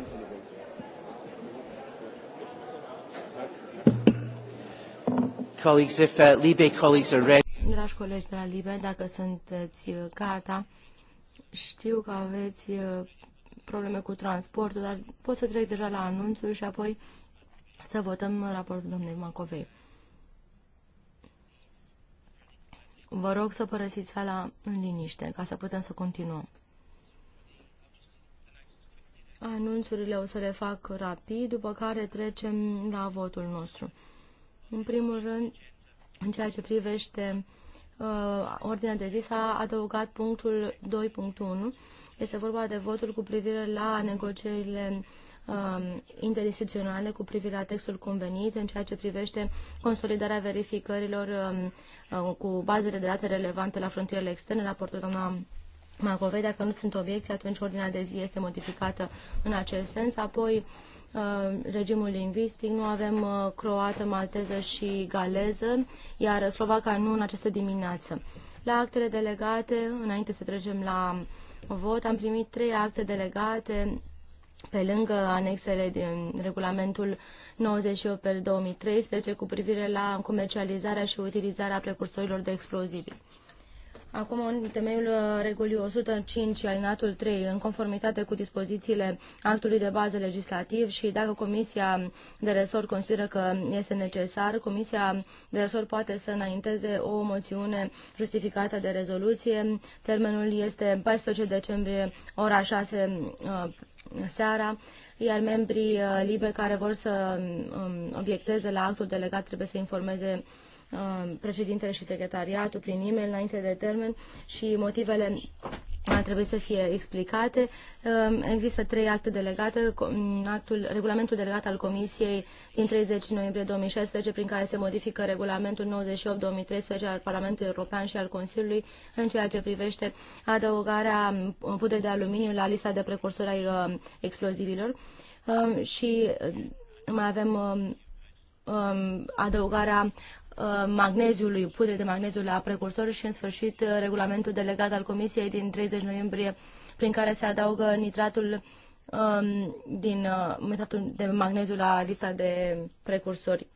Uh, Dragi colegi de la Libe, dacă sunteți uh, gata, știu că aveți uh, probleme cu transportul, dar pot să trec deja la anunțuri și apoi să votăm raportul domnului Macovei. Vă rog să părăsiți sala în liniște ca să putem să continuăm. Anunțurile o să le fac rapid, după care trecem la votul nostru. În primul rând, în ceea ce privește uh, ordinea de zi, s-a adăugat punctul 2.1. Este vorba de votul cu privire la negocierile uh, interinstituționale cu privire la textul convenit în ceea ce privește consolidarea verificărilor um, uh, cu bazele de date relevante la frontierele externe, raportul doamna Macovei, dacă nu sunt obiecții, atunci ordinea de zi este modificată în acest sens. Apoi, uh, regimul lingvistic, nu avem uh, croată, malteză și galeză, iar slovaca nu în această dimineață. La actele delegate, înainte să trecem la vot, am primit trei acte delegate pe lângă anexele din regulamentul 98 pe 2013 cu privire la comercializarea și utilizarea precursorilor de explozibili. Acum, în temeiul uh, regulii 105, alinatul 3, în conformitate cu dispozițiile actului de bază legislativ și dacă Comisia de Resort consideră că este necesar, Comisia de Resort poate să înainteze o moțiune justificată de rezoluție. Termenul este 14 decembrie, ora 6 uh, seara, iar membrii uh, libe care vor să um, obiecteze la actul delegat trebuie să informeze Uh, președintele și secretariatul prin e-mail înainte de termen și motivele ar trebui să fie explicate. Uh, există trei acte delegate, mm, actul, regulamentul delegat al Comisiei din 30 noiembrie 2016, prin care se modifică regulamentul 98-2013 al Parlamentului European și al Consiliului în ceea ce privește adăugarea pudrei de aluminiu la lista de precursori ai uh, explozivilor și mai avem um, adăugarea Uh, magneziului, pudre de magneziu la precursori și, în sfârșit, uh, regulamentul delegat al Comisiei din 30 noiembrie, prin care se adaugă nitratul um, din uh, nitratul de magneziu la lista de precursori.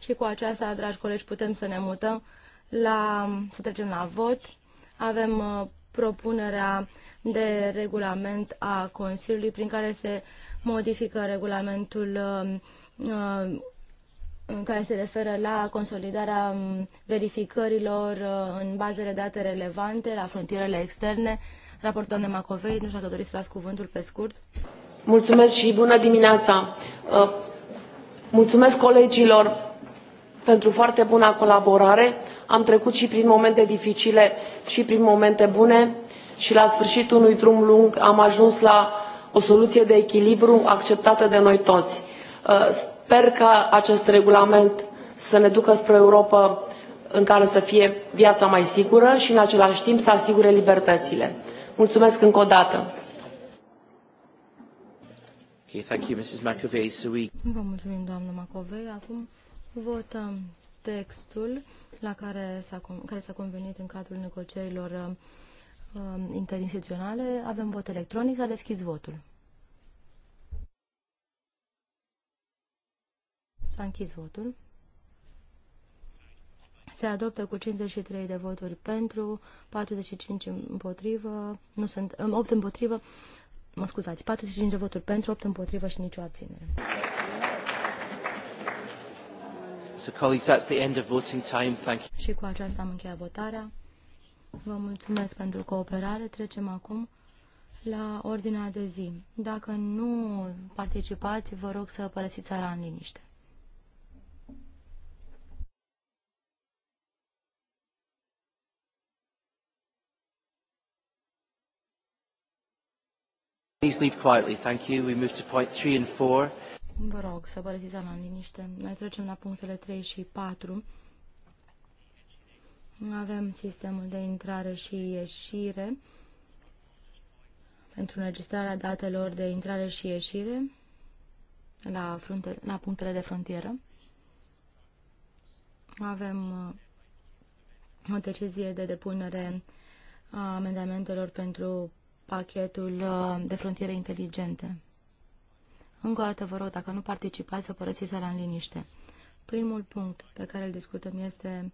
Și cu aceasta, dragi colegi, putem să ne mutăm la, să trecem la vot. Avem propunerea de regulament a Consiliului prin care se modifică regulamentul care se referă la consolidarea mm, verificărilor uh, în bazele date relevante, la frontierele externe. Raportul de Macovei, nu știu dacă doriți să las cuvântul pe scurt. Mulțumesc și bună dimineața! Uh, mulțumesc colegilor pentru foarte buna colaborare. Am trecut și prin momente dificile și prin momente bune și la sfârșitul unui drum lung am ajuns la o soluție de echilibru acceptată de noi toți Uh, sper că acest regulament să ne ducă spre o Europă în care să fie viața mai sigură și în același timp să asigure libertățile. Mulțumesc încă o dată. Vă mulțumim, doamnă Macovei. Acum votăm textul la care s-a, care s-a convenit în cadrul negocierilor uh, uh, interinstituționale. Avem vot electronic. S-a deschis votul. S-a închis votul. Se adoptă cu 53 de voturi pentru, 45 împotrivă, nu sunt, 8 um, împotrivă, mă scuzați, 45 de voturi pentru, 8 împotrivă și nicio abținere. So, colleagues, that's the end of voting time. Thank you. Și cu aceasta am încheiat votarea. Vă mulțumesc pentru cooperare. Trecem acum la ordinea de zi. Dacă nu participați, vă rog să părăsiți țara în liniște. Please leave quietly, thank you. We move to point 3 and 4. Vă rog să vă sala în liniște. Noi trecem la punctele 3 și 4. Avem sistemul de intrare și ieșire pentru înregistrarea datelor de intrare și ieșire la, frunte, la punctele de frontieră. Avem uh, o decizie de depunere a amendamentelor pentru pachetul uh, de frontiere inteligente. Încă o dată vă rog, dacă nu participați, să părăsiți sala în liniște. Primul punct pe care îl discutăm este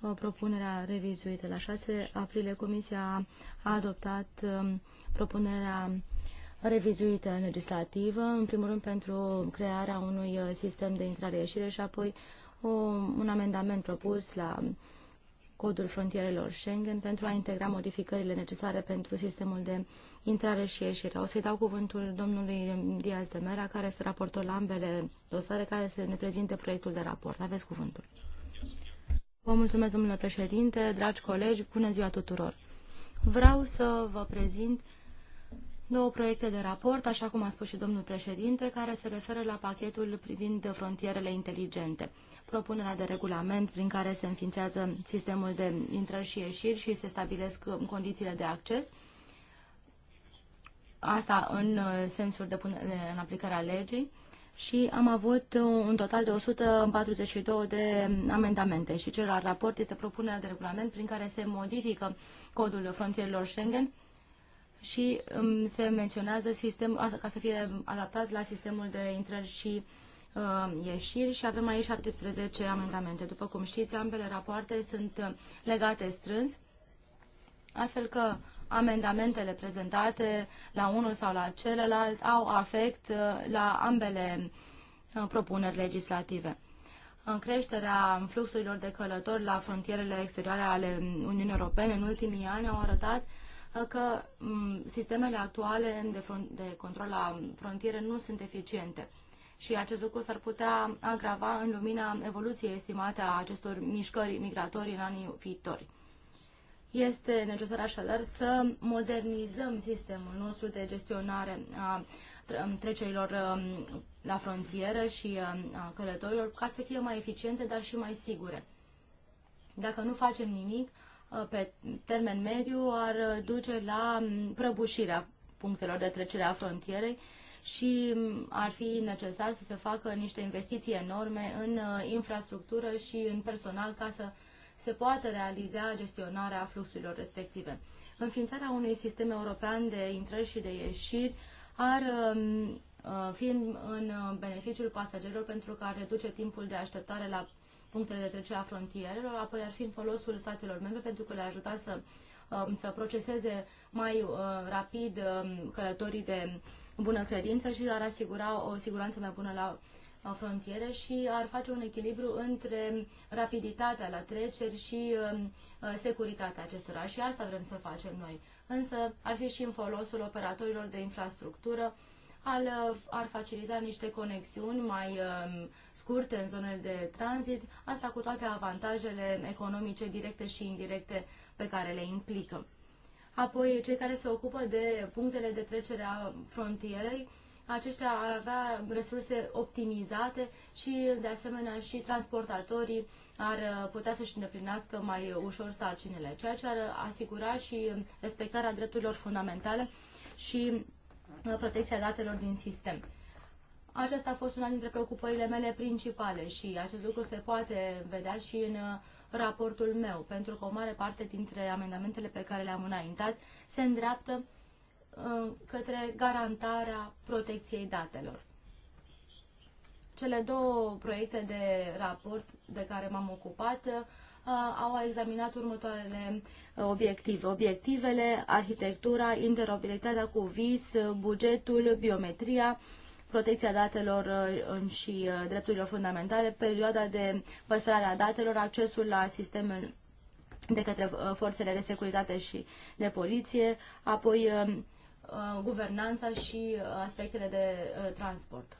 uh, propunerea revizuită. La 6 aprilie Comisia a adoptat um, propunerea revizuită legislativă, în primul rând pentru crearea unui uh, sistem de intrare-ieșire și apoi o, um, un amendament propus la codul frontierelor Schengen pentru a integra modificările necesare pentru sistemul de intrare și ieșire. O să-i dau cuvântul domnului Diaz de Mera, care este raportor la ambele dosare, care se ne prezinte proiectul de raport. Aveți cuvântul. Vă mulțumesc, domnule președinte, dragi colegi, bună ziua tuturor. Vreau să vă prezint două proiecte de raport, așa cum a spus și domnul președinte, care se referă la pachetul privind frontierele inteligente, propunerea de regulament prin care se înființează sistemul de intrări și ieșiri și se stabilesc uh, condițiile de acces, asta în uh, sensul de punere în aplicarea legii, și am avut uh, un total de 142 de amendamente și celălalt raport este propunerea de regulament prin care se modifică codul frontierilor Schengen și um, se menționează sistemul, ca să fie adaptat la sistemul de intrări și uh, ieșiri și avem aici 17 amendamente. După cum știți, ambele rapoarte sunt uh, legate strâns, astfel că amendamentele prezentate la unul sau la celălalt au afect uh, la ambele uh, propuneri legislative. În creșterea fluxurilor de călători la frontierele exterioare ale Uniunii Europene în ultimii ani au arătat uh, că sistemele actuale de, de control la frontiere nu sunt eficiente și acest lucru s-ar putea agrava în lumina evoluției estimate a acestor mișcări migratorii în anii viitori. Este necesar așadar să modernizăm sistemul nostru de gestionare a trecerilor um, la frontieră și um, a călătorilor ca să fie mai eficiente, dar și mai sigure. Dacă nu facem nimic, Uh, pe termen mediu ar uh, duce la mm, prăbușirea punctelor de trecere a frontierei și mm, ar fi necesar să se facă niște investiții enorme în uh, infrastructură și în personal ca să se poată realiza gestionarea fluxurilor respective. Înființarea unui sistem european de intrări și de ieșiri ar um, fi în beneficiul pasagerilor pentru că ar reduce timpul de așteptare la punctele de trecere a frontierelor, apoi ar fi în folosul statelor membre pentru că le ajuta să, um, să proceseze mai uh, rapid um, călătorii de bună credință și ar asigura o siguranță mai bună la uh, frontiere și ar face un echilibru între rapiditatea la treceri și um, uh, securitatea acestora. Și asta vrem să facem noi. Însă ar fi și în folosul operatorilor de infrastructură ar facilita niște conexiuni mai um, scurte în zonele de tranzit, asta cu toate avantajele economice directe și indirecte pe care le implică. Apoi, cei care se ocupă de punctele de trecere a frontierei, aceștia ar avea resurse optimizate și, de asemenea, și transportatorii ar uh, putea să-și îndeplinească mai ușor sarcinile, ceea ce ar asigura și respectarea drepturilor fundamentale și Uh, protecția datelor din sistem. Aceasta a fost una dintre preocupările mele principale și acest lucru se poate vedea și în uh, raportul meu, pentru că o mare parte dintre amendamentele pe care le-am înaintat se îndreaptă uh, către garantarea protecției datelor. Cele două proiecte de raport de care m-am ocupat Uh, au examinat următoarele uh, obiective. Obiectivele, arhitectura, interoperabilitatea cu VIS, uh, bugetul, biometria, protecția datelor și drepturilor fundamentale, perioada de păstrare a datelor, accesul la sistemul de către forțele de securitate și de poliție, apoi guvernanța și aspectele de transport.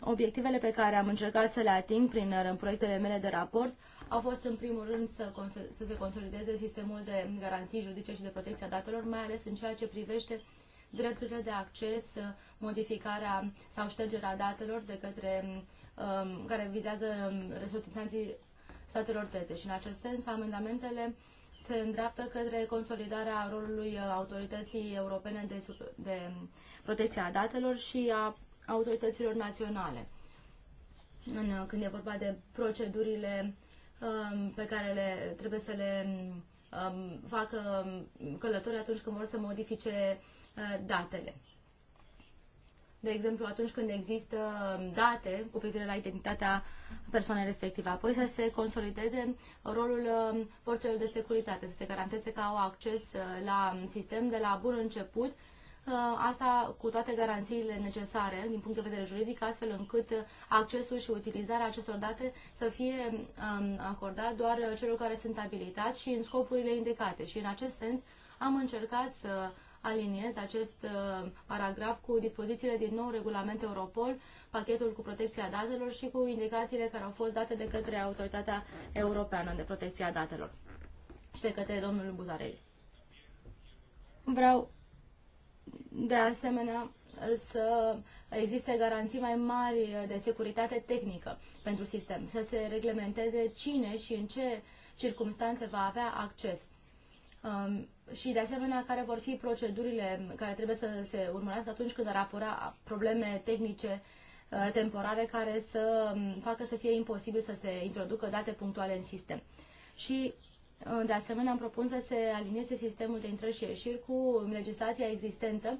Obiectivele pe care am încercat să le ating prin proiectele mele de raport au fost în primul rând să, să se consolideze sistemul de garanții juridice și de protecția datelor, mai ales în ceea ce privește drepturile de acces, modificarea sau ștergerea datelor de către, um, care vizează um, resortizanții statelor terțe. Și în acest sens, amendamentele se îndreaptă către consolidarea rolului uh, autorității europene de, de protecția datelor și a autorităților naționale. În, uh, când e vorba de procedurile Um, pe care le, trebuie să le um, facă um, călători atunci când vor să modifice uh, datele. De exemplu, atunci când există date cu privire la identitatea persoanei respective. Apoi să se consolideze rolul forțelor de securitate, să se garanteze că au acces uh, la sistem de la bun început Uh, asta cu toate garanțiile necesare din punct de vedere juridic, astfel încât accesul și utilizarea acestor date să fie um, acordat doar celor care sunt abilitați și în scopurile indicate. Și în acest sens am încercat să aliniez acest uh, paragraf cu dispozițiile din nou regulament Europol, pachetul cu protecția datelor și cu indicațiile care au fost date de către Autoritatea Europeană de Protecția Datelor și de către domnul Buzarei. Vreau de asemenea să existe garanții mai mari de securitate tehnică pentru sistem, să se reglementeze cine și în ce circunstanțe va avea acces. Um, și de asemenea care vor fi procedurile care trebuie să se urmărească atunci când ar apura probleme tehnice uh, temporare care să um, facă să fie imposibil să se introducă date punctuale în sistem. Și Uh, de asemenea, îmi propun să se alinieze sistemul de intrări și ieșiri cu legislația existentă,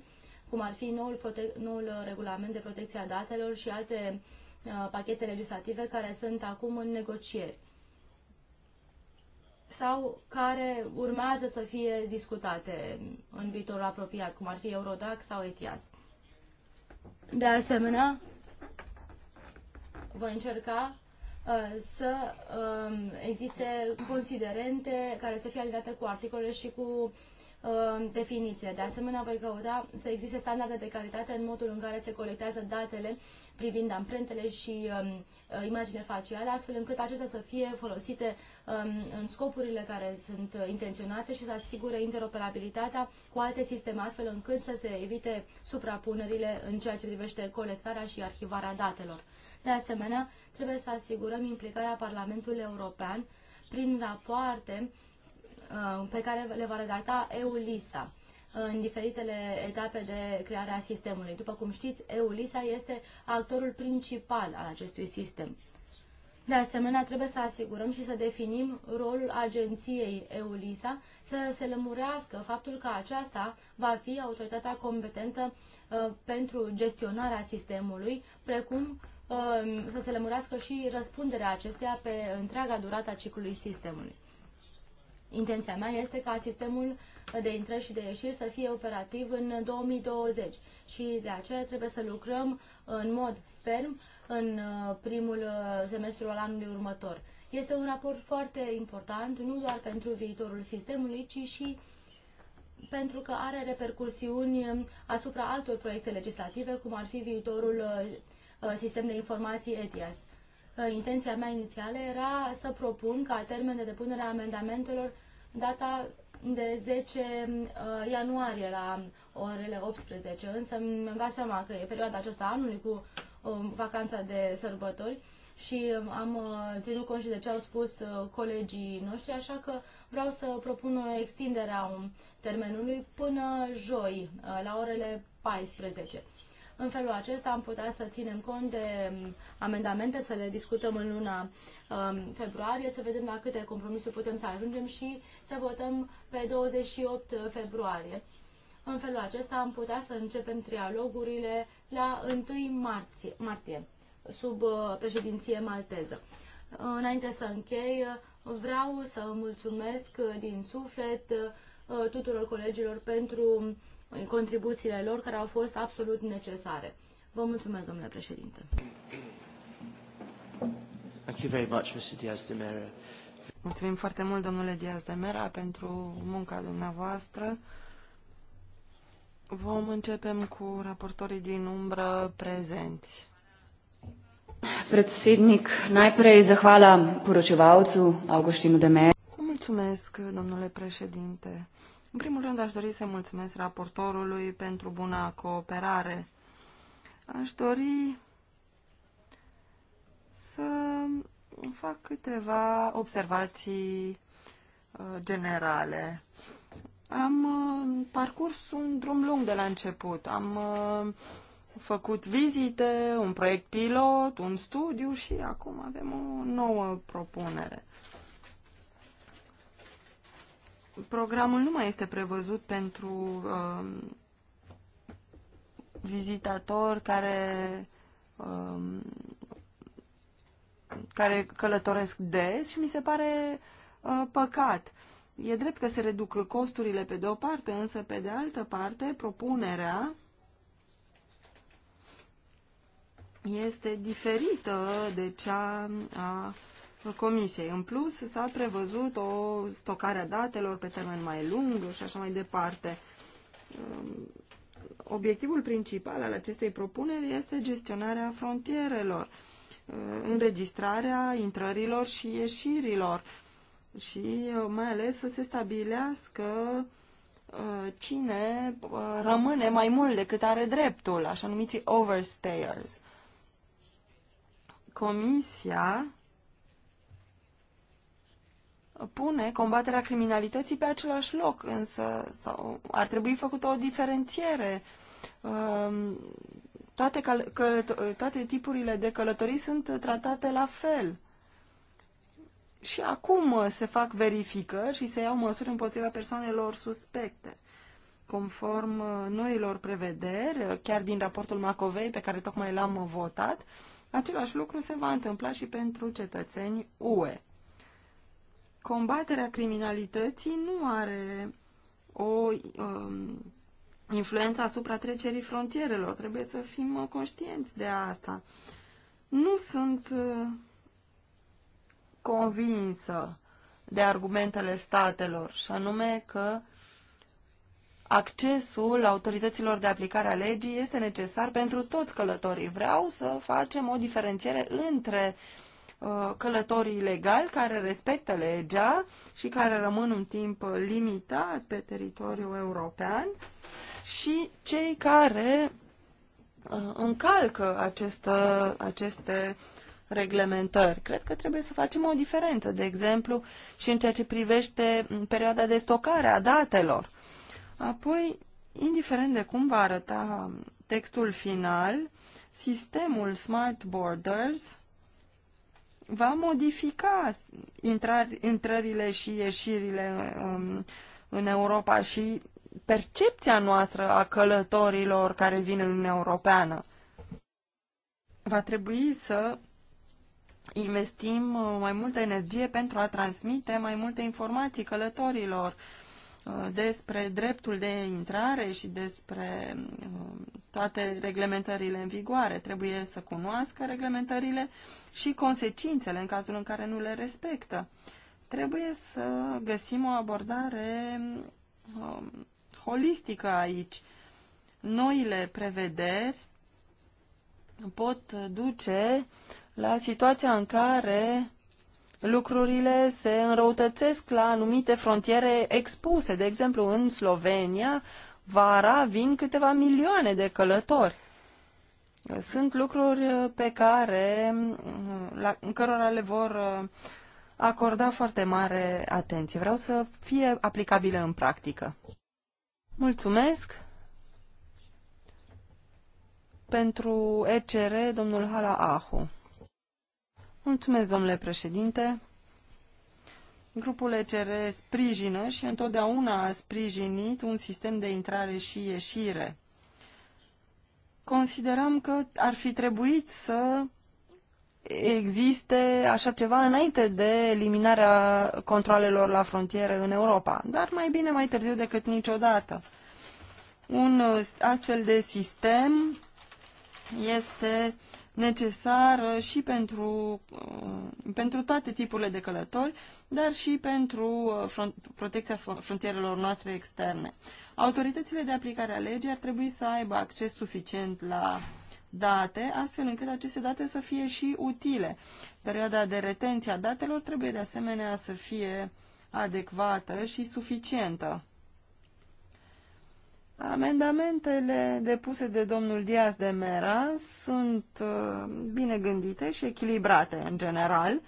cum ar fi noul, noul uh, regulament de protecție a datelor și alte uh, pachete legislative care sunt acum în negocieri sau care urmează să fie discutate în viitorul apropiat, cum ar fi Eurodac sau ETIAS. De asemenea, voi încerca Uh, să um, existe considerente care să fie aliniate cu articole și cu um, definiție. De asemenea, voi căuta să existe standarde de calitate în modul în care se colectează datele privind amprentele și um, uh, imagine faciale, astfel încât acestea să fie folosite um, în scopurile care sunt uh, intenționate și să asigure interoperabilitatea cu alte sisteme, astfel încât să se evite suprapunerile în ceea ce privește colectarea și arhivarea datelor. De asemenea, trebuie să asigurăm implicarea Parlamentului European prin rapoarte uh, pe care le va redacta EULISA uh, în diferitele etape de creare a sistemului. După cum știți, EULISA este actorul principal al acestui sistem. De asemenea, trebuie să asigurăm și să definim rolul agenției EULISA, să se lămurească faptul că aceasta va fi autoritatea competentă uh, pentru gestionarea sistemului, precum Um, să se lămurească și răspunderea acesteia pe întreaga durată a ciclului sistemului. Intenția mea este ca sistemul de intrări și de ieșiri să fie operativ în 2020 și de aceea trebuie să lucrăm în mod ferm în uh, primul uh, semestru al anului următor. Este un raport foarte important, nu doar pentru viitorul sistemului, ci și pentru că are repercursiuni asupra altor proiecte legislative, cum ar fi viitorul uh, Uh, sistem de informații ETIAS. Uh, intenția mea inițială era să propun ca termen de depunere a amendamentelor data de 10 uh, ianuarie la orele 18, însă mi-am dat seama că e perioada aceasta anului cu um, vacanța de sărbători și um, am ținut cont de ce au spus colegii noștri, așa că vreau să propun o extindere a termenului până joi, la orele 14. În felul acesta am putea să ținem cont de um, amendamente, să le discutăm în luna um, februarie, să vedem la câte compromisuri putem să ajungem și să votăm pe 28 februarie. În felul acesta am putea să începem trialogurile la 1 martie, martie sub uh, președinție malteză. Înainte să închei, vreau să mulțumesc din suflet uh, tuturor colegilor pentru contribuțiile lor care au fost absolut necesare. Vă mulțumesc, domnule președinte. Thank you very much, Mr. Diaz de Mera. Mulțumim foarte mult, domnule Diaz de Mera, pentru munca dumneavoastră. Vom începem cu raportorii din umbră prezenți. Predsednic, najprej zahvala poročevalcu Augustinu de Mera. Mulțumesc, domnule președinte. În primul rând, aș dori să mulțumesc raportorului pentru buna cooperare. Aș dori să fac câteva observații uh, generale. Am uh, parcurs un drum lung de la început. Am uh, făcut vizite, un proiect pilot, un studiu și acum avem o nouă propunere programul nu mai este prevăzut pentru uh, vizitatori care, uh, care călătoresc des și mi se pare uh, păcat. E drept că se reduc costurile pe de o parte, însă pe de altă parte propunerea este diferită de cea a uh, Comisiei. În plus, s-a prevăzut o stocare a datelor pe termen mai lung și așa mai departe. Um, obiectivul principal al acestei propuneri este gestionarea frontierelor, uh, înregistrarea intrărilor și ieșirilor și uh, mai ales să se stabilească uh, cine rămâne mai mult decât are dreptul, așa numiți overstayers. Comisia pune combaterea criminalității pe același loc, însă sau ar trebui făcută o diferențiere. Um, toate, toate tipurile de călătorii sunt tratate la fel. Și acum uh, se fac verificări și se iau măsuri împotriva persoanelor suspecte. Conform uh, noilor prevederi, uh, chiar din raportul Macovei pe care tocmai l-am votat, același lucru se va întâmpla și pentru cetățeni UE combaterea criminalității nu are o um, influență asupra trecerii frontierelor. Trebuie să fim uh, conștienți de asta. Nu sunt uh, convinsă de argumentele statelor, și anume că accesul autorităților de aplicare a legii este necesar pentru toți călătorii. Vreau să facem o diferențiere între uh, Uh, călătorii ilegali care respectă legea și care rămân un timp limitat pe teritoriul european și cei care uh, încalcă acestă, aceste reglementări. Cred că trebuie să facem o diferență, de exemplu, și în ceea ce privește mm, perioada de stocare a datelor. Apoi, indiferent de cum va arăta textul final, sistemul Smart Borders va modifica intrar, intrările și ieșirile um, în Europa și percepția noastră a călătorilor care vin în Uniunea Europeană. Va trebui să investim uh, mai multă energie pentru a transmite mai multe informații călătorilor Uh, despre dreptul de intrare și despre uh, toate reglementările în vigoare. Trebuie să cunoască reglementările și consecințele în cazul în care nu le respectă. Trebuie să găsim o abordare um, holistică aici. Noile prevederi pot duce la situația în care lucrurile se înrăutățesc la anumite frontiere expuse. De exemplu, în Slovenia, vara vin câteva milioane de călători. Sunt lucruri uh, pe care, mm, la, în cărora le vor uh, acorda foarte mare atenție. Vreau să fie aplicabile în practică. Mulțumesc! Pentru ECR, domnul Hala Ahu președinte. Grupul ECR sprijină și întotdeauna a sprijinit un sistem de intrare și ieșire. Considerăm că ar fi trebuit să existe așa ceva înainte de eliminarea controlelor la frontieră în Europa, dar mai bine mai târziu decât niciodată. Un uh, astfel de sistem este necesară și pentru, uh, pentru toate tipurile de călători, dar și pentru uh, front, protecția frontierelor noastre externe. Autoritățile de aplicare a legii ar trebui să aibă acces suficient la date, astfel încât aceste date să fie și utile. Perioada de retenție a datelor trebuie de asemenea să fie adecvată și suficientă. Amendamentele depuse de domnul Diaz de Mera sunt uh, bine gândite și echilibrate în general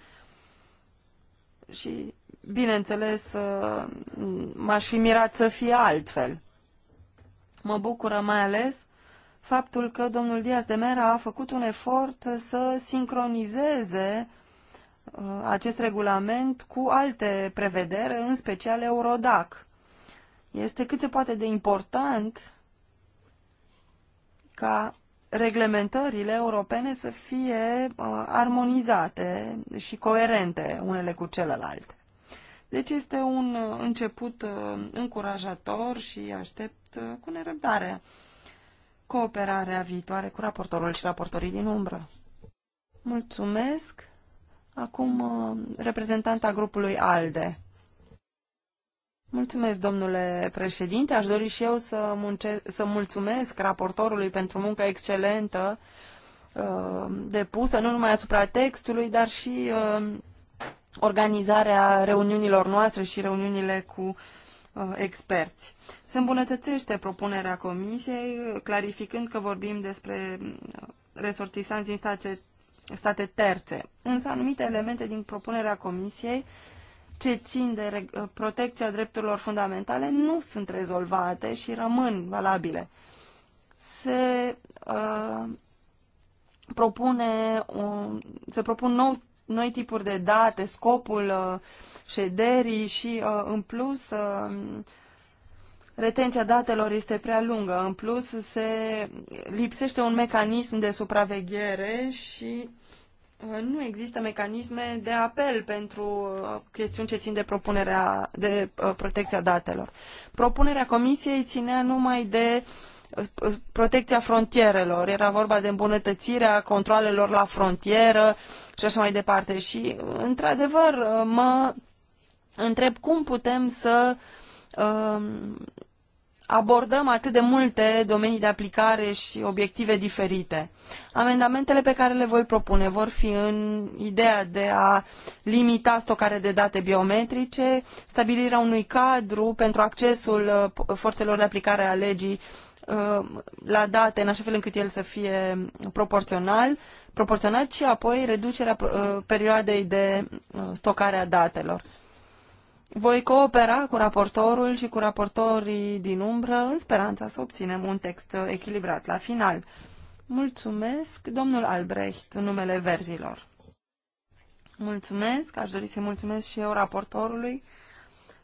și, bineînțeles, uh, m-aș fi mirat să fie altfel. Mă bucură mai ales faptul că domnul Diaz de Mera a făcut un efort să sincronizeze uh, acest regulament cu alte prevedere, în special Eurodac este cât se poate de important ca reglementările europene să fie uh, armonizate și coerente unele cu celelalte. Deci este un uh, început uh, încurajator și aștept uh, cu nerăbdare cooperarea viitoare cu raportorul și raportorii din umbră. Mulțumesc. Acum uh, reprezentanta grupului ALDE. Mulțumesc, domnule președinte. Aș dori și eu să, munce- să mulțumesc raportorului pentru munca excelentă uh, depusă, nu numai asupra textului, dar și uh, organizarea reuniunilor noastre și reuniunile cu uh, experți. Se îmbunătățește propunerea comisiei, clarificând că vorbim despre resortisanți din state, state terțe. Însă anumite elemente din propunerea comisiei ce țin de protecția drepturilor fundamentale nu sunt rezolvate și rămân valabile. Se uh, propune un se propun nou, noi tipuri de date, scopul uh, șederii și uh, în plus uh, retenția datelor este prea lungă. În plus se lipsește un mecanism de supraveghere și Uh, nu există mecanisme de apel pentru uh, chestiuni ce țin de propunerea de uh, protecția datelor. Propunerea comisiei ținea numai de protecția frontierelor. Era vorba de îmbunătățirea controalelor la frontieră și așa mai departe. Și, într-adevăr, mă întreb cum putem să abordăm atât de multe domenii de aplicare și obiective diferite. Amendamentele pe care le voi propune vor fi în ideea de a limita stocarea de date biometrice, stabilirea unui cadru pentru accesul uh, forțelor de aplicare a legii uh, la date în așa fel încât el să fie proporțional, proporționat și apoi reducerea uh, perioadei de stocare a datelor. Voi coopera cu raportorul și cu raportorii din umbră în speranța să obținem un text echilibrat la final. Mulțumesc, domnul Albrecht, în numele verzilor. Mulțumesc, aș dori să mulțumesc și eu raportorului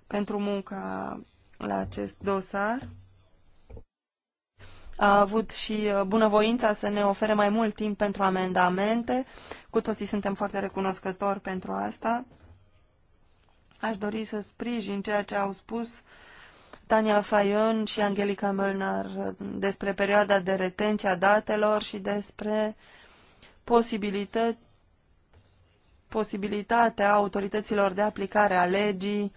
pentru munca la acest dosar. A avut și uh, bunăvoința să ne ofere mai mult timp pentru amendamente. Cu toții suntem foarte recunoscători pentru asta. Aș dori să sprijin ceea ce au spus Tania Fayon și Angelica Mălnar despre perioada de retenție a datelor și despre posibilită posibilitatea autorităților de aplicare a legii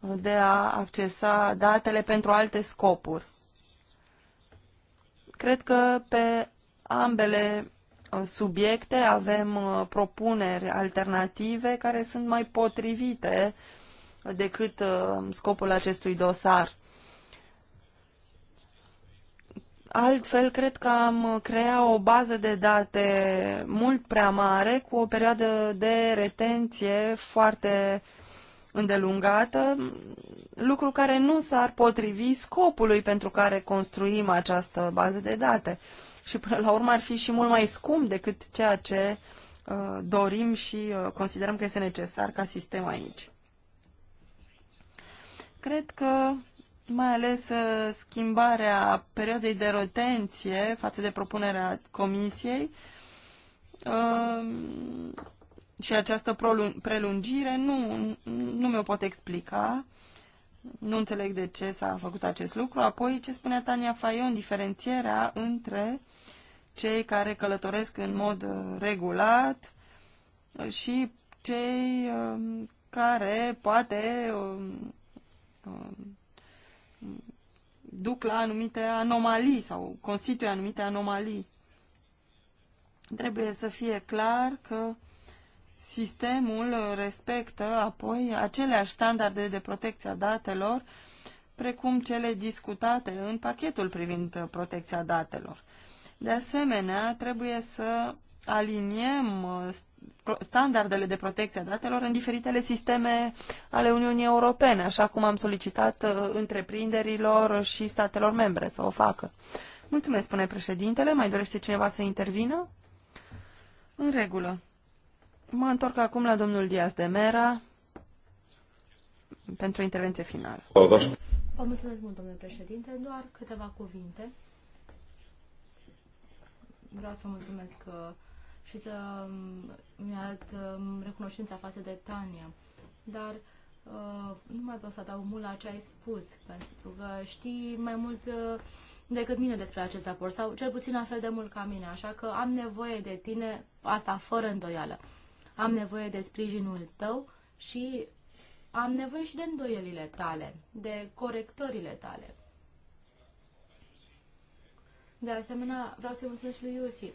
de a accesa datele pentru alte scopuri. Cred că pe ambele uh, subiecte avem uh, propuneri alternative care sunt mai potrivite decât uh, scopul acestui dosar. Altfel, cred că am crea o bază de date mult prea mare, cu o perioadă de retenție foarte îndelungată, lucru care nu s-ar potrivi scopului pentru care construim această bază de date. Și până la urmă ar fi și mult mai scump decât ceea ce uh, dorim și uh, considerăm că este necesar ca sistem aici. Cred că mai ales uh, schimbarea perioadei de rotenție față de propunerea comisiei um, și această prelungire nu, nu mi-o pot explica. Nu înțeleg de ce s-a făcut acest lucru. Apoi, ce spunea Tania Faion, diferențierea între cei care călătoresc în mod uh, regulat și cei um, care poate um, Um, duc la anumite anomalii sau constituie anumite anomalii. Trebuie să fie clar că sistemul respectă apoi aceleași standarde de protecție a datelor precum cele discutate în pachetul privind protecția datelor. De asemenea, trebuie să aliniem uh, standardele de protecție a datelor în diferitele sisteme ale Uniunii Europene, așa cum am solicitat uh, întreprinderilor și statelor membre să o facă. Mulțumesc, spune președintele. Mai dorește cineva să intervină? În regulă. Mă întorc acum la domnul Diaz de Mera pentru intervenție finală. Vă mulțumesc mult, domnule președinte. Doar câteva cuvinte. Vreau să mulțumesc uh, și să um, mi-arăt recunoștința față de Tania. Dar uh, nu mai vreau să adaug mult la ce ai spus, pentru că știi mai mult uh, decât mine despre acest raport, sau cel puțin la fel de mult ca mine, așa că am nevoie de tine, asta fără îndoială. Am nevoie de sprijinul tău și am nevoie și de îndoielile tale, de corectările tale. De asemenea, vreau să-i mulțumesc lui Iusif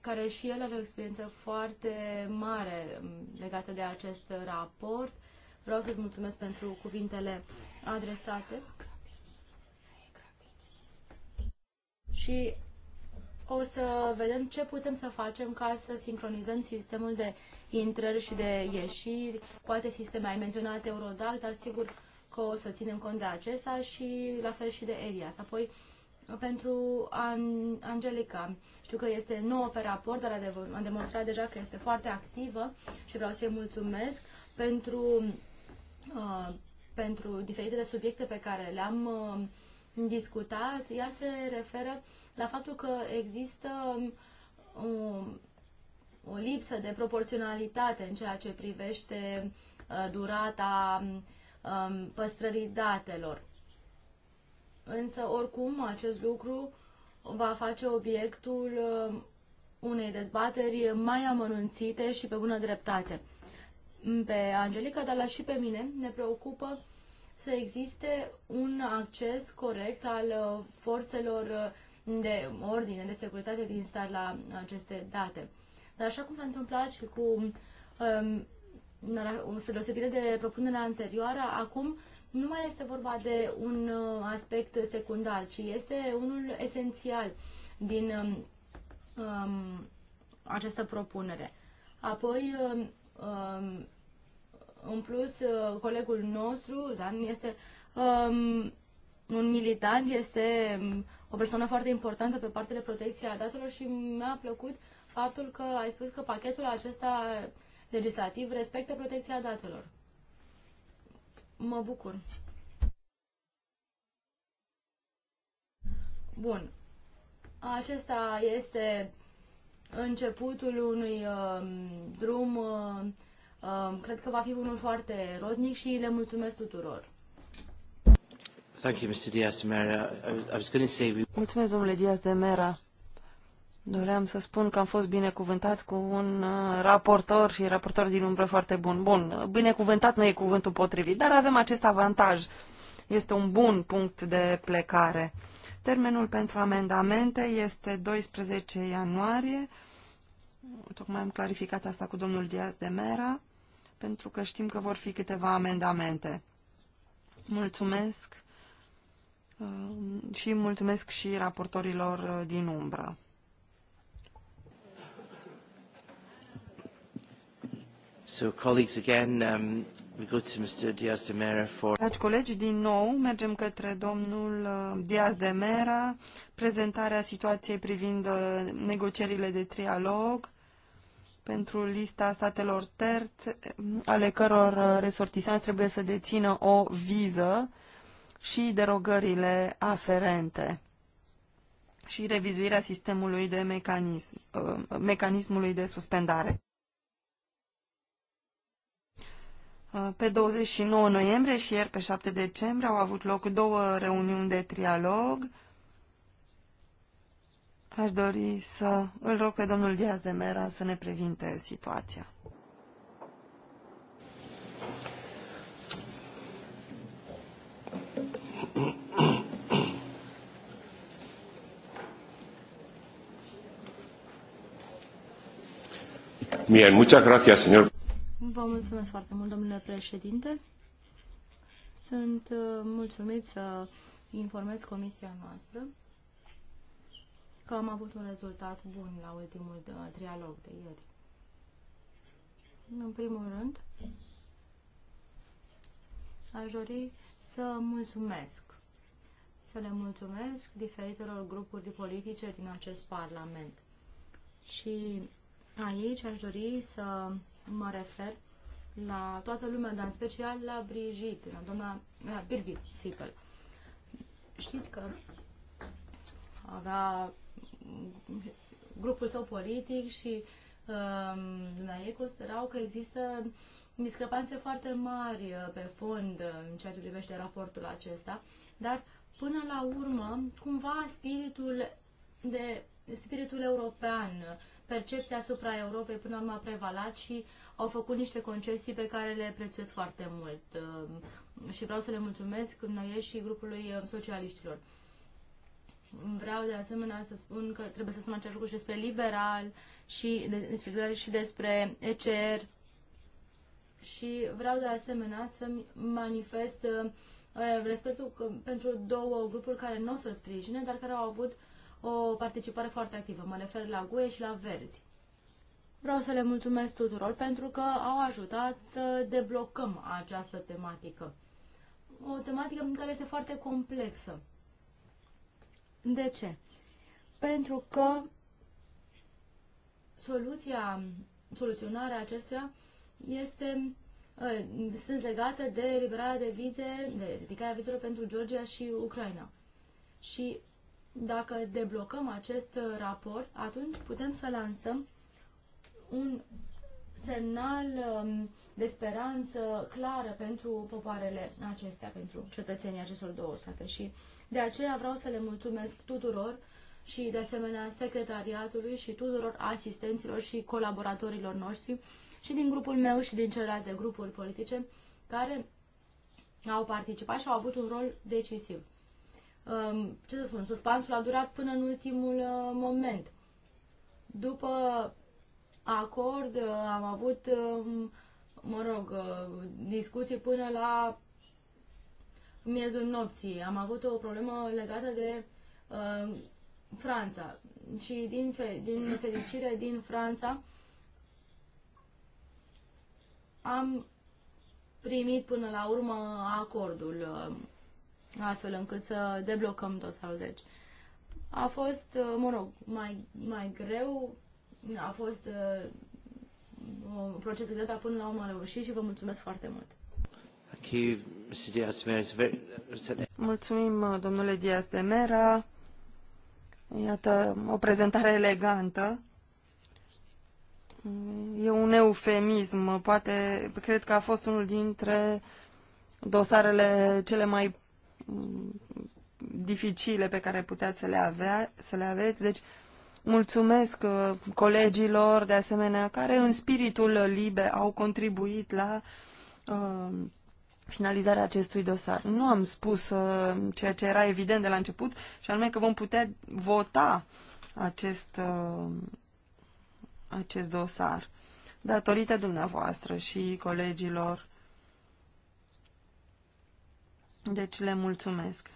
care și el are o experiență foarte mare mm, legată de acest raport. Vreau să-ți mulțumesc pentru cuvintele adresate. Și o să vedem ce putem să facem ca să sincronizăm sistemul de intrări și de ieșiri, poate sisteme, ai menționat Eurodal, dar sigur că o să ținem cont de acesta și la fel și de EDIAS. Apoi, pentru Angelica. Știu că este nouă pe raport, dar a demonstrat deja că este foarte activă și vreau să-i mulțumesc pentru, uh, pentru diferitele subiecte pe care le-am uh, discutat. Ea se referă la faptul că există um, o lipsă de proporționalitate în ceea ce privește uh, durata uh, păstrării datelor însă oricum acest lucru va face obiectul uh, unei dezbateri mai amănunțite și pe bună dreptate. Pe Angelica, dar la și pe mine, ne preocupă să existe un acces corect al uh, forțelor uh, de ordine, de securitate din stat la aceste date. Dar așa cum s-a întâmplat și cu, um, spre deosebire de propunerea anterioară, acum nu mai este vorba de un uh, aspect secundar, ci este unul esențial din um, um această propunere. Apoi, um, um în plus, uh, colegul nostru, Zan, este um, un militant, este um, o persoană foarte importantă pe partea de protecție a datelor și mi-a plăcut faptul că ai spus că pachetul acesta legislativ respectă protecția datelor. Mă bucur. Bun. Acesta este începutul unui uh, drum, uh, uh, cred că va fi unul foarte rodnic și le mulțumesc tuturor. Thank you, Mr. Diaz de Mera. I was going to say we... Mulțumesc, domnule Diaz de Mera. Doream să spun că am fost binecuvântați cu un uh, raportor și raportor din umbră foarte bun. Bun, binecuvântat nu e cuvântul potrivit, dar avem acest avantaj. Este un bun punct de plecare. Termenul pentru amendamente este 12 ianuarie. Tocmai am clarificat asta cu domnul Diaz de Mera, pentru că știm că vor fi câteva amendamente. Mulțumesc uh, și mulțumesc și raportorilor uh, din umbră. Dragi colegi, din nou mergem către domnul uh, Diaz de Mera, prezentarea situației privind uh, negocierile de trialog pentru lista statelor terți ale căror uh, resortisanți trebuie să dețină o viză și derogările aferente și revizuirea sistemului de mecanism, mecanismului de suspendare. Uh, pe 29 noiembrie și ieri pe 7 decembrie au avut loc două reuniuni de trialog. Aș dori să îl rog pe domnul Diaz de Mera să ne prezinte situația. Bien, muchas gracias, señor Vă mulțumesc foarte mult, domnule președinte. Sunt uh, mulțumit să informez comisia noastră că am avut un rezultat bun la ultimul uh, trialog de ieri. În primul rând, aș dori să mulțumesc, să le mulțumesc diferitelor grupuri politice din acest Parlament. Și aici aș dori să mă refer la toată lumea, dar în special la Brigitte, la doamna la Birgit Sipel. Știți că avea grupul său politic și uh, um, ei considerau că există discrepanțe foarte mari uh, pe fond uh, în ceea ce privește raportul acesta, dar până la urmă, cumva spiritul de spiritul european percepția asupra Europei până la urmă a prevalat și au făcut niște concesii pe care le prețuiesc foarte mult. Uh, și vreau să le mulțumesc Naie și grupului uh, socialiștilor. Vreau de asemenea să spun că trebuie să spun același lucru și despre liberal și despre liberal și despre ECR. Și vreau de asemenea să manifest uh, respectul pentru două grupuri care nu o să sprijine, dar care au avut uh, o participare foarte activă. Mă refer la GUE și la Verzi. Vreau să le mulțumesc tuturor pentru că au ajutat să deblocăm această tematică. O tematică în care este foarte complexă. De ce? Pentru că soluția, soluționarea acestuia este ă, strâns legată de eliberarea de vize, de ridicarea vizelor pentru Georgia și Ucraina. Și dacă deblocăm acest raport, atunci putem să lansăm un semnal um, de speranță clară pentru popoarele acestea, pentru cetățenii acestor două state. Și de aceea vreau să le mulțumesc tuturor și de asemenea secretariatului și tuturor asistenților și colaboratorilor noștri și din grupul meu și din celelalte grupuri politice care au participat și au avut un rol decisiv ce să spun, suspansul a durat până în ultimul uh, moment. După acord uh, am avut, um, mă rog, uh, discuții până la miezul nopții. Am avut o problemă legată de uh, Franța și din, fe- din fericire din Franța am primit până la urmă acordul. Uh, astfel încât să deblocăm dosarul. Deci a fost, uh, mă rog, mai, mai greu, a fost uh, un proces greu, dar până la urmă am reușit și vă mulțumesc foarte mult. Mulțumim, uh, domnule Diaz de Mera. Iată, o prezentare elegantă. E un eufemism, poate, cred că a fost unul dintre dosarele cele mai dificile pe care puteați să le, avea, să le aveți. Deci, mulțumesc uh, colegilor, de asemenea, care în spiritul liber au contribuit la uh, finalizarea acestui dosar. Nu am spus uh, ceea ce era evident de la început, și anume că vom putea vota acest, uh, acest dosar datorită dumneavoastră și colegilor deci le mulțumesc.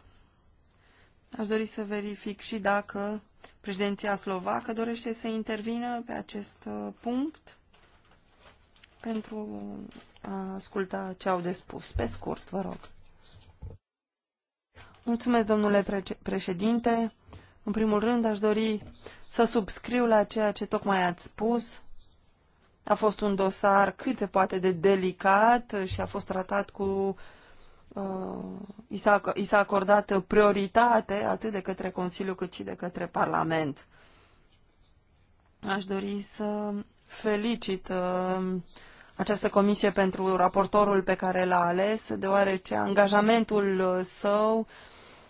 Aș dori să verific și dacă președinția slovacă dorește să intervină pe acest uh, punct pentru a asculta ce au de spus. Pe scurt, vă rog. Mulțumesc, domnule președinte. În primul rând, aș dori să subscriu la ceea ce tocmai ați spus. A fost un dosar cât se poate de delicat și a fost tratat cu uh, i s-a acordat prioritate atât de către Consiliu cât și de către Parlament. Aș dori să felicit uh, această comisie pentru raportorul pe care l-a ales, deoarece angajamentul său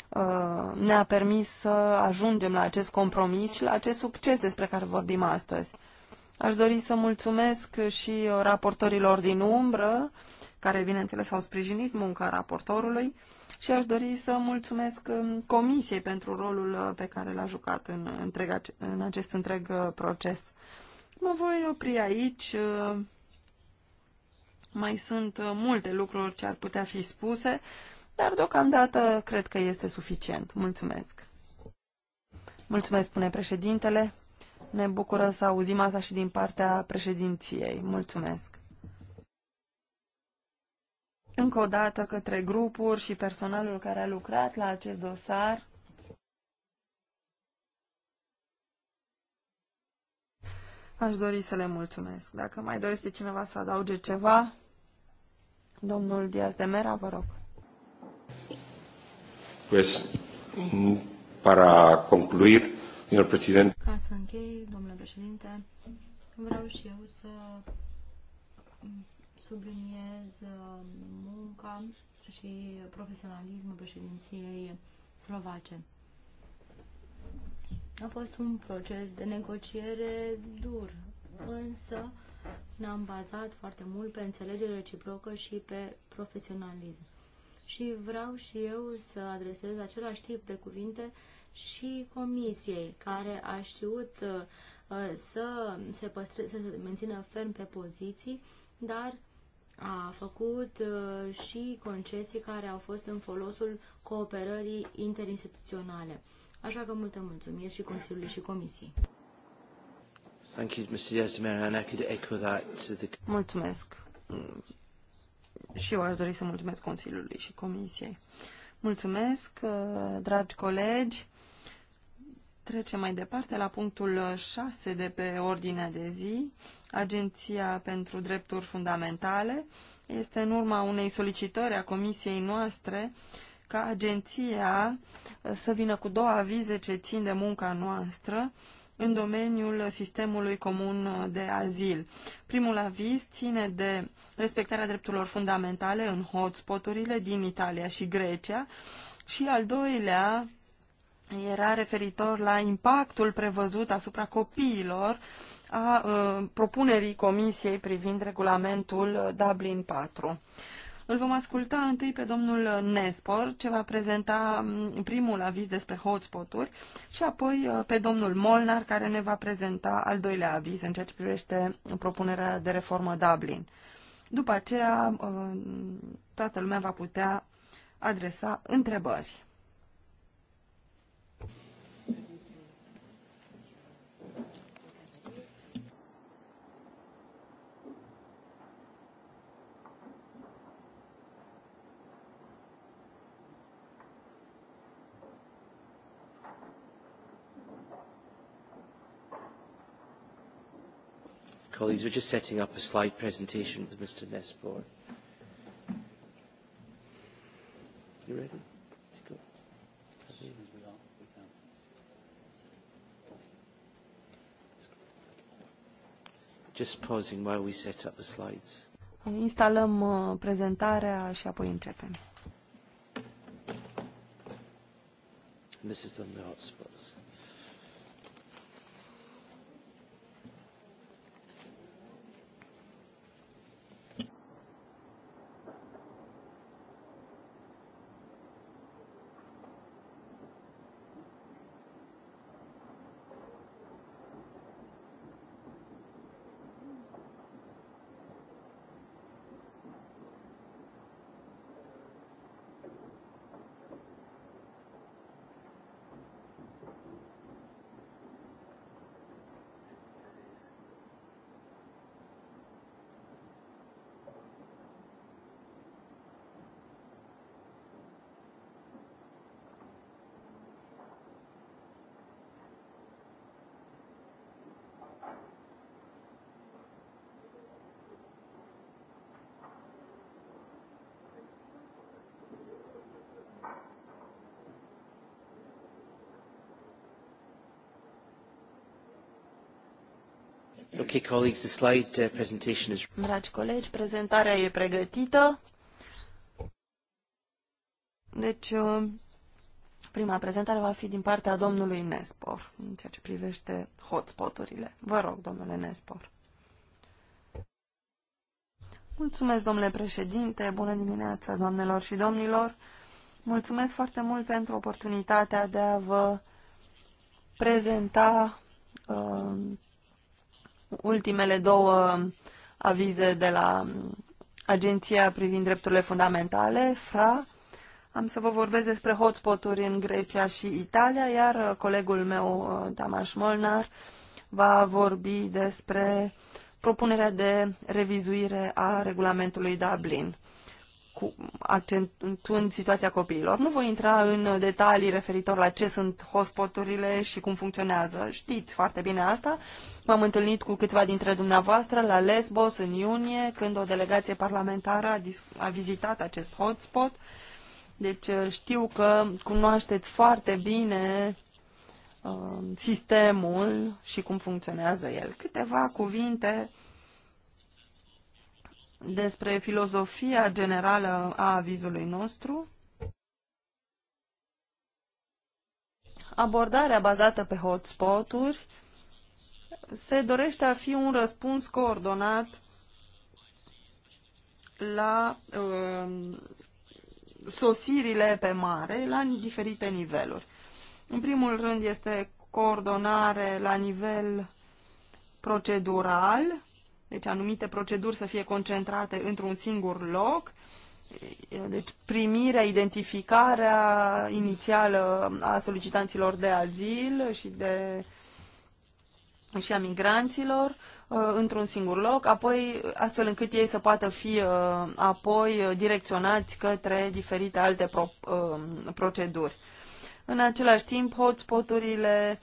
uh, ne-a permis să ajungem la acest compromis și la acest succes despre care vorbim astăzi. Aș dori să mulțumesc și uh, raportorilor din umbră, care, bineînțeles, au sprijinit munca raportorului și aș dori să mulțumesc um, Comisiei pentru rolul uh, pe care l-a jucat în, întreg, în acest întreg uh, proces. Mă voi opri aici. Uh, mai sunt multe lucruri ce ar putea fi spuse, dar deocamdată cred că este suficient. Mulțumesc! Mulțumesc, spune președintele. Ne bucură să auzim asta și din partea președinției. Mulțumesc! încă o dată către grupuri și personalul care a lucrat la acest dosar. Aș dori să le mulțumesc. Dacă mai dorește cineva să adauge ceva, domnul Diaz de Mera, vă rog. Pues, para concluir, domnul președinte. Ca să închei, domnule președinte, vreau și eu să subliniez uh, munca și profesionalismul președinției slovace. A fost un proces de negociere dur, însă ne-am bazat foarte mult pe înțelegere reciprocă și pe profesionalism. Și vreau și eu să adresez același tip de cuvinte și comisiei, care a știut uh, să se, păstre, să se mențină ferm pe poziții, dar a făcut uh, și concesii care au fost în folosul cooperării interinstituționale. Așa că multe mulțumire și Consiliului și Comisiei. Mulțumesc. Și eu aș dori să mulțumesc Consiliului și Comisiei. Mulțumesc, uh, dragi colegi. Trecem mai departe la punctul 6 de pe ordinea de zi. Agenția pentru Drepturi Fundamentale este în urma unei solicitări a comisiei noastre ca agenția uh, să vină cu două avize ce țin de munca noastră în domeniul sistemului comun uh, de azil. Primul aviz ține de respectarea drepturilor fundamentale în hotspoturile din Italia și Grecia și al doilea era referitor la impactul prevăzut asupra copiilor a uh, propunerii Comisiei privind regulamentul ă, Dublin 4. Îl vom asculta întâi pe domnul Nespor, ce va prezenta primul aviz despre hotspot-uri, și apoi ă, pe domnul Molnar, care ne va prezenta al doilea aviz în ceea ce privește propunerea de reformă Dublin. După aceea, toată lumea va putea adresa întrebări. Colleagues, we're just setting up a slide presentation with Mr. Nespor. You ready? Just pausing while we set up the slides. Instalăm uh, prezentarea și apoi începem. And this is on the hotspots. Uh, Dragi colegi, prezentarea e pregătită. Deci, uh, prima prezentare va fi din partea domnului Nespor, în ceea ce privește hotspoturile. Vă rog, domnule Nespor. Mulțumesc, domnule președinte, bună dimineața, doamnelor și domnilor. Mulțumesc foarte mult pentru oportunitatea de a vă prezenta uh, ultimele două avize de la Agenția privind drepturile fundamentale, FRA. Am să vă vorbesc despre hotspoturi în Grecia și Italia, iar uh, colegul meu, uh, Tamaș Molnar, va vorbi despre propunerea de revizuire a regulamentului Dublin cu, accentuând situația copiilor. Nu voi intra în detalii referitor la ce sunt hotspoturile și cum funcționează. Știți foarte bine asta. M-am întâlnit cu câțiva dintre dumneavoastră la Lesbos în iunie, când o delegație parlamentară a, a vizitat acest hotspot. Deci uh, știu că cunoașteți foarte bine uh, sistemul și cum funcționează el. Câteva cuvinte despre filozofia generală a avizului nostru, abordarea bazată pe hotspoturi se dorește a fi un răspuns coordonat la uh, sosirile pe mare la diferite niveluri. În primul rând este coordonare la nivel procedural, deci anumite proceduri să fie concentrate într-un singur loc, deci primirea, identificarea inițială a solicitanților de azil și de și a migranților uh, într-un singur loc, apoi astfel încât ei să poată fi uh, apoi direcționați către diferite alte pro, uh, proceduri. În același timp, hotspoturile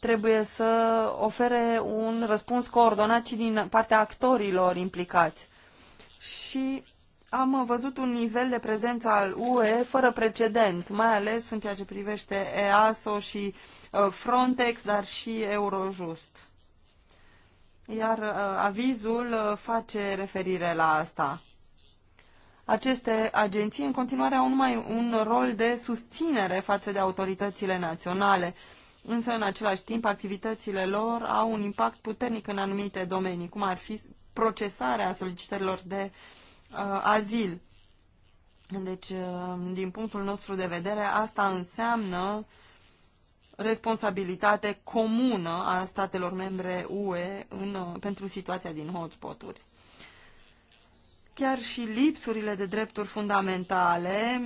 trebuie să ofere un răspuns coordonat și din partea actorilor implicați. Și am văzut un nivel de prezență al UE fără precedent, mai ales în ceea ce privește EASO și uh, Frontex, dar și Eurojust. Iar uh, avizul uh, face referire la asta. Aceste agenții în continuare au numai un rol de susținere față de autoritățile naționale însă în același timp activitățile lor au un impact puternic în anumite domenii, cum ar fi procesarea solicitărilor de uh, azil. Deci, uh, din punctul nostru de vedere, asta înseamnă responsabilitate comună a statelor membre UE în, uh, pentru situația din hotspoturi chiar și lipsurile de drepturi fundamentale,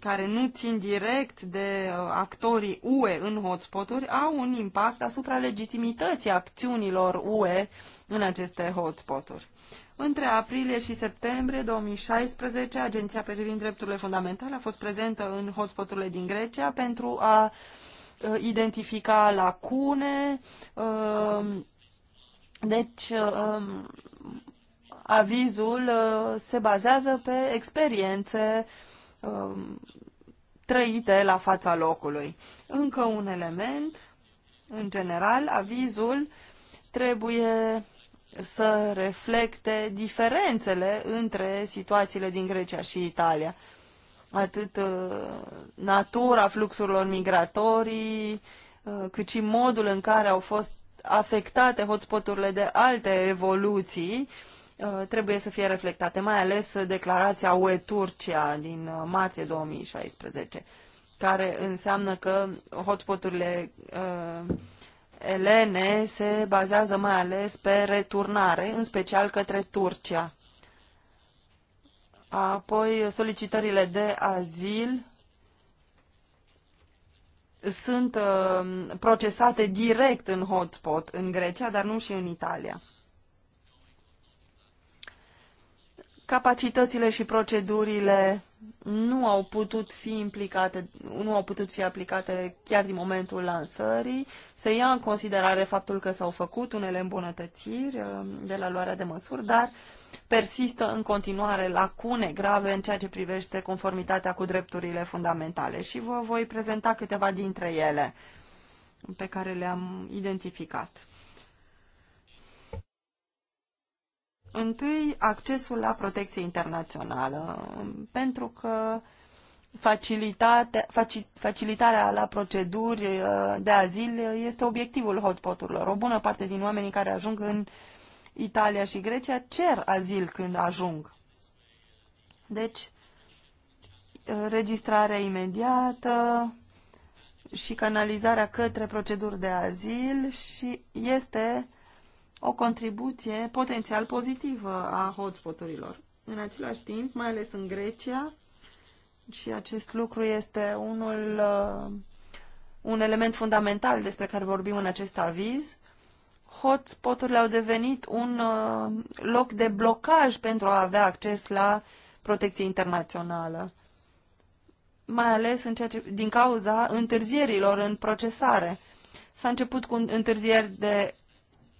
care nu țin direct de uh, actorii UE în hotspoturi, au un impact asupra legitimității acțiunilor UE în aceste hotspoturi. Între aprilie și septembrie 2016, Agenția privind drepturile fundamentale a fost prezentă în hotspoturile din Grecia pentru a uh, identifica lacune, uh, deci um, avizul uh, se bazează pe experiențe um, trăite la fața locului. Încă un element, în general, avizul trebuie să reflecte diferențele între situațiile din Grecia și Italia. Atât uh, natura fluxurilor migratorii, uh, cât și modul în care au fost afectate hotspoturile de alte evoluții, uh, Uh, trebuie să fie reflectate, mai ales uh, declarația UE Turcia din uh, martie 2016, care înseamnă că hotspoturile uh, elene se bazează mai ales pe returnare, în special către Turcia. Apoi solicitările de azil sunt uh, procesate direct în hotspot în Grecia, dar nu și în Italia. capacitățile și procedurile nu au putut fi implicate, nu au putut fi aplicate chiar din momentul lansării. Se ia în considerare faptul că s-au făcut unele îmbunătățiri uh, de la luarea de măsuri, dar persistă în continuare lacune grave în ceea ce privește conformitatea cu drepturile fundamentale și vă voi prezenta câteva dintre ele pe care le-am identificat. Întâi, accesul la protecție internațională, pentru că facilitate, faci, facilitarea la proceduri uh, de azil este obiectivul hotspoturilor. O bună parte din oamenii care ajung în Italia și Grecia cer azil când ajung. Deci, uh, registrarea imediată și canalizarea către proceduri de azil și este o contribuție potențial pozitivă a hotspoturilor. În același timp, mai ales în Grecia, și acest lucru este unul, uh, un element fundamental despre care vorbim în acest aviz, hotspoturile au devenit un uh, loc de blocaj pentru a avea acces la protecție internațională, mai ales în ceea ce, din cauza întârzierilor în procesare. S-a început cu întârzieri de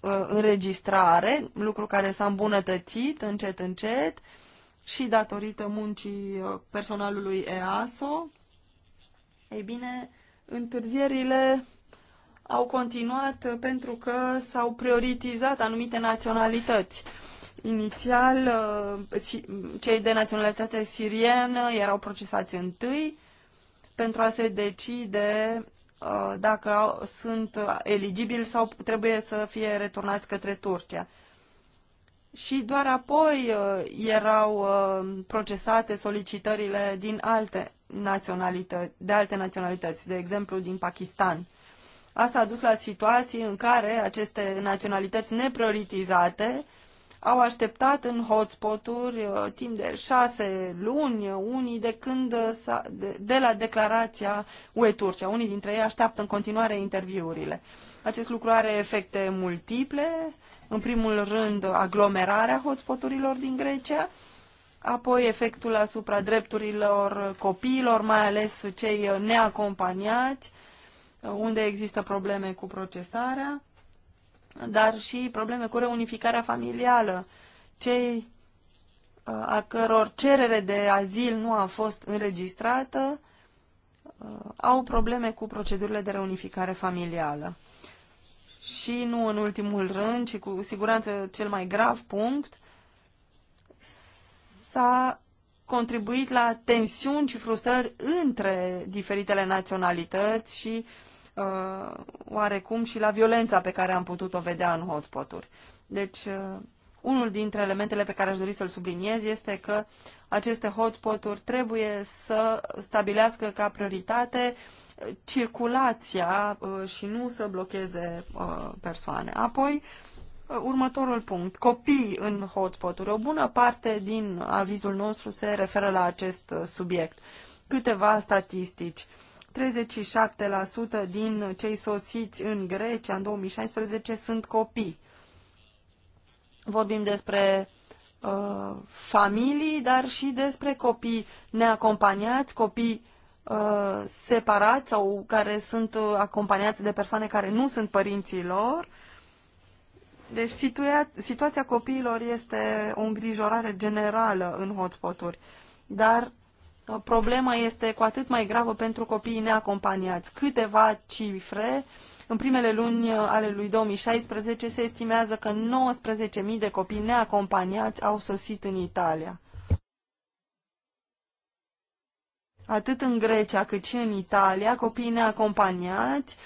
Uh, înregistrare, lucru care s-a îmbunătățit încet, încet și datorită muncii uh, personalului EASO. Ei bine, întârzierile au continuat pentru că s-au prioritizat anumite naționalități. Inițial, uh, cei de naționalitate siriană erau procesați întâi pentru a se decide Uh, dacă sunt eligibili sau trebuie să fie returnați către Turcia. Și doar apoi uh, erau uh, procesate solicitările din alte naționalități, de alte naționalități, de exemplu din Pakistan. Asta a dus la situații în care aceste naționalități neprioritizate au așteptat în hotspoturi uh, timp de șase luni, unii de când uh, de, de la declarația UE Turcia. Unii dintre ei așteaptă în continuare interviurile. Acest lucru are efecte multiple, în primul rând aglomerarea hotspoturilor din Grecia, apoi efectul asupra drepturilor copiilor, mai ales cei neacompaniați, unde există probleme cu procesarea, dar și probleme cu reunificarea familială. Cei uh, a căror cerere de azil nu a fost înregistrată uh, au probleme cu procedurile de reunificare familială. Și nu în ultimul rând, ci cu siguranță cel mai grav punct, s-a contribuit la tensiuni și frustrări între diferitele naționalități și uh, oarecum și la violența pe care am putut-o vedea în hotspot-uri. Deci, uh, unul dintre elementele pe care aș dori să-l subliniez este că aceste hotspot-uri trebuie să stabilească ca prioritate uh, circulația uh, și nu să blocheze uh, persoane. Apoi, următorul punct, copii în hotspot-uri. O bună parte din avizul nostru se referă la acest subiect. Câteva statistici. 37% din cei sosiți în Grecia în 2016 sunt copii. Vorbim despre uh, familii, dar și despre copii neacompaniați, copii uh, separați sau care sunt uh, acompaniați de persoane care nu sunt părinții lor. Deci situa situația copiilor este o îngrijorare generală în hotspoturi, dar problema este cu atât mai gravă pentru copiii neacompaniați. Câteva cifre. În primele luni ale lui 2016 se estimează că 19.000 de copii neacompaniați au sosit în Italia. Atât în Grecia cât și în Italia, copiii neacompaniați,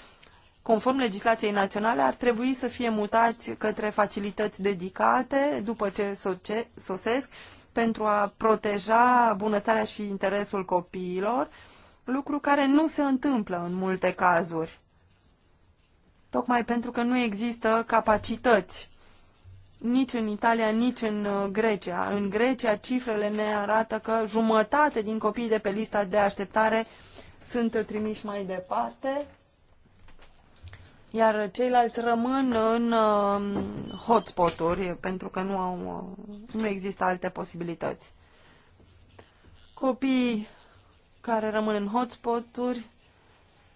conform legislației naționale, ar trebui să fie mutați către facilități dedicate după ce sosesc, pentru a proteja bunăstarea și interesul copiilor, lucru care nu se întâmplă în multe cazuri. Tocmai pentru că nu există capacități nici în Italia, nici în uh, Grecia. În Grecia cifrele ne arată că jumătate din copiii de pe lista de așteptare sunt trimiși mai departe iar ceilalți rămân în uh, hotspot-uri pentru că nu, au, uh, nu există alte posibilități. Copiii care rămân în hotspot-uri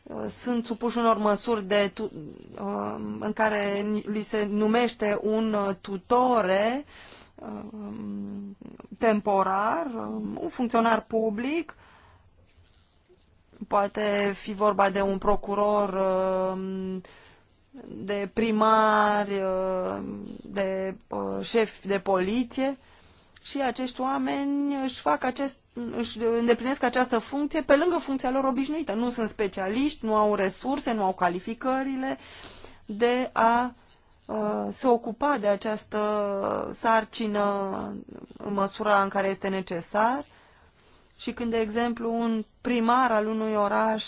uh, sunt supuși unor măsuri de tu, uh, în care li se numește un uh, tutore uh, temporar, un funcționar public poate fi vorba de un procuror uh, de primari, uh, de uh, șefi de poliție și acești oameni își, fac acest, își îndeplinesc această funcție pe lângă funcția lor obișnuită. Nu sunt specialiști, nu au resurse, nu au calificările de a uh, se ocupa de această sarcină în măsura în care este necesar și când, de exemplu, un primar al unui oraș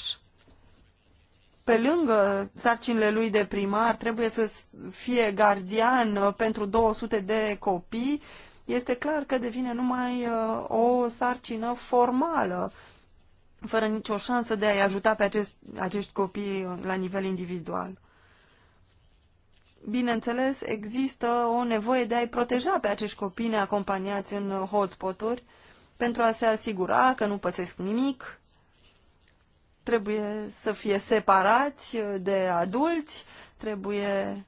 pe lângă sarcinile lui de primar, trebuie să fie gardian uh, pentru 200 de copii, este clar că devine numai uh, o sarcină formală, fără nicio șansă de a-i ajuta pe acest, acești copii uh, la nivel individual. Bineînțeles, există o nevoie de a-i proteja pe acești copii neacompaniați în hotspoturi pentru a se asigura că nu pățesc nimic, trebuie să fie separați de adulți, trebuie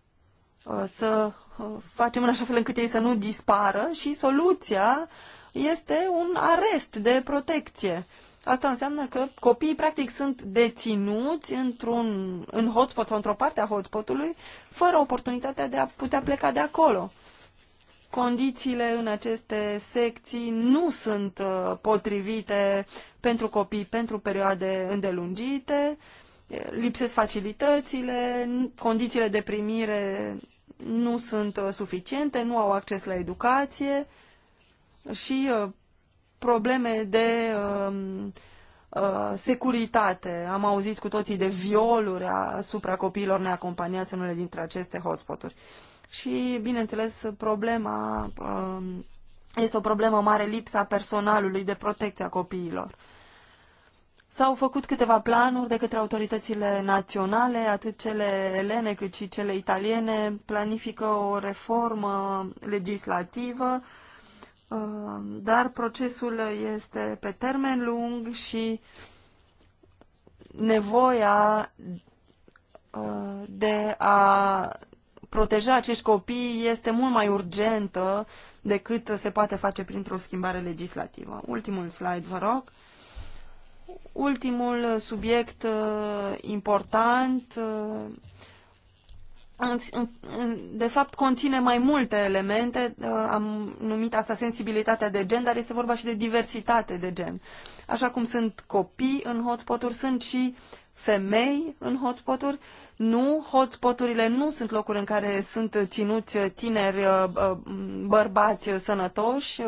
uh, să uh, facem în așa fel încât ei să nu dispară și soluția este un arest de protecție. Asta înseamnă că copiii practic sunt deținuți într-un în hotspot sau într-o parte a hotspotului fără oportunitatea de a putea pleca de acolo. Condițiile în aceste secții nu sunt uh, potrivite pentru copii pentru perioade îndelungite, lipsesc facilitățile, condițiile de primire nu sunt uh, suficiente, nu au acces la educație și uh, probleme de um, uh, securitate. Am auzit cu toții de violuri asupra copiilor neacompaniați în unele dintre aceste hotspoturi. Și, bineînțeles, problema um, este o problemă mare lipsa personalului de protecție a copiilor. S-au făcut câteva planuri de către autoritățile naționale, atât cele elene cât și cele italiene, planifică o reformă legislativă, uh, dar procesul este pe termen lung și nevoia uh, de a proteja acești copii este mult mai urgentă decât se poate face printr-o schimbare legislativă. Ultimul slide, vă rog. Ultimul subiect uh, important, uh, de fapt, conține mai multe elemente. Uh, am numit asta sensibilitatea de gen, dar este vorba și de diversitate de gen. Așa cum sunt copii în hotspot sunt și femei în hotspot-uri. Nu, hotspoturile nu sunt locuri în care sunt ținuți tineri bărbați sănătoși.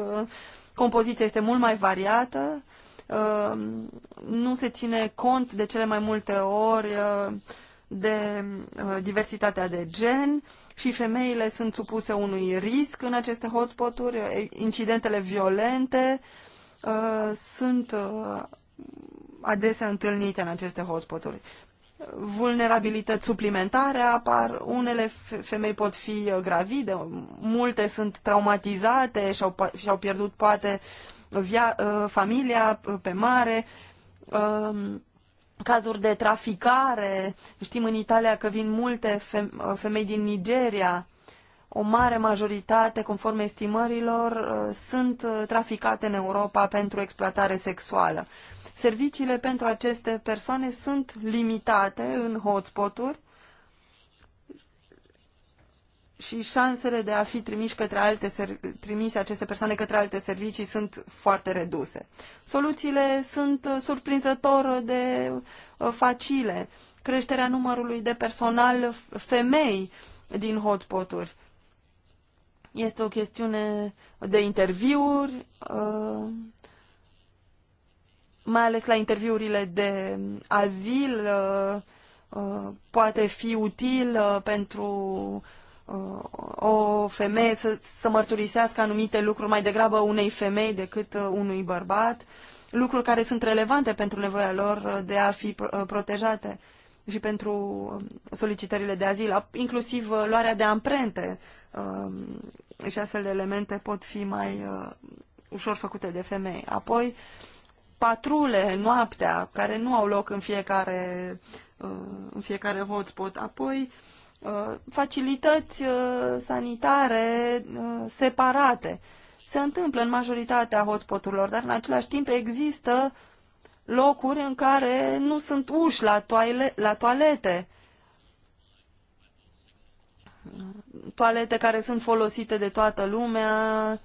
Compoziția este mult mai variată. Ehm, nu se ține cont de cele mai multe ori ehm, de eh, diversitatea de gen și femeile sunt supuse unui risc în aceste hotspoturi, incidentele violente eh, sunt eh, adesea întâlnite în aceste hotspoturi. Vulnerabilități suplimentare apar, unele femei pot fi gravide, multe sunt traumatizate și au, și au pierdut poate uh, via, uh, familia uh, pe mare, um, cazuri de traficare. Știm în Italia că vin multe uh, femei din Nigeria. O mare majoritate, conform estimărilor, sunt traficate în Europa pentru exploatare sexuală. Serviciile pentru aceste persoane sunt limitate în hotspoturi și șansele de a fi trimiși către alte trimise aceste persoane către alte servicii sunt foarte reduse. Soluțiile sunt uh, surprinzător de uh, facile. Creșterea numărului de personal femei din hotspoturi. Este o chestiune de interviuri, uh, mai ales la interviurile de azil, poate fi util pentru Uh, o femeie să, să mărturisească anumite lucruri mai degrabă unei femei decât uh, unui bărbat, lucruri care sunt relevante pentru nevoia lor uh, de a fi protejate și pentru solicitările de azil, inclusiv luarea de amprente um, și astfel de elemente pot fi mai ușor făcute de femei. Apoi, patrule noaptea, care nu au loc în fiecare, în fiecare hotspot. Apoi, Uh, facilități uh, sanitare uh, separate. Se întâmplă în majoritatea hotspoturilor, dar în același timp există locuri în care nu sunt uși la, toale, la toalete. Toalete care sunt folosite de toată lumea,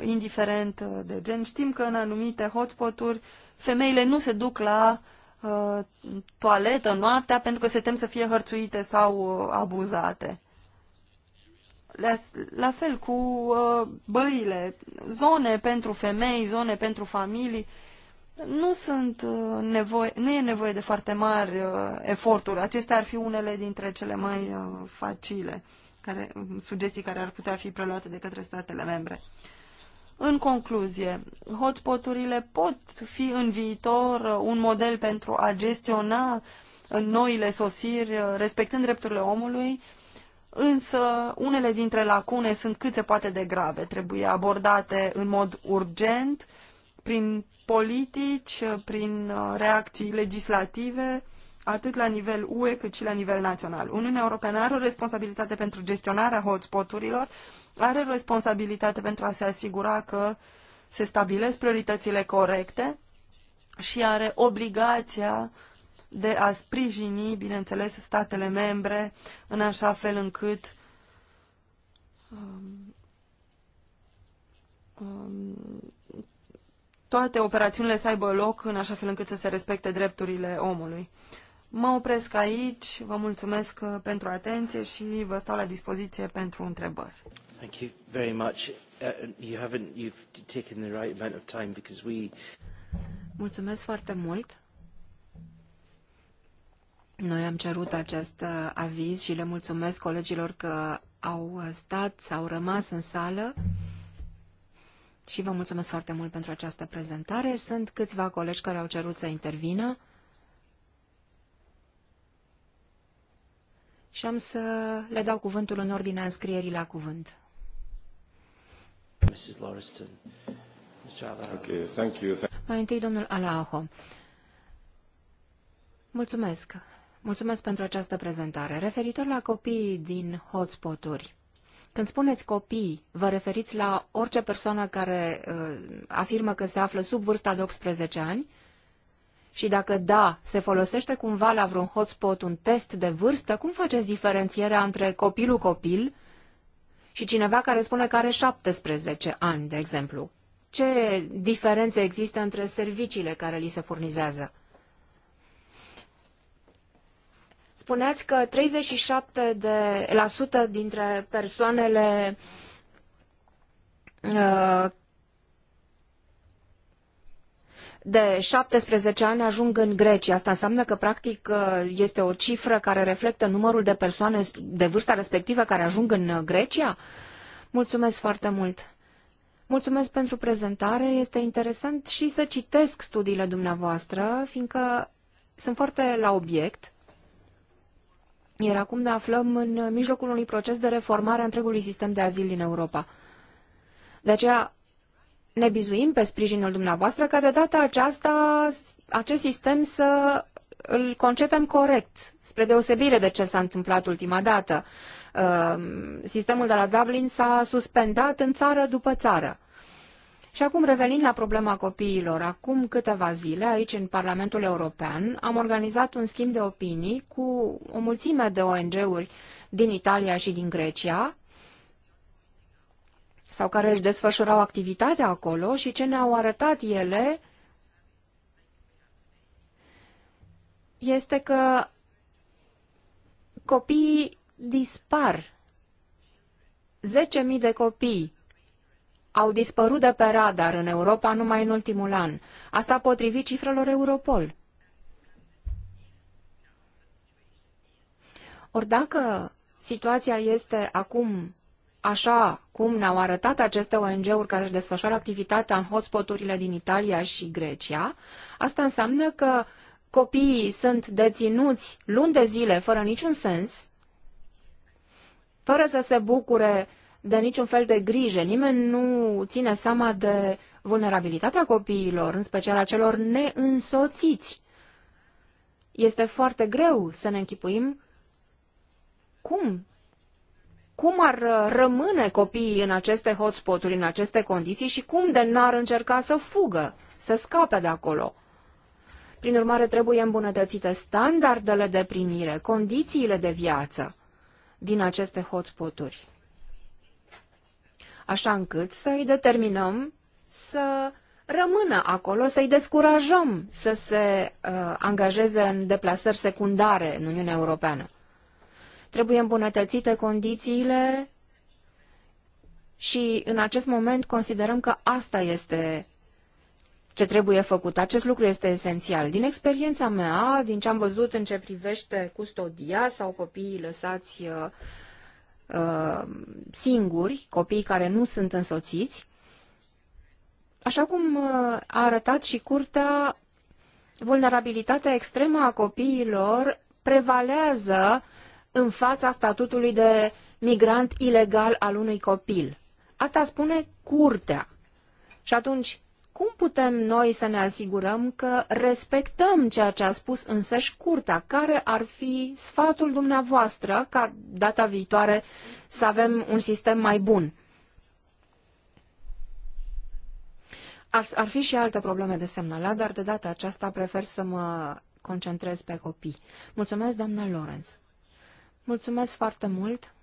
indiferent de gen. Știm că în anumite hotspoturi femeile nu se duc la toaletă noaptea pentru că se tem să fie hărțuite sau uh, abuzate. La, la fel cu uh, băile, zone pentru femei, zone pentru familii. Nu, sunt, uh, nevoie, nu e nevoie de foarte mari uh, eforturi. Acestea ar fi unele dintre cele mai uh, facile care, sugestii care ar putea fi preluate de către statele membre. În concluzie, hotpoturile pot fi în viitor un model pentru a gestiona noile sosiri, respectând drepturile omului, însă unele dintre lacune sunt cât se poate de grave. Trebuie abordate în mod urgent, prin politici, prin uh, reacții legislative atât la nivel UE cât și la nivel național. Uniunea Europeană are o responsabilitate pentru gestionarea hotspoturilor, are responsabilitate pentru a se asigura că se stabilesc prioritățile corecte și are obligația de a sprijini, bineînțeles, statele membre în așa fel încât um, um, toate operațiunile să aibă loc în așa fel încât să se respecte drepturile omului. Mă opresc aici, vă mulțumesc uh, pentru atenție și vă stau la dispoziție pentru întrebări. Thank you very much. Uh, you haven't you've taken the right amount of time because we Mulțumesc foarte mult. Noi am cerut acest uh, aviz și le mulțumesc colegilor că au stat, au rămas în sală și vă mulțumesc foarte mult pentru această prezentare. Sunt câțiva colegi care au cerut să intervină. și am să le dau cuvântul în ordinea înscrierii la cuvânt. Mrs. Lauriston. Okay, thank you. Mai întâi, domnul Alaho. Mulțumesc. Mulțumesc pentru această prezentare. Referitor la copiii din hotspoturi, când spuneți copii, vă referiți la orice persoană care uh, afirmă că se află sub vârsta de 18 ani? Uh, și dacă da, se folosește cumva la vreun hotspot un test de vârstă, cum faceți diferențierea între copilul copil și cineva care spune că are 17 ani, de exemplu? Ce diferențe există între serviciile care li se furnizează? Spuneați că 37% de, la sută dintre persoanele uh, de 17 ani ajung în Grecia. Asta înseamnă că, practic, uh, este o cifră care reflectă numărul de persoane de vârsta respectivă care ajung în uh, Grecia? Mulțumesc foarte mult! Mulțumesc pentru prezentare, este interesant și să citesc studiile dumneavoastră, fiindcă sunt foarte la obiect. Iar acum ne aflăm în mijlocul unui proces de reformare a întregului sistem de azil din Europa. De aceea ne bizuim pe sprijinul dumneavoastră ca de data aceasta acest sistem să îl concepem corect, spre deosebire de ce s-a întâmplat ultima dată. Uh, sistemul de la Dublin s-a suspendat în țară după țară. Și acum revenind la problema copiilor, acum câteva zile, aici în Parlamentul European, am organizat un schimb de opinii cu o mulțime de ONG-uri din Italia și din Grecia, sau care își desfășurau activitatea acolo și ce ne-au arătat ele este că copiii dispar. 10.000 de copii au dispărut de pe radar în Europa numai în ultimul an. Asta potrivit cifrelor Europol. Ori dacă situația este acum așa cum ne-au arătat aceste ONG-uri care își desfășoară activitatea în hotspoturile din Italia și Grecia, asta înseamnă că copiii sunt deținuți luni de zile fără niciun sens, fără să se bucure de niciun fel de grijă. Nimeni nu ține seama de vulnerabilitatea copiilor, în special a celor neînsoțiți. Este foarte greu să ne închipuim cum cum ar uh, rămâne copiii în aceste hotspoturi, în aceste condiții și cum de n-ar încerca să fugă, să scape de acolo. Prin urmare, trebuie îmbunătățite standardele de primire, condițiile de viață din aceste hotspoturi, așa încât să-i determinăm să rămână acolo, să-i descurajăm să se uh, angajeze în deplasări secundare în Uniunea Europeană. Trebuie îmbunătățite condițiile și în acest moment considerăm că asta este ce trebuie făcut. Acest lucru este esențial. Din experiența mea, din ce am văzut în ce privește custodia sau copiii lăsați uh, uh singuri, copiii care nu sunt însoțiți, așa cum uh, a arătat și curtea, vulnerabilitatea extremă a copiilor prevalează în fața statutului de migrant ilegal al unui copil. Asta spune curtea. Și atunci, cum putem noi să ne asigurăm că respectăm ceea ce a spus însăși curtea? Care ar fi sfatul dumneavoastră ca data viitoare să avem un sistem mai bun? Ar, ar fi și alte probleme de semnalat, dar de data aceasta prefer să mă concentrez pe copii. Mulțumesc, doamna Lawrence. Mulțumesc foarte mult!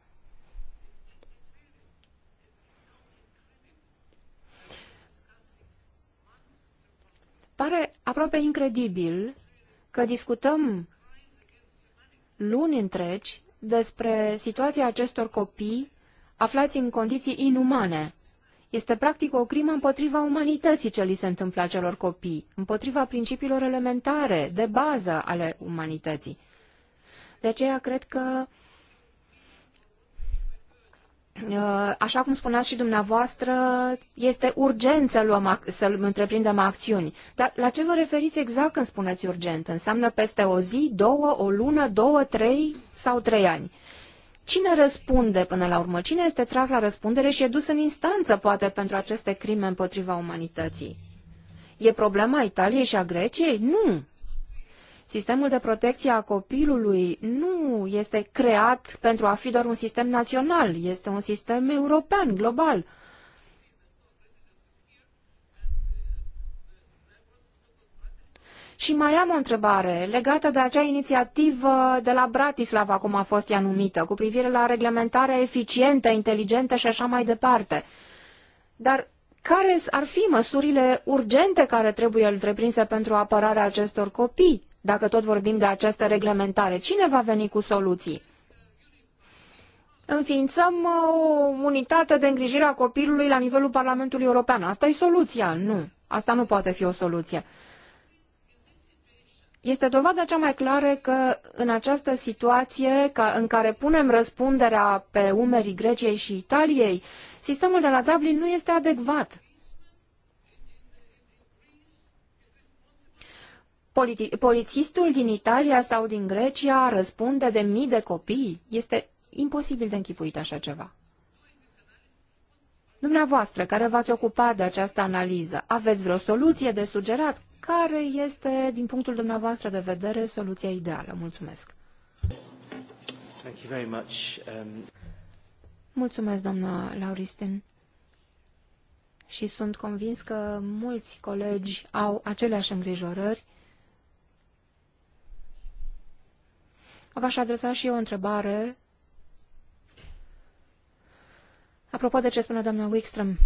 Pare aproape incredibil că discutăm luni întregi despre situația acestor copii aflați în condiții inumane. Este practic o crimă împotriva umanității ce li se întâmplă acelor copii, împotriva principiilor elementare, de bază ale umanității. De aceea cred că uh, Așa cum spuneați și dumneavoastră, este urgent să, luăm, să întreprindem acțiuni. Dar la ce vă referiți exact când spuneți urgent? Înseamnă peste o zi, două, o lună, două, trei sau trei ani? Cine răspunde până la urmă? Cine este tras la răspundere și e dus în instanță, poate, pentru aceste crime împotriva umanității? E problema Italiei și a Greciei? Nu! Sistemul de protecție a copilului nu este creat pentru a fi doar un sistem național, este un sistem european, global. Și mai am o întrebare legată de acea inițiativă de la Bratislava, cum a fost ea numită, cu privire la reglementarea eficientă, inteligentă și așa mai departe. Dar care ar fi măsurile urgente care trebuie întreprinse pentru apărarea acestor copii? dacă tot vorbim de această reglementare. Cine va veni cu soluții? Înființăm o uh, unitate de îngrijire a copilului la nivelul Parlamentului European. Asta e soluția? Nu. Asta nu poate fi o soluție. Este dovada cea mai clară că în această situație în care punem răspunderea pe umerii Greciei și Italiei, sistemul de la Dublin nu este adecvat. polițistul din Italia sau din Grecia răspunde de mii de copii? Este imposibil de închipuit așa ceva. Dumneavoastră, care v-ați ocupat de această analiză, aveți vreo soluție de sugerat? Care este, din punctul dumneavoastră de vedere, soluția ideală? Mulțumesc! Thank you very much. Um... Mulțumesc, doamnă Lauristin. Și sunt convins că mulți colegi au aceleași îngrijorări V-aș adresa și eu o întrebare apropo de ce spune doamna Wickström.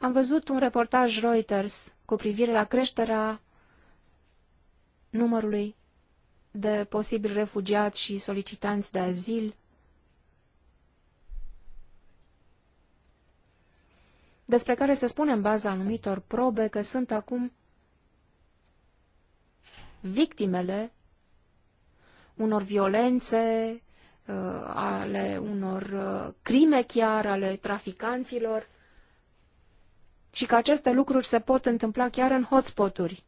Am văzut un reportaj Reuters cu privire la creșterea numărului de posibili refugiați și solicitanți de azil despre care se spune în baza anumitor probe că sunt acum victimele unor violențe, uh, ale unor uh, crime chiar, ale traficanților și că aceste lucruri se pot întâmpla chiar în hotspoturi.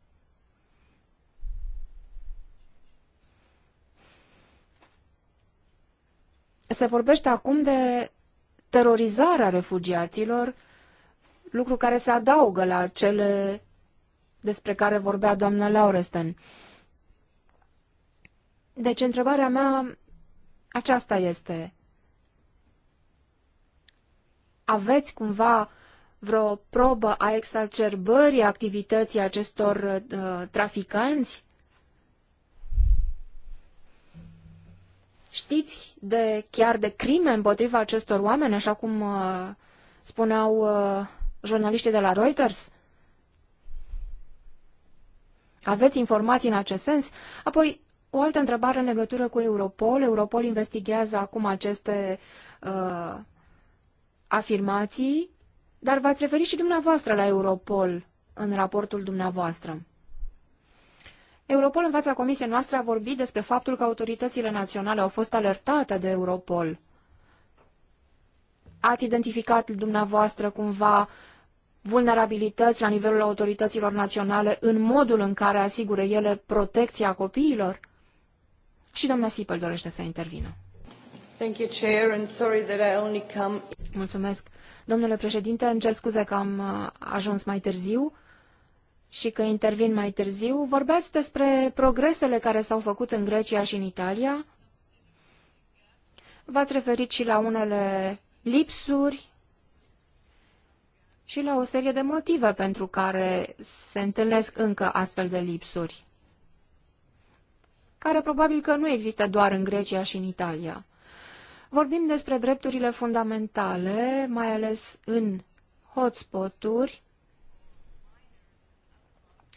Se vorbește acum de terorizarea refugiaților, lucru care se adaugă la cele despre care vorbea doamna Lauresten. Deci, întrebarea mea aceasta este. Aveți cumva vreo probă a exacerbării activității acestor uh, traficanți? Știți de, chiar de crime împotriva acestor oameni, așa cum uh, spuneau uh, jurnaliștii de la Reuters? Aveți informații în acest sens? Apoi, o altă întrebare în legătură cu Europol. Europol investigează acum aceste uh, afirmații, dar v-ați referit și dumneavoastră la Europol în raportul dumneavoastră. Europol în fața comisiei noastre a vorbit despre faptul că autoritățile naționale au fost alertate de Europol. Ați identificat dumneavoastră cumva vulnerabilități la nivelul autorităților naționale în modul în care asigură ele protecția copiilor? și doamna Sipel dorește să intervină. Thank you, Chair, and sorry that I only come... Mulțumesc. Domnule președinte, îmi cer scuze că am uh, ajuns mai târziu și că intervin mai târziu. Vorbeați despre progresele care s-au făcut în Grecia și în Italia. V-ați referit și la unele lipsuri și la o serie de motive pentru care se întâlnesc încă astfel de lipsuri care probabil că nu există doar în Grecia și în Italia. Vorbim despre drepturile fundamentale, mai ales în hotspoturi,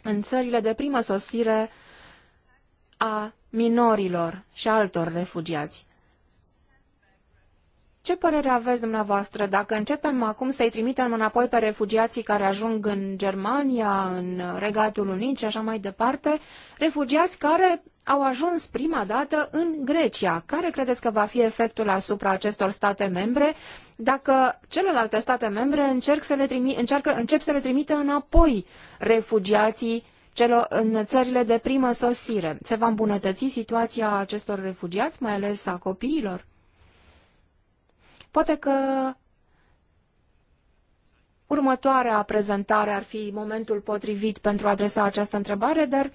în țările de primă sosire a minorilor și altor refugiați. Ce părere aveți dumneavoastră dacă începem acum să-i trimitem înapoi pe refugiații care ajung în Germania, în Regatul Unit și așa mai departe, refugiați care au ajuns prima dată în Grecia? Care credeți că va fi efectul asupra acestor state membre dacă celelalte state membre încerc să le trimi, încearcă, încep să le trimită înapoi refugiații celor, în țările de primă sosire? Se va îmbunătăți situația acestor refugiați, mai ales a copiilor? Poate că următoarea prezentare ar fi momentul potrivit pentru a adresa această întrebare, dar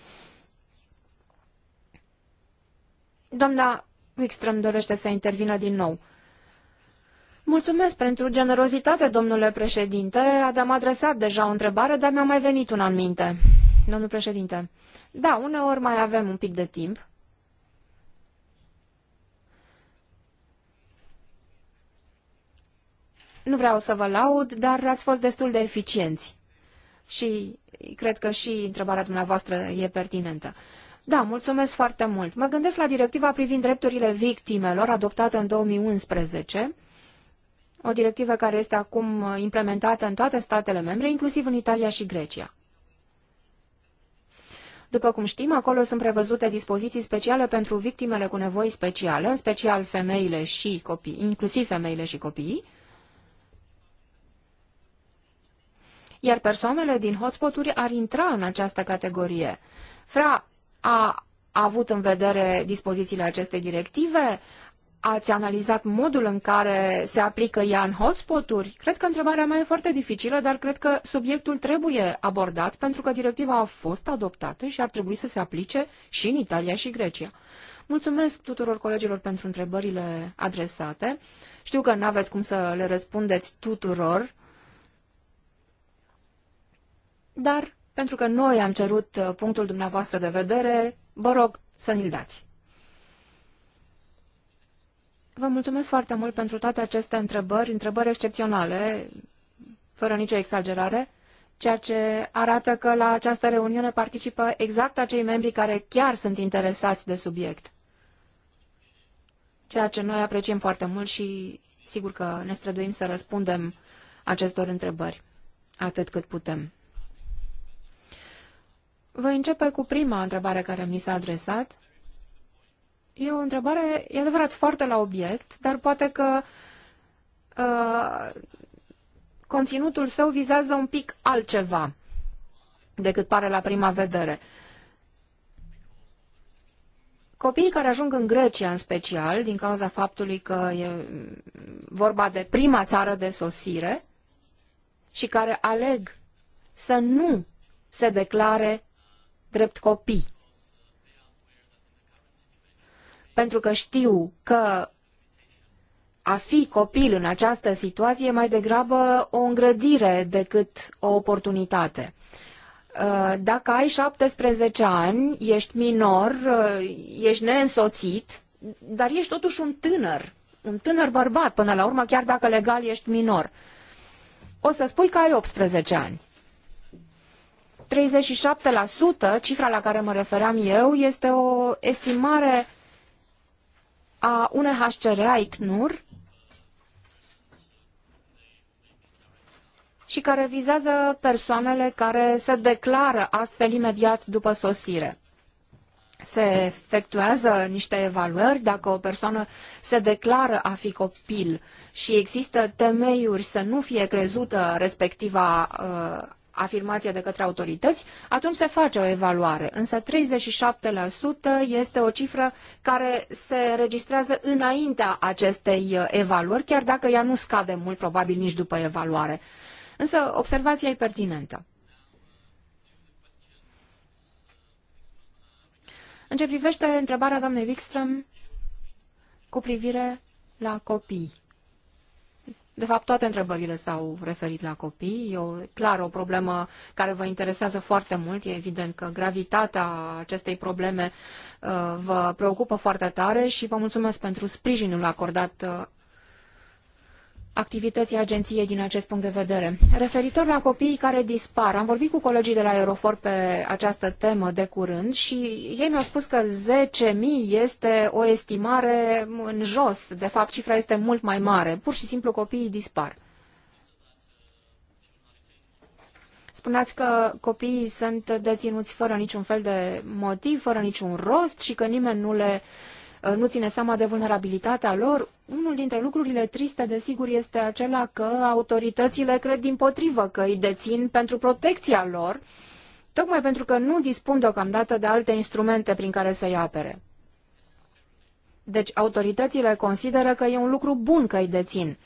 doamna Wickström dorește să intervină din nou. Mulțumesc pentru generozitate, domnule președinte. Am adresat deja o întrebare, dar mi-a mai venit una în minte. Domnul președinte, da, uneori mai avem un pic de timp. Nu vreau să vă laud, dar ați fost destul de eficienți. Și cred că și întrebarea dumneavoastră e pertinentă. Da, mulțumesc foarte mult. Mă gândesc la directiva privind drepturile victimelor, adoptată în 2011, o directivă care este acum implementată în toate statele membre, inclusiv în Italia și Grecia. După cum știm, acolo sunt prevăzute dispoziții speciale pentru victimele cu nevoi speciale, în special femeile și copii, inclusiv femeile și copiii, iar persoanele din hotspoturi ar intra în această categorie. Fra, a avut în vedere dispozițiile acestei directive? Ați analizat modul în care se aplică ea în hotspoturi? Cred că întrebarea mea e foarte dificilă, dar cred că subiectul trebuie abordat pentru că directiva a fost adoptată și ar trebui să se aplice și în Italia și Grecia. Mulțumesc tuturor colegilor pentru întrebările adresate. Știu că nu aveți cum să le răspundeți tuturor, dar pentru că noi am cerut uh, punctul dumneavoastră de vedere, vă rog să ne l dați. Vă mulțumesc foarte mult pentru toate aceste întrebări, întrebări excepționale, fără nicio exagerare, ceea ce arată că la această reuniune participă exact acei membri care chiar sunt interesați de subiect. Ceea ce noi apreciem foarte mult și sigur că ne străduim să răspundem acestor întrebări atât cât putem. Voi începe cu prima întrebare care mi s-a adresat. E o întrebare, e adevărat, foarte la obiect, dar poate că uh, conținutul său vizează un pic altceva decât pare la prima vedere. Copiii care ajung în Grecia, în special, din cauza faptului că e vorba de prima țară de sosire și care aleg să nu se declare drept copii. Pentru că știu că a fi copil în această situație e mai degrabă o îngrădire decât o oportunitate. Uh, dacă ai 17 ani, ești minor, uh, ești neînsoțit, dar ești totuși un tânăr, un tânăr bărbat, până la urmă, chiar dacă legal ești minor. O să spui că ai 18 ani. 37%, cifra la care mă refeream eu, este o estimare a UNHCR, a ICNUR, și care vizează persoanele care se declară astfel imediat după sosire. Se efectuează niște evaluări dacă o persoană se declară a fi copil și există temeiuri să nu fie crezută respectiva uh, afirmație de către autorități, atunci se face o evaluare. Însă 37% este o cifră care se registrează înaintea acestei uh, evaluări, chiar dacă ea nu scade mult, probabil nici după evaluare. Însă observația e pertinentă. În ce privește întrebarea doamnei Wikström cu privire la copii. De fapt, toate întrebările s-au referit la copii. E o, clar o problemă care vă interesează foarte mult. E evident că gravitatea acestei probleme uh, vă preocupă foarte tare și vă mulțumesc pentru sprijinul acordat uh, activității agenției din acest punct de vedere. Referitor la copiii care dispar, am vorbit cu colegii de la Eurofor pe această temă de curând și ei mi-au spus că 10.000 este o estimare în jos. De fapt, cifra este mult mai mare. Pur și simplu copiii dispar. Spuneați că copiii sunt deținuți fără niciun fel de motiv, fără niciun rost și că nimeni nu le uh, Uh, nu ține seama de vulnerabilitatea lor. Unul dintre lucrurile triste, desigur, este acela că autoritățile cred din potrivă că îi dețin pentru protecția lor, tocmai pentru că nu dispun deocamdată de alte instrumente prin care să-i apere. Deci autoritățile consideră că e un lucru bun că îi dețin.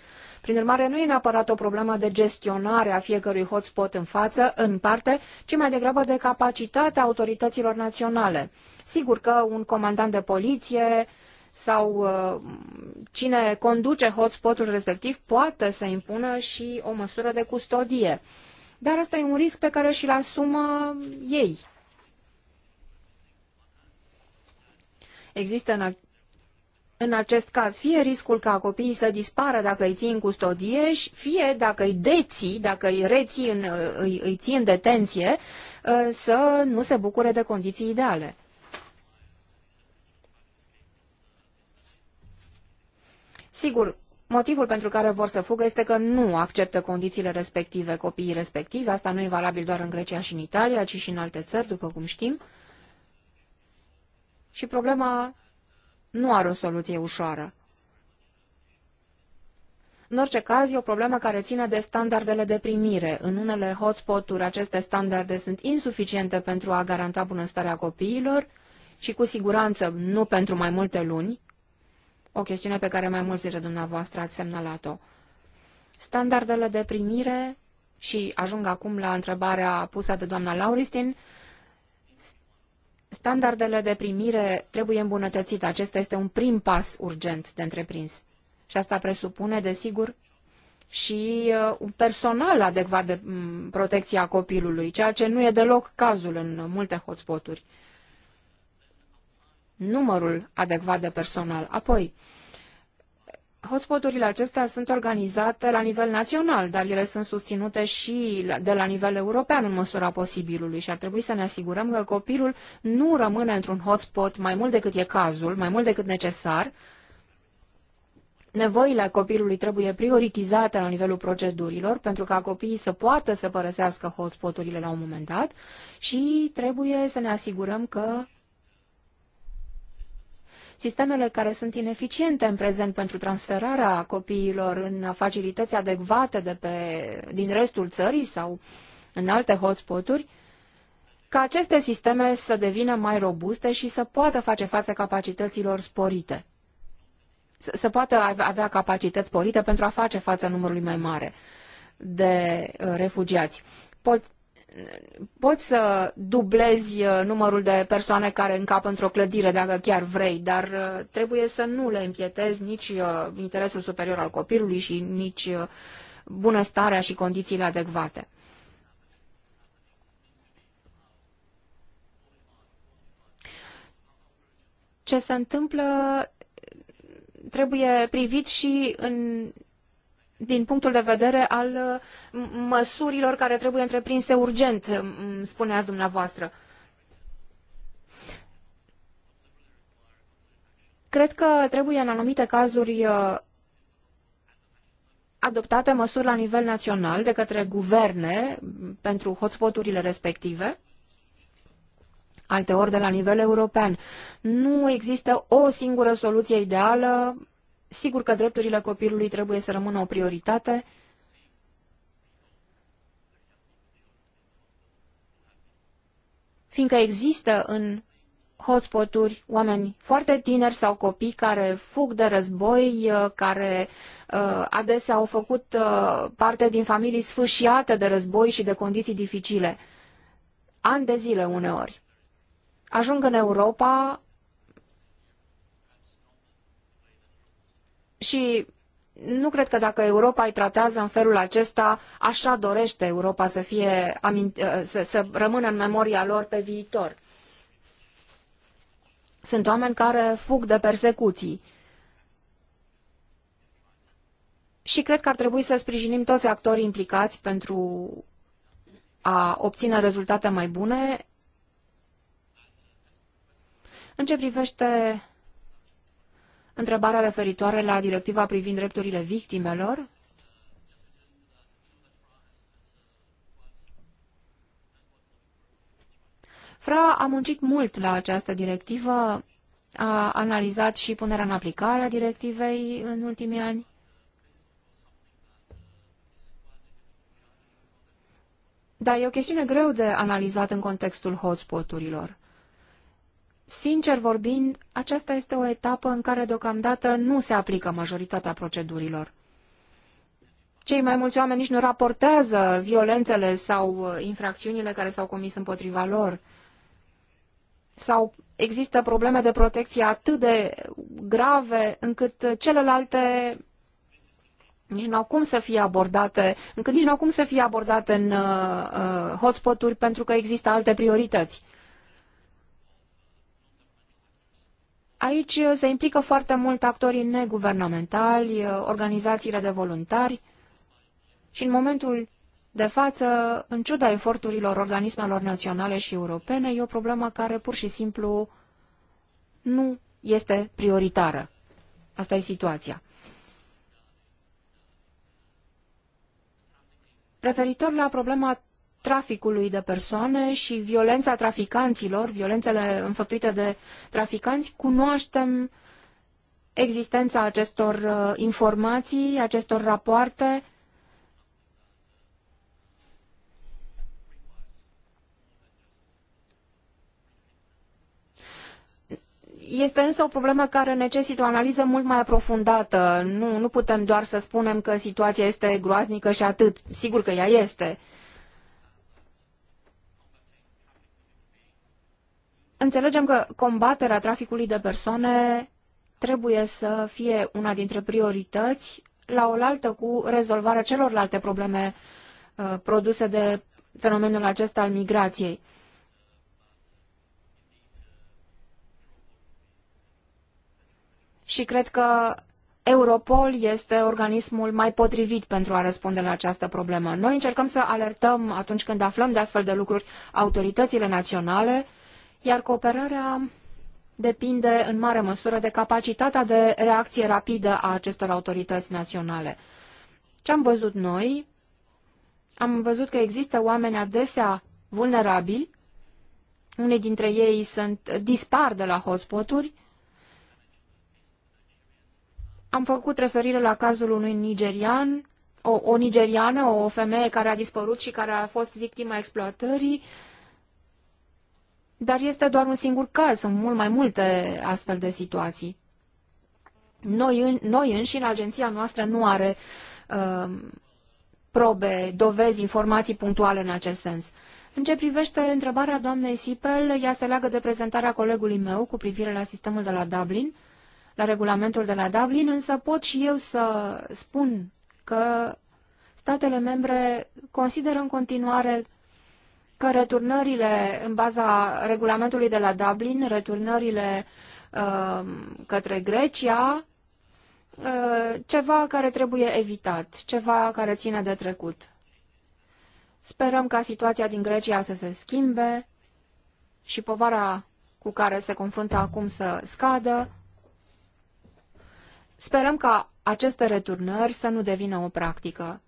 Prin urmare, nu e neapărat o problemă de gestionare a fiecărui hotspot în față, în parte, ci mai degrabă de capacitatea autorităților naționale. Sigur că un comandant de poliție sau uh, cine conduce hotspotul respectiv poate să impună și o măsură de custodie. Dar asta e un risc pe care și-l asumă ei. Există în în acest caz, fie riscul ca copiii să dispară dacă îi ții în custodie, fie dacă îi deții, dacă îi reții, în, îi, îi ții în detenție, ă, să nu se bucure de condiții ideale. Sigur, motivul pentru care vor să fugă este că nu acceptă condițiile respective copiii respectivi. Asta nu e valabil doar în Grecia și în Italia, ci și în alte țări, după cum știm. Și problema nu are o soluție ușoară. În orice caz, e o problemă care ține de standardele de primire. În unele hotspot-uri aceste standarde sunt insuficiente pentru a garanta bunăstarea copiilor și cu siguranță nu pentru mai multe luni, o chestiune pe care mai mulți dintre dumneavoastră ați semnalat-o. Standardele de primire, și ajung acum la întrebarea pusă de doamna Lauristin, Standardele de primire trebuie îmbunătățite. Acesta este un prim pas urgent de întreprins. Și asta presupune, desigur, și uh, un personal adecvat de mm, protecție a copilului, ceea ce nu e deloc cazul în multe hotspoturi. Numărul adecvat de personal. Apoi, Hotspoturile acestea sunt organizate la nivel național, dar ele sunt susținute și de la nivel european în măsura posibilului și ar trebui să ne asigurăm că copilul nu rămâne într-un hotspot mai mult decât e cazul, mai mult decât necesar. Nevoile copilului trebuie prioritizate la nivelul procedurilor pentru ca copiii să poată să părăsească hotspoturile la un moment dat și trebuie să ne asigurăm că Sistemele care sunt ineficiente în prezent pentru transferarea copiilor în facilități adecvate de pe, din restul țării sau în alte hotspoturi, ca aceste sisteme să devină mai robuste și să poată face față capacităților sporite. să poată avea capacități sporite pentru a face față numărului mai mare de uh, refugiați poți să dublezi uh, numărul de persoane care încap într-o clădire dacă chiar vrei, dar uh, trebuie să nu le împietezi nici uh, interesul superior al copilului și nici bunăstarea și condițiile adecvate. Ce se întâmplă trebuie privit și în din punctul de vedere al măsurilor care trebuie întreprinse urgent, spuneați dumneavoastră. Cred că trebuie în anumite cazuri uh, adoptate măsuri la nivel național de către guverne pentru hotspoturile respective, alteori de la nivel european. Nu există o singură soluție ideală Sigur că drepturile copilului trebuie să rămână o prioritate. Fiindcă există în hotspoturi oameni foarte tineri sau copii care fug de război, uh, care uh, adesea au făcut uh, parte din familii sfâșiate de război și de condiții dificile, ani de zile uneori. Ajung în Europa Și nu cred că dacă Europa îi tratează în felul acesta, așa dorește Europa să, fie ă, să, să rămână în memoria lor pe viitor. Sunt oameni care fug de persecuții. Și cred că ar trebui să sprijinim toți actorii implicați pentru a obține rezultate mai bune. În ce privește întrebarea referitoare la directiva privind drepturile victimelor. Fra a muncit mult la această directivă, a analizat și punerea în aplicare a directivei în ultimii ani. Dar e o chestiune greu de analizat în contextul hotspoturilor. Sincer vorbind, aceasta este o etapă în care deocamdată nu se aplică majoritatea procedurilor. Cei mai mulți oameni nici nu raportează violențele sau uh, infracțiunile care s-au comis împotriva lor. Sau există probleme de protecție atât de grave încât celelalte nici nu au cum să fie abordate, încât nici nu au cum să fie abordate în uh, uh, hotspot-uri pentru că există alte priorități. Aici uh, se implică foarte mult actorii neguvernamentali, uh, organizațiile de voluntari și în momentul de față, în ciuda eforturilor organismelor naționale și europene, e o problemă care pur și simplu nu este prioritară. Asta e situația. Referitor la problema traficului de persoane și violența traficanților, violențele înfăptuite de traficanți, cunoaștem existența acestor uh, informații, acestor rapoarte. Este însă o problemă care necesită o analiză mult mai aprofundată. Nu, nu putem doar să spunem că situația este groaznică și atât. Sigur că ea este. Uh, Înțelegem că combaterea traficului de persoane trebuie să fie una dintre priorități la oaltă cu rezolvarea celorlalte probleme uh, produse de fenomenul acesta al migrației. Și cred că Europol este organismul mai potrivit pentru a răspunde la această problemă. Noi încercăm să alertăm atunci când aflăm de astfel de lucruri autoritățile naționale uh, iar cooperarea depinde în mare măsură de capacitatea de reacție rapidă a acestor autorități naționale. Ce am văzut noi? Am văzut că există oameni adesea vulnerabili, unii dintre ei sunt dispar de la hotspoturi. Am făcut referire la cazul unui nigerian, o, o nigeriană, o femeie care a dispărut și care a fost victima exploatării, uh, dar este doar un singur caz, sunt mult mai multe astfel de situații. Noi, noi înșine, agenția noastră nu are uh, probe, dovezi, informații punctuale în acest sens. În ce privește întrebarea doamnei Sipel, ea se leagă de prezentarea colegului meu cu privire la sistemul de la Dublin, la regulamentul de la Dublin, însă pot și eu să spun că statele membre consideră în continuare că returnările în baza regulamentului de la Dublin, returnările uh, către Grecia, uh, ceva care trebuie evitat, ceva care ține de trecut. Sperăm ca situația din Grecia să se schimbe și povara cu care se confruntă acum să scadă. Sperăm ca aceste returnări să nu devină o practică.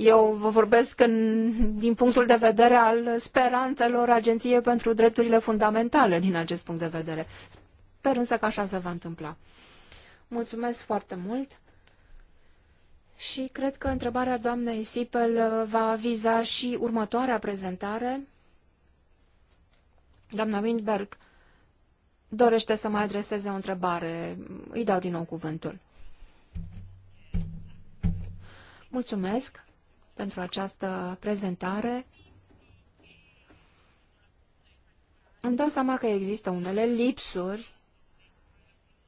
Eu vă vorbesc în, din punctul de vedere al speranțelor Agenției pentru Drepturile Fundamentale din acest punct de vedere. Sper însă că așa se va întâmpla. Mulțumesc foarte mult și cred că întrebarea doamnei Sipel va viza și următoarea prezentare. Doamna Windberg dorește să mai adreseze o întrebare. Îi dau din nou cuvântul. Mulțumesc pentru această prezentare. Îmi dau seama că există unele lipsuri,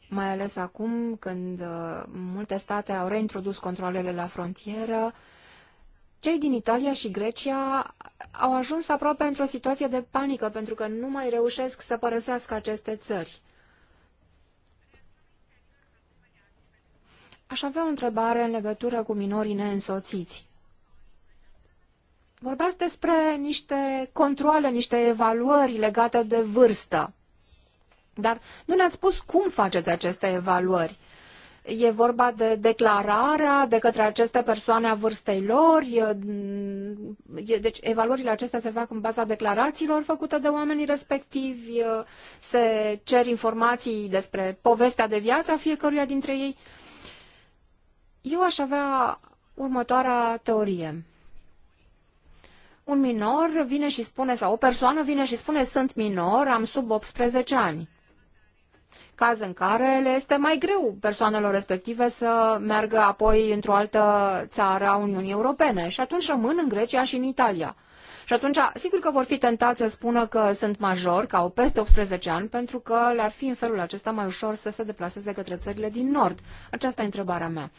mai ales acum când uh, multe state au reintrodus controlele la frontieră. Cei din Italia și Grecia au ajuns aproape într-o situație de panică pentru că nu mai reușesc să părăsească aceste țări. Aș avea o întrebare în legătură cu minorii neînsoțiți. Vorbeați despre niște controle, niște evaluări legate de vârstă. Dar nu ne-ați spus cum faceți aceste evaluări. E vorba de declararea de către aceste persoane a vârstei lor. Mm, deci evaluările acestea se fac în baza declarațiilor făcute de oamenii respectivi. Se cer informații despre povestea de viață a fiecăruia dintre ei. Eu aș avea următoarea teorie un minor vine și spune, sau o persoană vine și spune, sunt minor, am sub 18 ani. Caz în care le este mai greu persoanelor respective să meargă apoi într-o altă țară a Uniunii Europene și atunci rămân în Grecia și în Italia. Și atunci, sigur că vor fi tentați să spună că sunt major, că au peste 18 ani, pentru că le-ar fi în felul acesta mai ușor să se deplaseze către țările din Nord. Aceasta e întrebarea mea.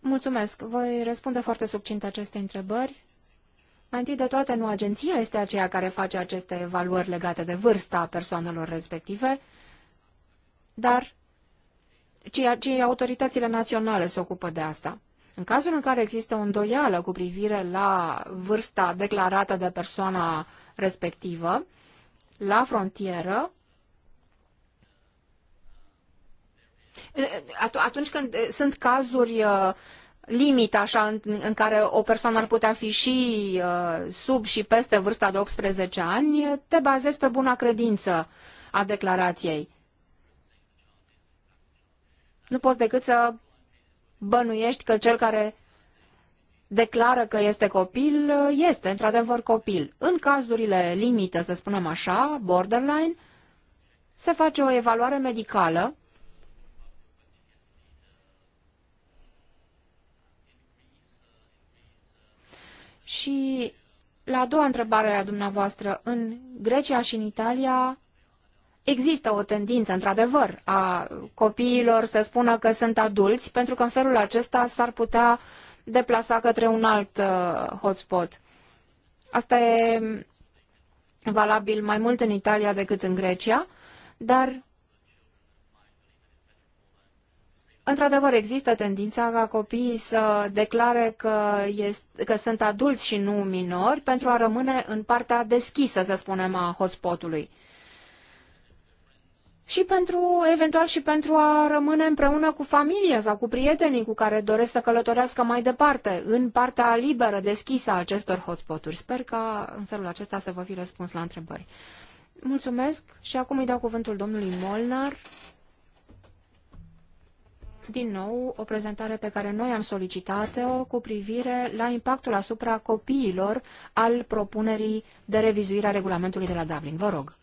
Mulțumesc. Voi răspunde foarte succint aceste întrebări. Mai întâi de toate, nu agenția este aceea care face aceste evaluări legate de vârsta persoanelor respective, dar ci, ci autoritățile naționale se ocupă de asta. În cazul în care există o îndoială cu privire la vârsta declarată de persoana respectivă, la frontieră, Atunci când sunt cazuri limit, așa, în, în care o persoană ar putea fi și sub și peste vârsta de 18 ani, te bazezi pe buna credință a declarației. Nu poți decât să bănuiești că cel care declară că este copil, este într-adevăr copil. În cazurile limită, să spunem așa, borderline, se face o evaluare medicală Și la a doua întrebare a dumneavoastră, în Grecia și în Italia există o tendință, într-adevăr, a copiilor să spună că sunt adulți, pentru că în felul acesta s-ar putea deplasa către un alt uh, hotspot. Asta e valabil mai mult în Italia decât în Grecia, dar Într-adevăr, există tendința ca copiii să declare că, este, că sunt adulți și nu minori pentru a rămâne în partea deschisă, să spunem, a hotspotului. Și pentru, eventual și pentru a rămâne împreună cu familia sau cu prietenii cu care doresc să călătorească mai departe, în partea liberă, deschisă a acestor hotspoturi. Sper că în felul acesta să vă fi răspuns la întrebări. Mulțumesc și acum îi dau cuvântul domnului Molnar din nou o prezentare pe care noi am solicitat-o cu privire la impactul asupra copiilor al propunerii de revizuire a regulamentului de la Dublin. Vă rog.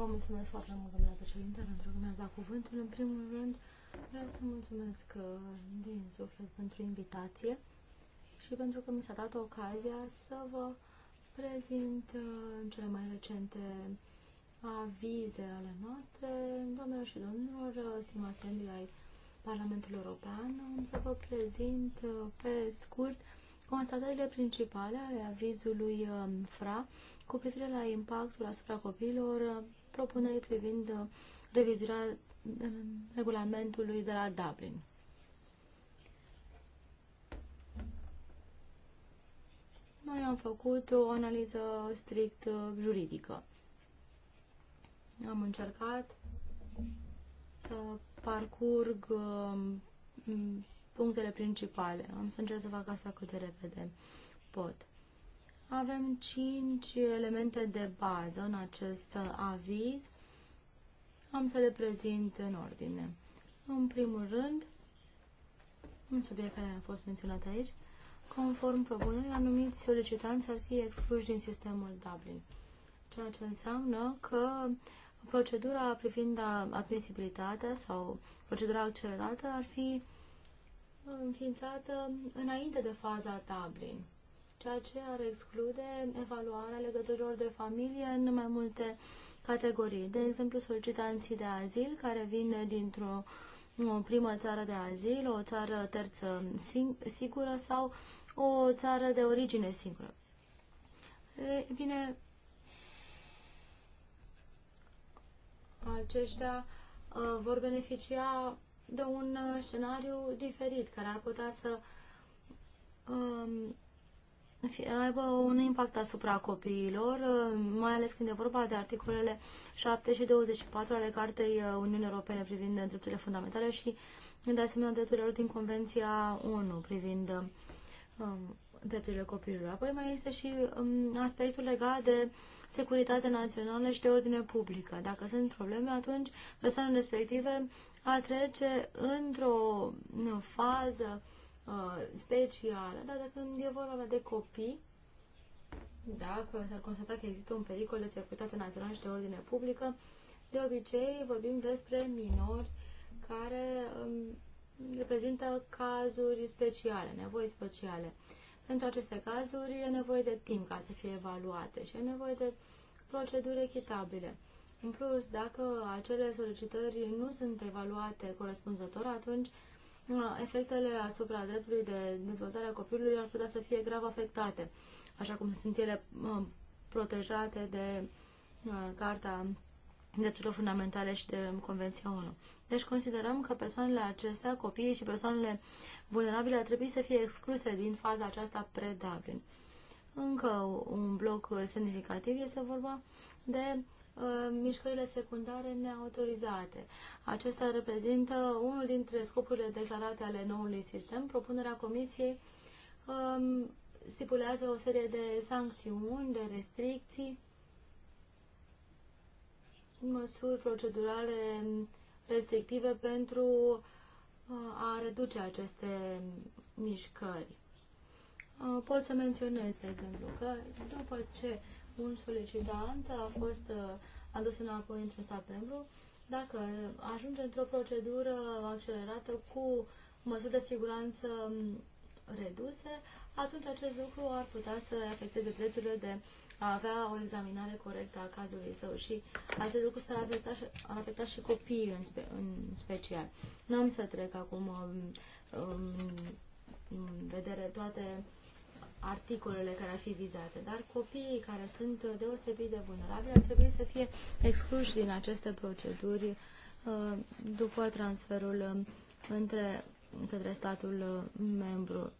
Vă mulțumesc foarte mult, domnule președinte, pentru că mi-ați dat cuvântul. În primul rând, vreau să mulțumesc uh, din suflet pentru invitație și pentru că mi s-a dat ocazia să vă prezint uh, cele mai recente uh, avize ale noastre, doamnelor și domnilor, stimați membri ai Parlamentului European, am să vă prezint uh, pe scurt constatările principale ale avizului uh, FRA cu privire la impactul asupra copiilor uh, propunerii privind revizuirea regulamentului de la Dublin. Noi am făcut o analiză strict juridică. Am încercat să parcurg um, punctele principale. Am să încerc să fac asta cât de repede pot. Avem cinci elemente de bază în acest aviz. Am să le prezint în ordine. În primul rând, un subiect care a fost menționat aici, conform propunerii, anumiți solicitanți ar fi excluși din sistemul Dublin. Ceea ce înseamnă că uh, Procedura privind admisibilitatea sau procedura accelerată ar fi înființată înainte de faza Dublin, ceea ce ar exclude evaluarea legăturilor de familie în mai multe categorii. De exemplu, solicitanții de azil care vin dintr-o primă țară de azil, o țară terță sigură sau o țară de origine singură. E bine, aceștia uh, vor beneficia de un uh, scenariu diferit, care ar putea să um, aibă un impact asupra copiilor, uh, mai ales când e vorba de articolele 7 și 24 ale Cartei Uniunii Europene privind drepturile fundamentale și, de asemenea, drepturile lor din Convenția 1 privind um, drepturile copiilor. Apoi mai este și um, aspectul legat de uh, securitate națională și de ordine publică. Dacă sunt probleme, atunci persoanele respective ar trece într-o fază uh, specială, dar dacă când e vorba de copii, dacă s-ar constata că există un pericol de securitate națională și de ordine publică, de obicei vorbim despre minori care um, reprezintă cazuri speciale, nevoi speciale. Uh, pentru aceste cazuri e nevoie de timp ca să fie evaluate și e nevoie de proceduri echitabile. În plus, dacă acele solicitări nu sunt evaluate corespunzător, atunci uh, efectele asupra dreptului de dezvoltare a copilului ar putea să fie grav afectate, așa cum sunt ele uh, protejate de uh, Carta drepturilor fundamentale și de Convenția 1. Deci considerăm că persoanele acestea, copiii și persoanele vulnerabile, ar trebui să fie excluse din faza aceasta pre-Dublin. Încă un bloc semnificativ este vorba de uh, mișcările secundare neautorizate. Acesta reprezintă unul dintre scopurile declarate ale noului sistem. Propunerea Comisiei um, stipulează o serie de sancțiuni, de restricții măsuri procedurale restrictive pentru uh, a reduce aceste mișcări. Uh, pot să menționez, de exemplu, că după ce un solicitant a fost uh, adus înapoi într-un stat membru, dacă ajunge într-o procedură accelerată cu măsuri de siguranță um, reduse, atunci acest lucru ar putea să afecteze drepturile de a avea o examinare corectă a cazului său și acest lucru s-ar afecta, afecta și copiii în, spe, în special. Nu am să trec acum um, um, în vedere toate articolele care ar fi vizate, dar copiii care sunt deosebit de vulnerabili ar trebui să fie excluși din aceste proceduri uh, după transferul um, între, către statul uh, membru.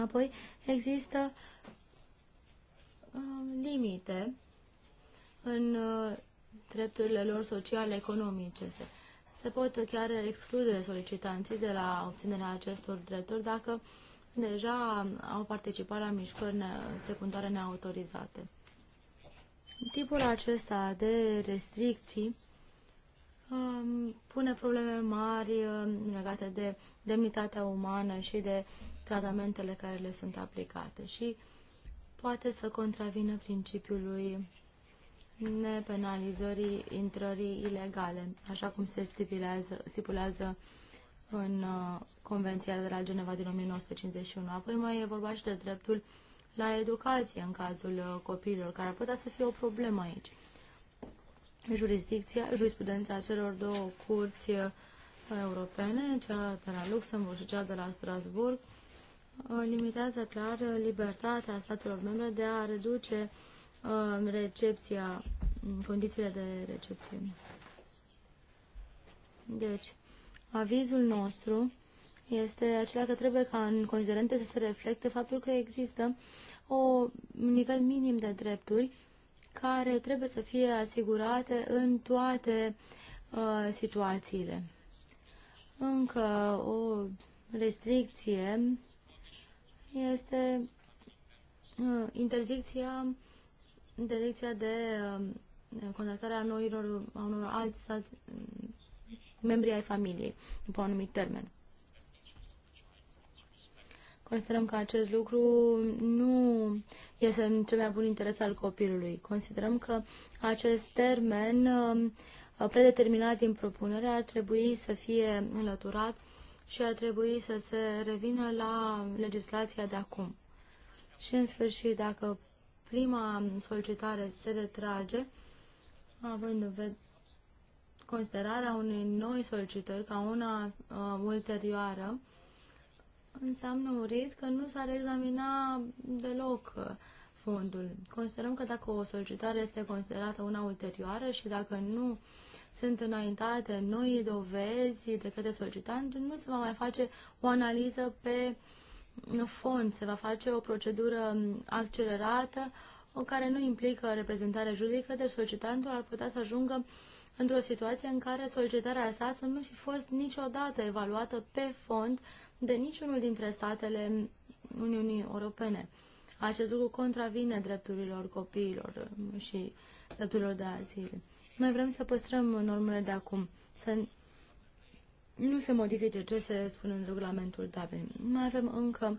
Apoi există Um, limite în uh, drepturile lor sociale, economice. Se, pot chiar exclude solicitanții de la obținerea acestor drepturi dacă deja au participat la mișcări secundare neautorizate. Tipul acesta de restricții um, pune probleme mari um, legate de demnitatea umană și de tratamentele care le sunt aplicate. Și uh, poate să contravină principiului nepenalizării intrării ilegale, așa cum se stipulează, stipulează în uh, Convenția de la Geneva din 1951. Apoi mai e vorba și de dreptul la educație în cazul uh, copiilor, care ar putea să fie o problemă aici. Jurisdicția, jurisprudența celor două curți uh, europene, cea de la Luxemburg și cea de la Strasburg, Uh, limitează clar libertatea statelor membre de a reduce uh, recepția, mm, condițiile de recepție. Deci, avizul nostru este acela că trebuie ca în considerente să se reflecte faptul că există o nivel minim de drepturi care trebuie să fie asigurate în toate uh, situațiile. Încă o restricție este uh, interzicția, interdicția de uh, contactarea noilor, a unor alți, stați, mm, membri ai familiei, după un anumit termen. Considerăm că acest lucru nu este în cel mai bun interes al copilului. Considerăm că acest termen uh, predeterminat din propunere ar trebui să fie înlăturat și ar trebui să se revină la legislația de acum. Și, în sfârșit, dacă prima solicitare se retrage, având în vedere considerarea unei noi solicitări ca una uh, ulterioară, înseamnă un risc că nu s-ar examina deloc uh, fondul. Considerăm că dacă o solicitare este considerată una ulterioară și dacă nu sunt înaintate noi dovezi de către solicitant, nu se va mai face o analiză pe fond, se va face o procedură accelerată, o care nu implică reprezentare juridică, deci solicitantul ar putea să ajungă într-o situație în care solicitarea sa să nu fi fost niciodată evaluată pe fond de niciunul dintre statele Uniunii Europene. Acest lucru contravine drepturilor copiilor și drepturilor de azil. Noi vrem să păstrăm normele de acum, să nu se modifice ce se spune în regulamentul Dublin. Mai avem încă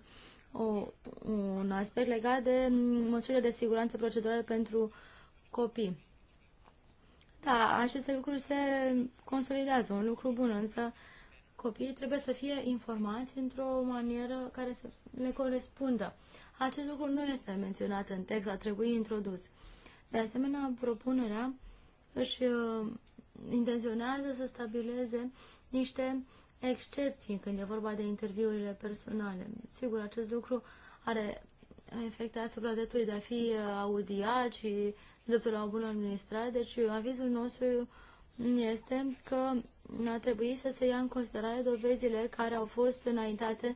o, un aspect legat de măsurile de siguranță procedurale pentru copii. Da, aceste lucruri se consolidează, un lucru bun, însă copiii trebuie să fie informați într-o manieră care să le corespundă. Acest lucru nu este menționat în text, a trebui introdus. De asemenea, propunerea își uh, intenționează să stabileze niște excepții când e vorba de interviurile personale. Sigur, acest lucru are efecte asupra dreptului de a fi uh, audiat și dreptul la o bună administrare, deci avizul nostru este că ar trebui să se ia în considerare dovezile care au fost înaintate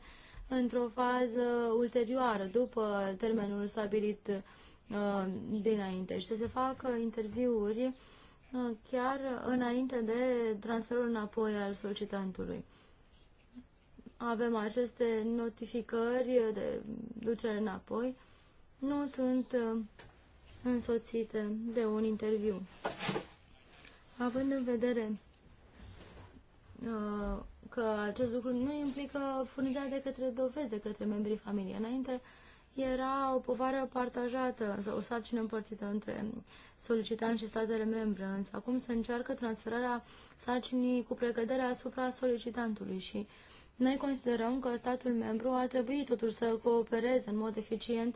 într-o fază ulterioară, după termenul stabilit uh, dinainte și să se facă interviuri chiar înainte de transferul înapoi al solicitantului. Avem aceste notificări de ducere înapoi, nu sunt uh, însoțite de un interviu. Având în vedere uh, că acest lucru nu implică furnizarea de către dovezi de către membrii familiei. Înainte era o povară partajată o sarcină împărțită între solicitant și statele membre, însă acum se încearcă transferarea sarcinii cu precădere asupra solicitantului și noi considerăm că statul membru a trebuit totuși să coopereze în mod eficient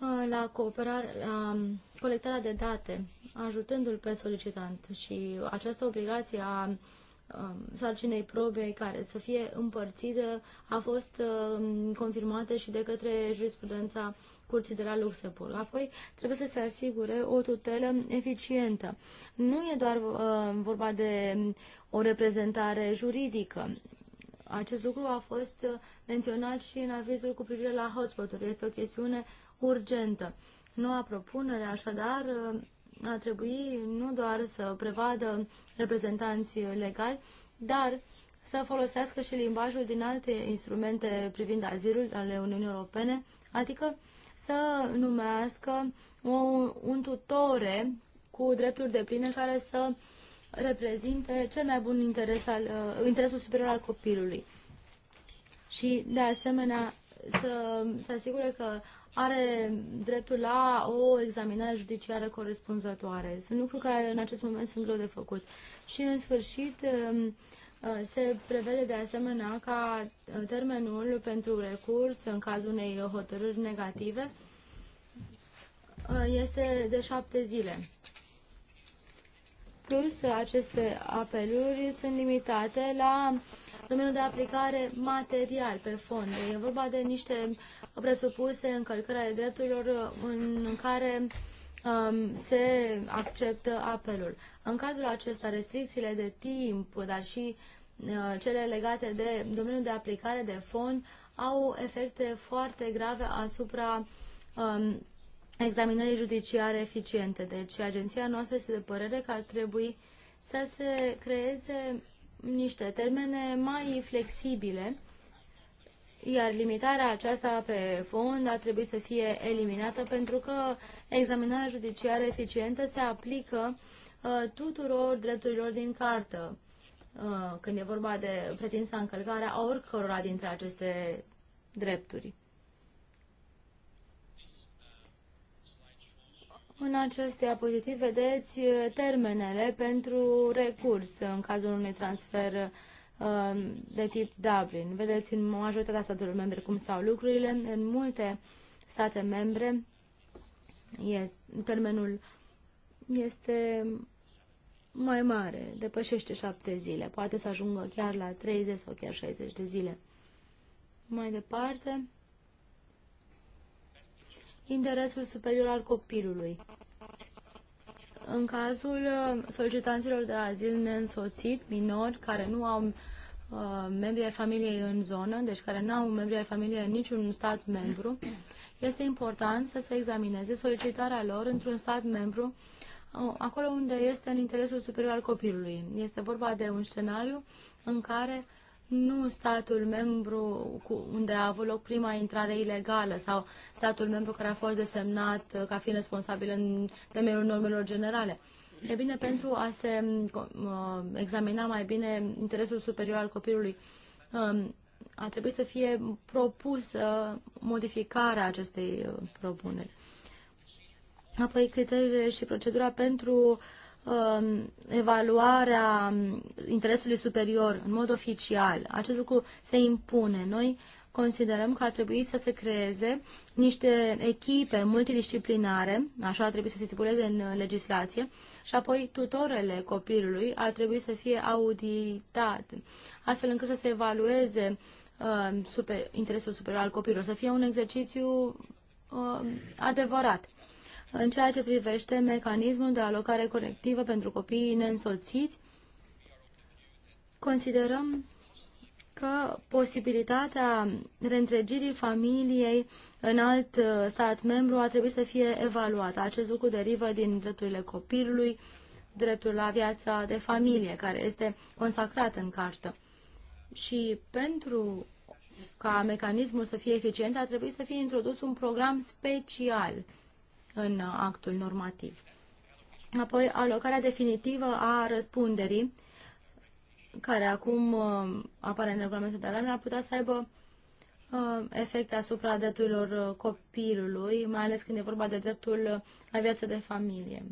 uh, la, cooperare, la colectarea de date, ajutându-l pe solicitant și această obligație a Um, sarcinei probei care să fie împărțită a fost um, confirmată și de către jurisprudența Curții de la Luxemburg. Apoi trebuie să se asigure o tutelă eficientă. Nu e doar uh, vorba de o reprezentare juridică. Acest lucru a fost menționat și în avizul cu privire la hotspot-uri. Este o chestiune urgentă. Noua propunere, așadar, ar trebui nu doar să prevadă reprezentanți legali, dar să folosească și limbajul din alte instrumente privind azilul ale Uniunii Europene, adică să numească o, un tutore cu drepturi de pline care să reprezinte cel mai bun interes al, uh, interesul superior al copilului. Și, de asemenea, să se asigure că are dreptul la o examinare judiciară corespunzătoare. Sunt lucruri care în acest moment sunt greu de făcut. Și în sfârșit um, uh, se prevede de asemenea ca uh, termenul pentru recurs în cazul unei hotărâri negative uh, este de șapte zile. Plus, aceste apeluri sunt limitate la domeniul de aplicare material pe fond. E vorba de niște presupuse încălcări ale drepturilor în care um, se acceptă apelul. În cazul acesta, restricțiile de timp, dar și uh, cele legate de domeniul de aplicare de fond, au efecte foarte grave asupra um, examinării judiciare eficiente. Deci agenția noastră este de părere că ar trebui să se creeze niște termene mai flexibile, iar limitarea aceasta pe fond ar trebui să fie eliminată pentru că examinarea judiciară eficientă se aplică uh, tuturor drepturilor din cartă uh, când e vorba de pretinsa încălcare a oricărora dintre aceste drepturi. În aceste diapozitiv vedeți uh, termenele pentru recurs în cazul unui transfer uh, de tip Dublin. Vedeți în majoritatea statelor membre cum stau lucrurile. În multe state membre termenul este mai mare, depășește șapte zile, poate să ajungă chiar la 30 sau chiar 60 de zile. Mai departe, interesul superior al copilului. În cazul uh, solicitanților de azil neînsoțit, minori care nu au uh, membri ai familiei în zonă, deci care nu au membri ai familiei în niciun stat membru, este important să se examineze solicitarea lor într-un stat membru uh, acolo unde este în interesul superior al copilului. Este vorba de un scenariu în care nu statul membru unde a avut loc prima intrare ilegală sau statul membru care a fost desemnat uh, ca fiind responsabil în temelul normelor generale. E bine, pentru a se uh, examina mai bine interesul superior al copilului, um, a trebuit să fie propusă modificarea acestei uh, propuneri. Apoi criteriile și procedura pentru Um, evaluarea interesului superior în mod oficial. Acest lucru se impune. Noi considerăm că ar trebui să se creeze niște echipe multidisciplinare, așa ar trebui să se stipuleze în legislație, și apoi tutorele copilului ar trebui să fie auditat, astfel încât să se evalueze uh, super, interesul superior al copilului, să fie un exercițiu uh, adevărat în ceea ce privește mecanismul de alocare colectivă pentru copiii neînsoțiți, considerăm că posibilitatea reîntregirii familiei în alt uh, stat membru ar trebui să fie evaluată. Acest lucru derivă din drepturile copilului, dreptul la viața de familie, care este consacrat în cartă. Și pentru ca mecanismul să fie eficient, ar trebui să fie introdus un program special în actul normativ. Apoi, alocarea definitivă a răspunderii, care acum uh, apare în regulamentul de alarme, ar putea să aibă uh, efecte asupra drepturilor uh, copilului, mai ales când e vorba de dreptul la viață de familie.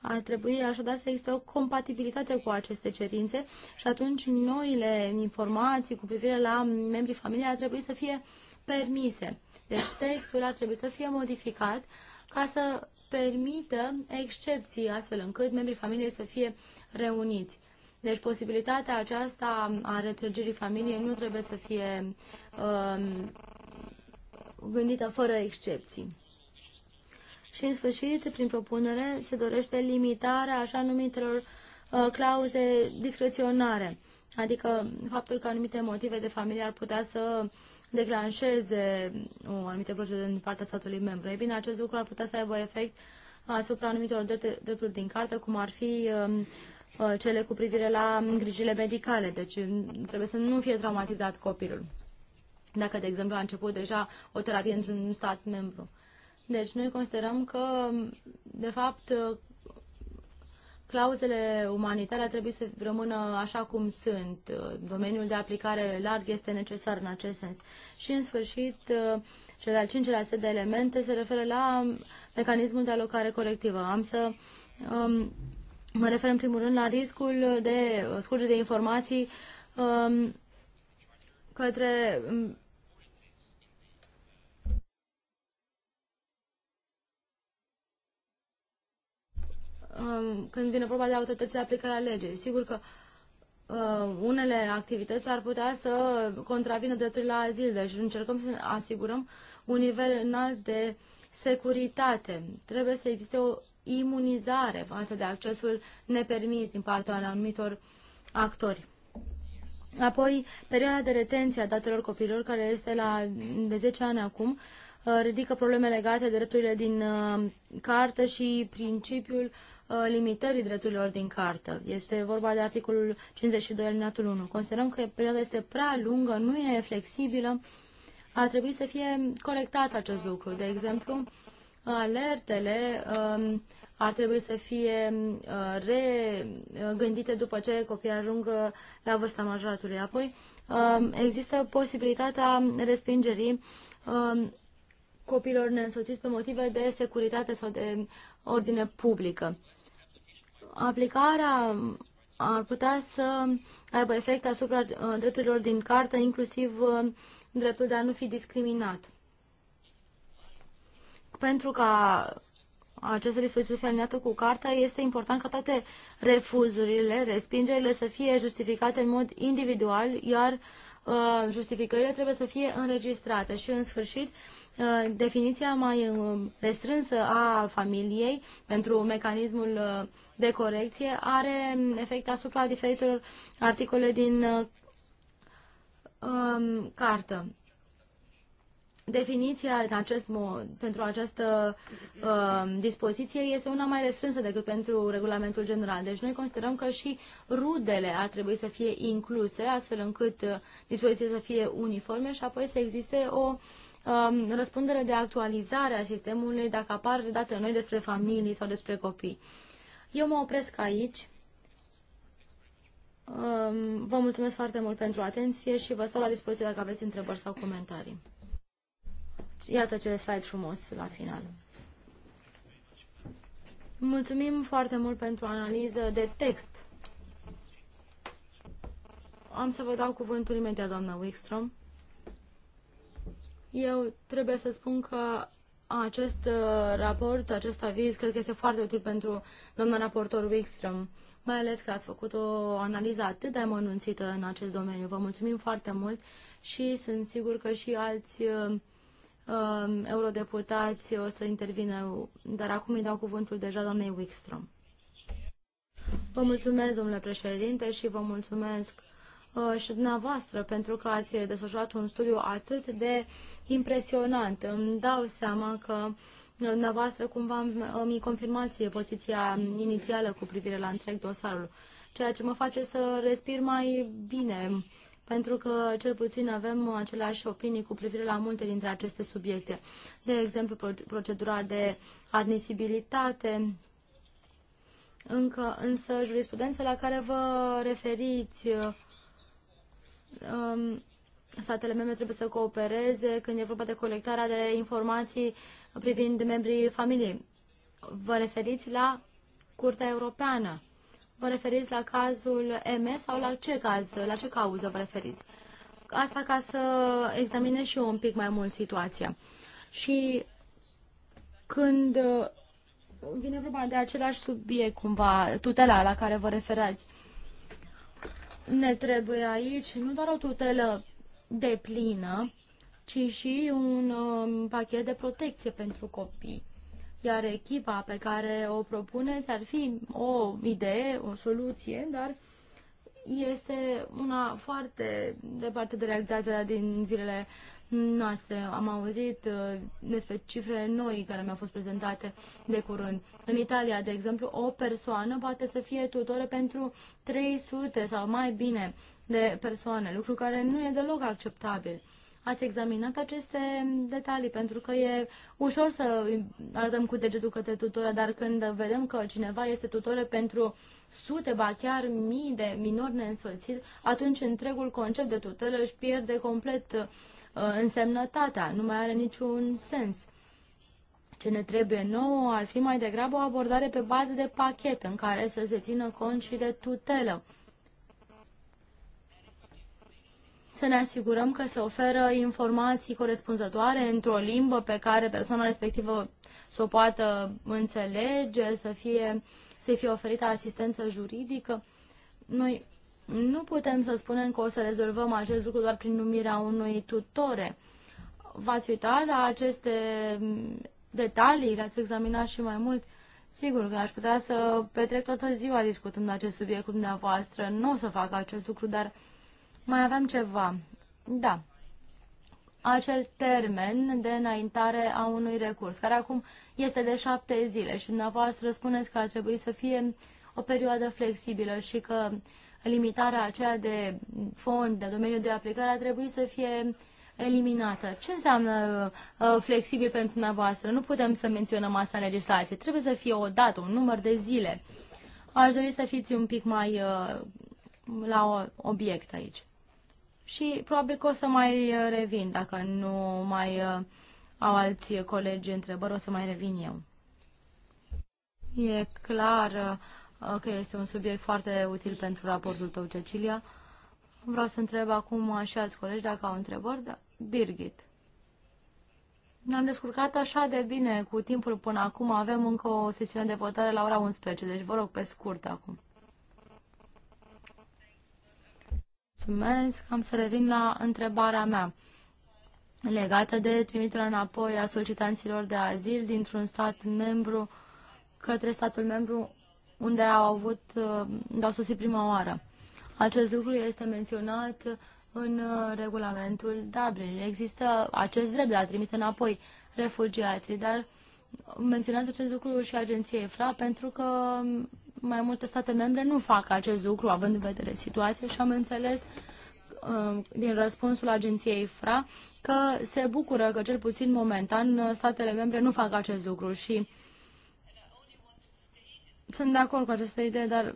Ar trebui așadar să există o compatibilitate cu aceste cerințe și atunci noile informații cu privire la membrii familiei ar trebui să fie permise. Deci textul ar trebui să fie modificat ca să permită excepții, astfel încât membrii familiei să fie reuniți. Deci posibilitatea aceasta a retrăgerii familiei nu trebuie să fie um, gândită fără excepții. Și în sfârșit, prin propunere, se dorește limitarea așa numitelor uh, clauze discreționare, adică faptul că anumite motive de familie ar putea să uh, declanșeze o anumită procedură din partea statului membru. Ei bine, acest lucru ar putea să aibă efect asupra anumitor drepturi din carte, cum ar fi um, uh, cele cu privire la grijile medicale. Deci trebuie să nu fie traumatizat copilul. Dacă, de exemplu, a început deja o terapie într-un stat membru. Deci noi considerăm că, de fapt, Clauzele umanitare trebuie să rămână așa cum sunt. Domeniul de aplicare larg este necesar în acest sens. Și, în sfârșit, cel de-al cincilea set de elemente se referă la mecanismul de alocare colectivă. Am să um, mă refer, în primul rând, la riscul de uh, scurgere de informații um, către um, um, când vine vorba de autorități de aplicare a legii. Sigur că uh, unele activități ar putea să contravină dreptul la azil, deci încercăm să asigurăm un nivel înalt de securitate. Trebuie să existe o imunizare față de accesul nepermis din partea anumitor actori. Apoi, perioada de retenție a datelor copilor, care este la, de 10 ani acum, uh, ridică probleme legate de drepturile din uh, carte și principiul uh, Uh, limitării drepturilor din cartă. Este vorba de articolul 52 alineatul 1. Considerăm că perioada este prea lungă, nu e flexibilă. Ar trebui să fie corectat acest lucru. De exemplu, alertele um, ar trebui să fie uh, regândite după ce copiii ajung uh, la vârsta majoratului. Apoi um, există posibilitatea respingerii um, copilor neînsoțiți pe motive de securitate sau de ordine publică. Aplicarea ar putea să aibă efect asupra uh, drepturilor din cartă, inclusiv uh, dreptul de a nu fi discriminat. Pentru ca această dispoziție să fie alineată cu carta, este important ca toate refuzurile, respingerile să fie justificate în mod individual, iar uh, justificările trebuie să fie înregistrate. Și, în sfârșit, uh, Uh, definiția mai uh, restrânsă a familiei pentru mecanismul uh, de corecție are um, efect asupra diferitelor articole din um, cartă. Definiția în acest mod, pentru această uh, dispoziție este una mai restrânsă decât pentru regulamentul general. Deci noi considerăm că și rudele ar trebui să fie incluse, astfel încât uh, dispoziția să fie uniforme și apoi să existe o uh, um, răspundere de actualizare a sistemului dacă apar date noi despre familii sau despre copii. Eu mă opresc aici. Um, vă mulțumesc foarte mult pentru atenție și vă stau la dispoziție dacă aveți întrebări sau comentarii. Iată ce slide frumos la final. Mulțumim foarte mult pentru analiză de text. Am să vă dau cuvântul imediat, doamna Wickstrom. Eu trebuie să spun că acest uh, raport, acest aviz, cred că este foarte util pentru doamna raportor Wickström, mai ales că ați făcut o analiză atât de mănunțită în acest domeniu. Vă mulțumim foarte mult și sunt sigur că și alți uh, um, eurodeputați o să intervină, dar acum îi dau cuvântul deja doamnei Wickström. Vă mulțumesc, domnule președinte, și vă mulțumesc Uh, și dumneavoastră, pentru că ați desfășurat un studiu atât de impresionant. Îmi dau seama că uh, dumneavoastră cumva îmi confirmați poziția inițială cu privire la întreg dosarul, ceea ce mă face să respir mai bine, pentru că cel puțin avem aceleași opinii cu privire la multe dintre aceste subiecte. De exemplu, procedura de admisibilitate, încă, însă jurisprudența la care vă referiți uh, um, statele membre trebuie să coopereze când e vorba de colectarea de informații privind membrii familiei. Vă referiți la Curtea Europeană? Vă referiți la cazul MS sau la ce caz, la ce cauză vă referiți? Asta ca să examine și eu un pic mai mult situația. Și când uh, vine vorba de același subiect, cumva, tutela la care vă referați, uh, ne trebuie aici nu doar o tutelă de plină, ci și un um, pachet de protecție pentru copii. Iar echipa pe care o propuneți ar fi o idee, o soluție, dar este una foarte departe de realitatea din zilele noastre. Am auzit uh, despre cifre noi care mi-au fost prezentate de curând. În Italia, de exemplu, o persoană poate să fie tutore pentru 300 sau mai bine de persoane, lucru care nu e deloc acceptabil. Ați examinat aceste detalii, pentru că e ușor să arătăm cu degetul către tutoră, dar când vedem că cineva este tutore pentru sute, ba chiar mii de minori neînsoțiți, atunci întregul concept de tutelă își pierde complet uh, Uh, însemnătatea, nu mai are niciun sens. Ce ne trebuie nouă ar fi mai degrabă o abordare pe bază de pachet, în care să se țină cont și de tutelă. Să ne asigurăm că se oferă informații corespunzătoare într-o limbă pe care persoana respectivă să o poată înțelege, să fie, să fie oferită asistență juridică. Noi nu putem să spunem că o să rezolvăm acest lucru doar prin numirea unui tutore. V-ați uitat la aceste detalii, le-ați examinat și mai mult. Sigur că aș putea să petrec toată ziua discutând acest subiect cu dumneavoastră. Nu o să fac acest lucru, dar mai avem ceva. Da, acel termen de înaintare a unui recurs, care acum este de șapte zile și dumneavoastră spuneți că ar trebui să fie o perioadă flexibilă și că limitarea aceea de fond, de domeniu de aplicare, a trebuit să fie eliminată. Ce înseamnă uh, flexibil pentru dumneavoastră? Nu putem să menționăm asta în legislație. Trebuie să fie o dată, un număr de zile. Aș dori să fiți un pic mai uh, la obiect aici. Și probabil că o să mai uh, revin, dacă nu mai uh, au alți colegi întrebări, o să mai revin eu. E clar, uh, că este un subiect foarte util pentru raportul tău, Cecilia. Vreau să întreb acum și alți colegi dacă au întrebări. Da. Birgit. Ne-am descurcat așa de bine cu timpul până acum. Avem încă o sesiune de votare la ora 11, deci vă rog pe scurt acum. Mulțumesc. Am să revin la întrebarea mea legată de trimiterea înapoi a solicitanților de azil dintr-un stat membru către statul membru unde au avut, uh, unde au sosit prima oară. Acest lucru este menționat în uh, regulamentul Dublin. Există acest drept de a trimite înapoi refugiații, dar menționat acest lucru și agenției FRA pentru că mai multe state membre nu fac acest lucru având în vedere situația și am înțeles uh, din răspunsul agenției FRA că se bucură că cel puțin momentan statele membre nu fac acest lucru și uh, sunt de acord cu această idee, dar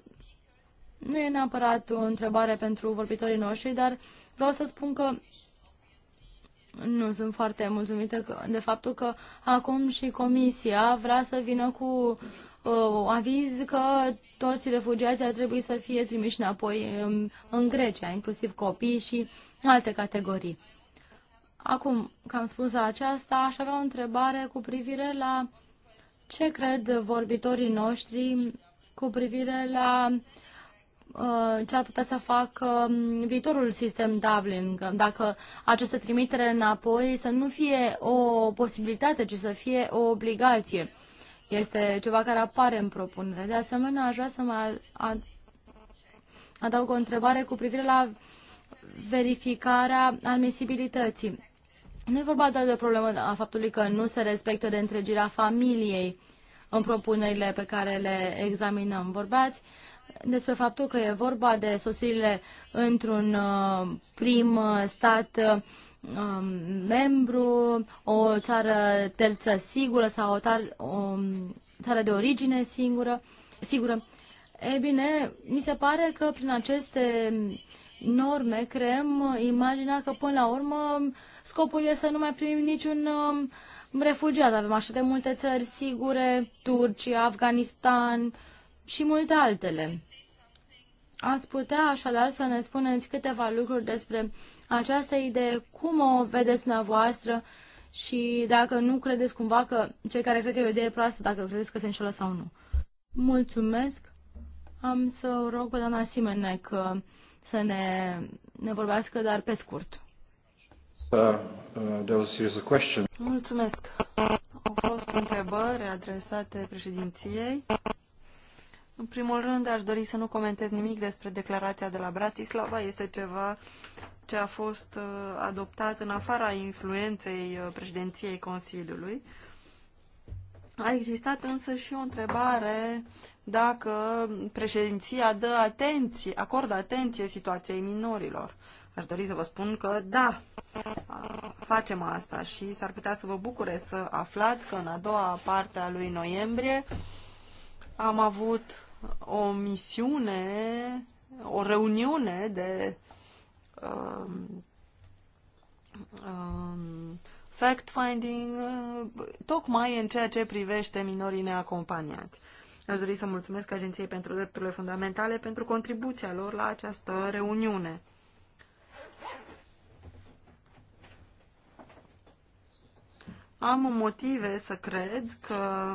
nu e neapărat o întrebare pentru vorbitorii noștri, dar vreau să spun că nu sunt foarte mulțumită de faptul că acum și Comisia vrea să vină cu uh, aviz că toți refugiații ar trebui să fie trimiși înapoi în, în Grecia, inclusiv copii și alte categorii. Acum, că am spus aceasta, aș avea o întrebare cu privire la ce cred vorbitorii noștri cu privire la uh, ce ar putea să facă um, viitorul sistem Dublin, dacă aceste trimitere înapoi să nu fie o posibilitate, ci să fie o obligație. Este ceva care apare în propunere. De asemenea, aș vrea să mai adaug o întrebare cu privire la verificarea admisibilității. Nu e vorba doar de problemă a faptului că nu se respectă de întregirea familiei în propunerile pe care le examinăm. Vorbeați despre faptul că e vorba de sosirile într-un uh, prim uh, stat uh, um, membru, o țară terță sigură sau o, o um, țară de origine singură, sigură. E bine, mi se pare că prin aceste norme, creăm uh, imaginea că până la urmă scopul este să nu mai primim niciun um, refugiat. Avem așa de multe țări sigure, Turcia, Afganistan și multe altele. Ați putea așadar să ne spuneți câteva lucruri despre această idee, cum o vedeți dumneavoastră și dacă nu credeți cumva că cei care cred că e o idee proastă, dacă credeți că se înșelă sau nu. Mulțumesc. Am să o rog pe doamna Simenec uh, să ne, ne vorbească, dar pe scurt. Uh, uh, Mulțumesc. Au fost întrebări adresate președinției. În primul rând, aș dori să nu comentez nimic despre declarația de la Bratislava. Este ceva ce a fost uh, adoptat în afara influenței președinției Consiliului. A existat însă și o întrebare dacă președinția dă atenție, acordă atenție situației minorilor. Aș dori să vă spun că da, facem asta și s-ar putea să vă bucure să aflați că în a doua parte a lui noiembrie am avut o misiune, o reuniune de um, um, fact-finding uh, tocmai în ceea ce privește minorii neacompaniați. Aș dori să mulțumesc Agenției pentru Drepturile Fundamentale pentru contribuția lor la această reuniune. Am motive să cred că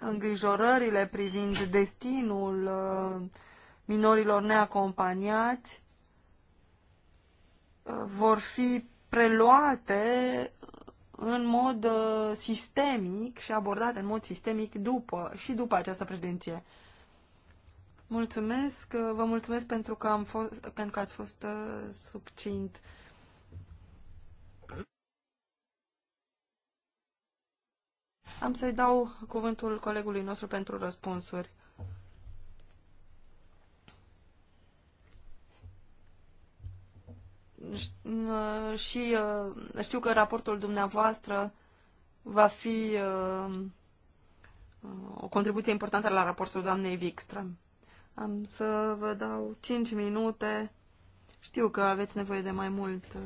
îngrijorările privind destinul uh, minorilor neacompaniați uh, vor fi preluate în mod uh, sistemic și abordate în mod sistemic după și după această președinție. Mulțumesc, uh, vă mulțumesc pentru că, am fost, pentru că ați fost uh, succint. Am să-i dau cuvântul colegului nostru pentru răspunsuri. și uh, știu că raportul dumneavoastră va fi uh, o contribuție importantă la raportul doamnei Wikström. Am să vă dau 5 minute. Știu că aveți nevoie de mai mult uh,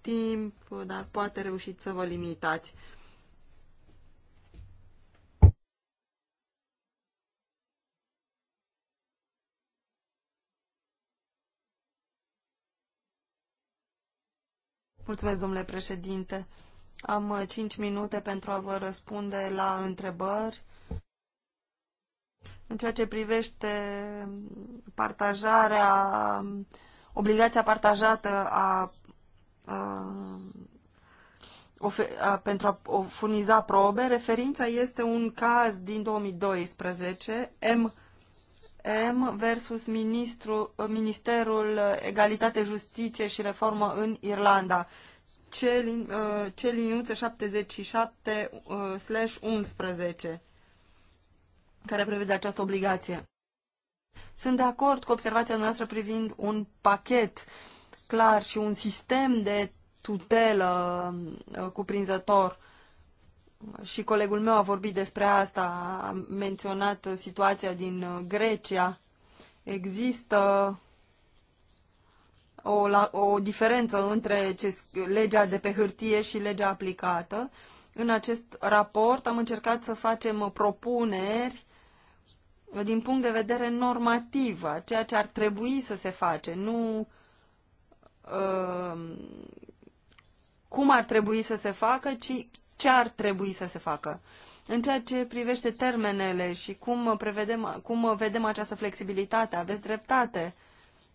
timp, dar poate reușiți să vă limitați. Mulțumesc, domnule președinte. Am 5 uh, minute pentru a vă răspunde la întrebări. În ceea ce privește partajarea, obligația partajată a, a, uh, a, pentru a furniza probe, referința este un caz din 2012, M. OIM versus ministru, Ministerul Egalitate, Justiție și Reformă în Irlanda. Ce, ce liniuță 77 slash 11 care prevede această obligație. Sunt de acord cu observația noastră privind un pachet clar și un sistem de tutelă uh, cuprinzător și colegul meu a vorbit despre asta, a menționat situația din uh, Grecia. Există o, la, o diferență între ce, legea de pe hârtie și legea aplicată. În acest raport am încercat să facem uh, propuneri uh, din punct de vedere normativ, ceea ce ar trebui să se face, nu uh, cum ar trebui să se facă, ci ce ar trebui să se facă. În ceea ce privește termenele și cum, prevedem, cum vedem această flexibilitate, aveți dreptate,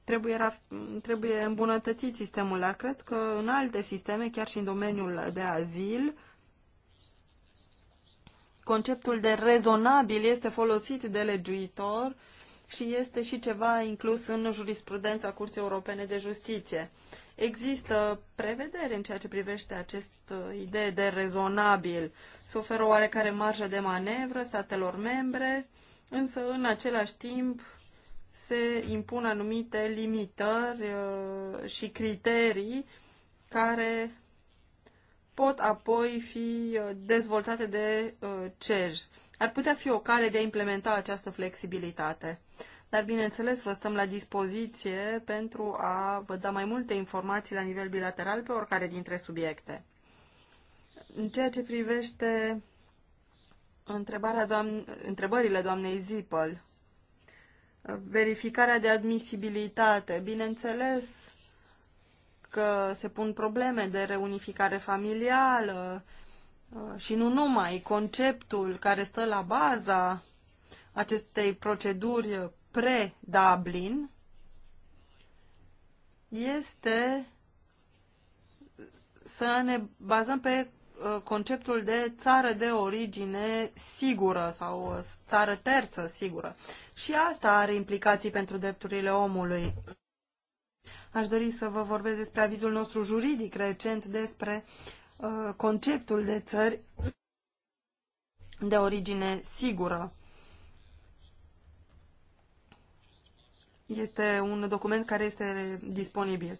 trebuie, trebuie îmbunătățit sistemul, dar cred că în alte sisteme, chiar și în domeniul de azil, conceptul de rezonabil este folosit de legiuitor și este și ceva inclus în jurisprudența Curții Europene de Justiție. Există prevedere în ceea ce privește această uh, idee de rezonabil. să oferă oarecare marjă de manevră statelor membre, însă în același timp se impun anumite limitări uh, și criterii care pot apoi fi uh, dezvoltate de CEJ. Ar putea fi o cale de a implementa această flexibilitate. Dar, bineînțeles, vă stăm la dispoziție pentru a vă da mai multe informații la nivel bilateral pe oricare dintre subiecte. În ceea ce privește întrebarea doamne, întrebările doamnei Zipăl, verificarea de admisibilitate, bineînțeles că se pun probleme de reunificare familială și nu numai, conceptul care stă la baza acestei proceduri pre-Dublin este să ne bazăm pe uh, conceptul de țară de origine sigură sau uh, țară terță sigură. Și asta are implicații pentru drepturile omului. Aș dori să vă vorbesc despre avizul nostru juridic recent despre uh, conceptul de țări de origine sigură. Este un document care este disponibil.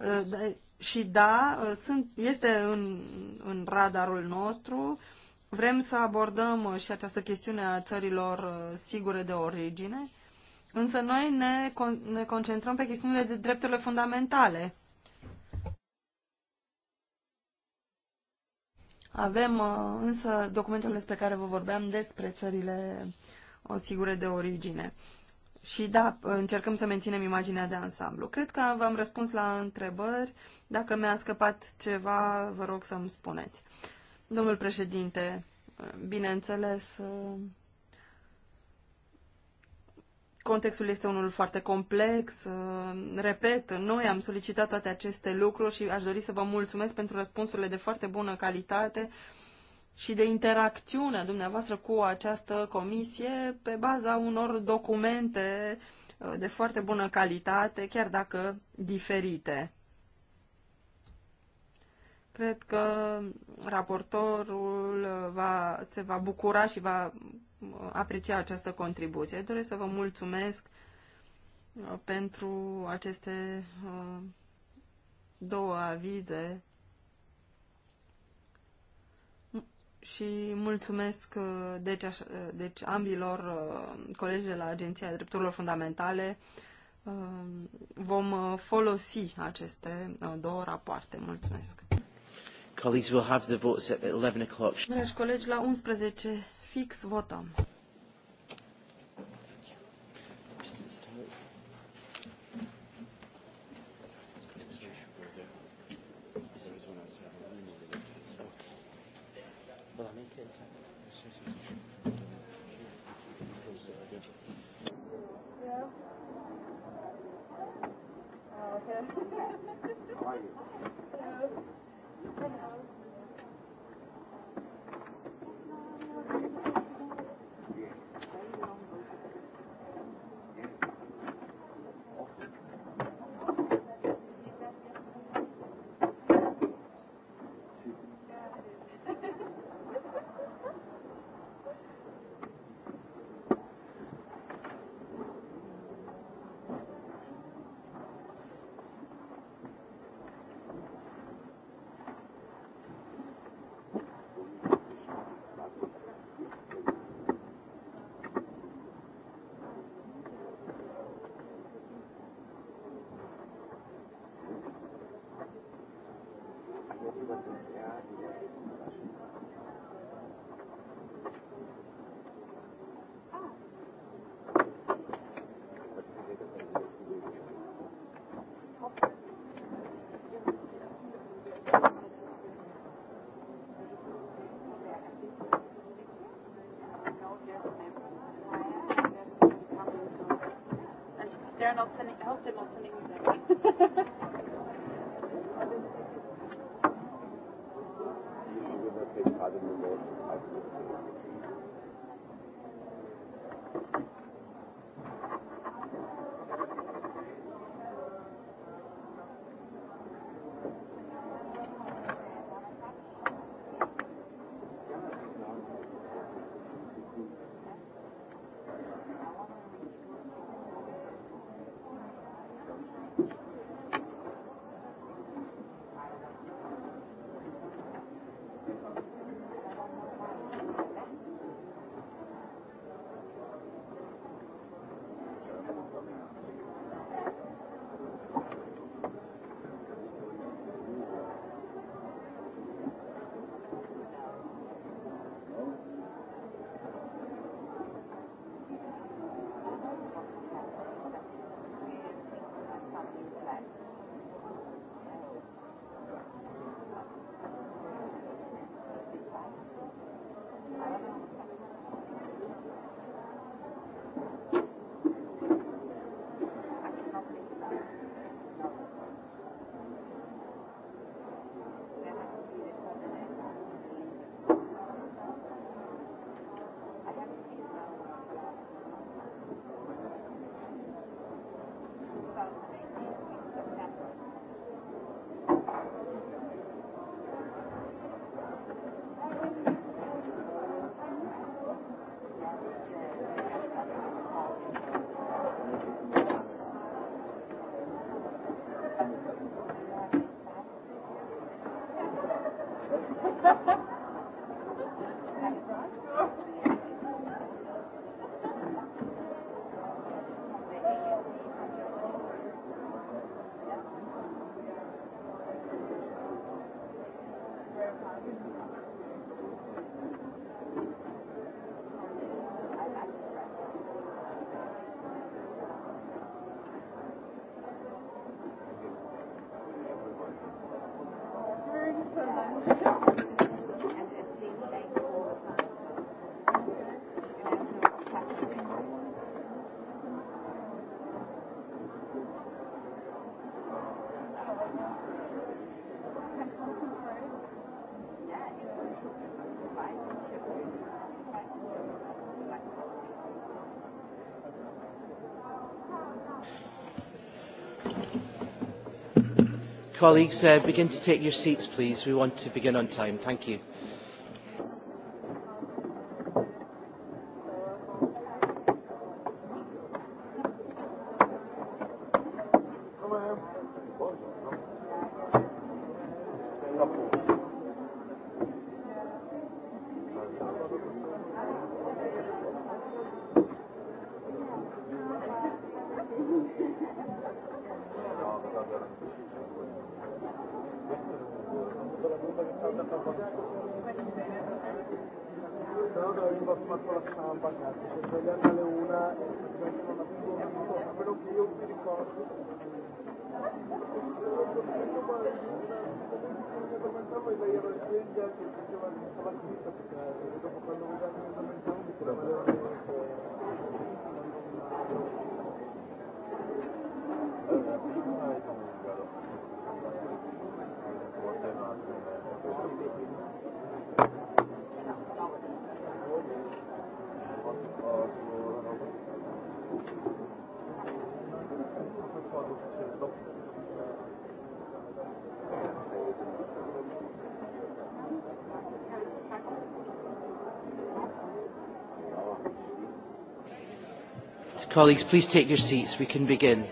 Uh, da, și da, uh, sunt, este în, în radarul nostru. Vrem să abordăm uh, și această chestiune a țărilor sigure de origine, însă noi ne, con- ne concentrăm pe chestiunile de drepturile fundamentale. Avem însă documentele despre care vă vorbeam despre țările sigure de origine. Și da, încercăm să menținem imaginea de ansamblu. Cred că v-am răspuns la întrebări. Dacă mi-a scăpat ceva, vă rog să-mi spuneți. Domnul președinte, bineînțeles, contextul este unul foarte complex. Repet, noi am solicitat toate aceste lucruri și aș dori să vă mulțumesc pentru răspunsurile de foarte bună calitate și de interacțiunea dumneavoastră cu această comisie pe baza unor documente uh, de foarte bună calitate, chiar dacă diferite. Cred că raportorul uh, va, se va bucura și va uh, aprecia această contribuție. Doresc să vă mulțumesc pentru aceste două avize și mulțumesc uh, deci, aș, uh, deci ambilor uh, colegi de la Agenția Drepturilor Fundamentale. Vom folosi aceste două rapoarte. Mulțumesc. Colleagues, we'll have the votes at 11 o'clock. Dragi colegi, la 11 fix votăm. Colleagues, uh, begin to take your seats, please. We want to begin on time. Thank you. Colleagues, please take your seats. We can begin.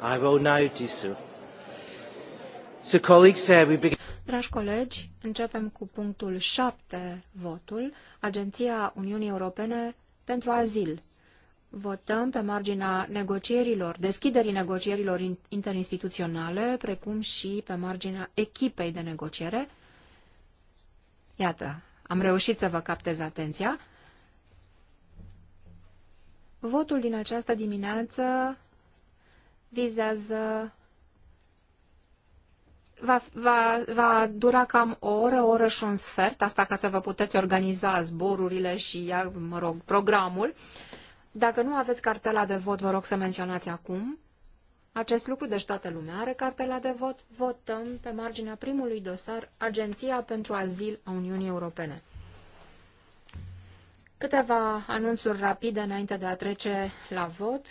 I will now do so. So colleagues, uh, we begin. Dragi colegi, începem cu punctul 7, votul, Agenția Uniunii Europene pentru Azil. Votăm pe marginea negocierilor, deschiderii negocierilor interinstituționale, precum și pe marginea echipei de negociere. Iată, am reușit să vă captez atenția. Votul din această dimineață vizează va, va, va dura cam o oră, o oră și un sfert, asta ca să vă puteți organiza zborurile și, mă rog, programul. Dacă nu aveți cartela de vot, vă rog să menționați acum acest lucru, deci toată lumea are cartela de vot. Votăm pe marginea primului dosar Agenția pentru Azil a Uniunii Europene. Câteva anunțuri rapide înainte de a trece la vot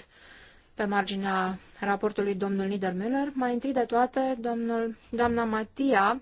pe marginea raportului domnul Niedermüller. Mai întâi de toate, domnul, doamna Matia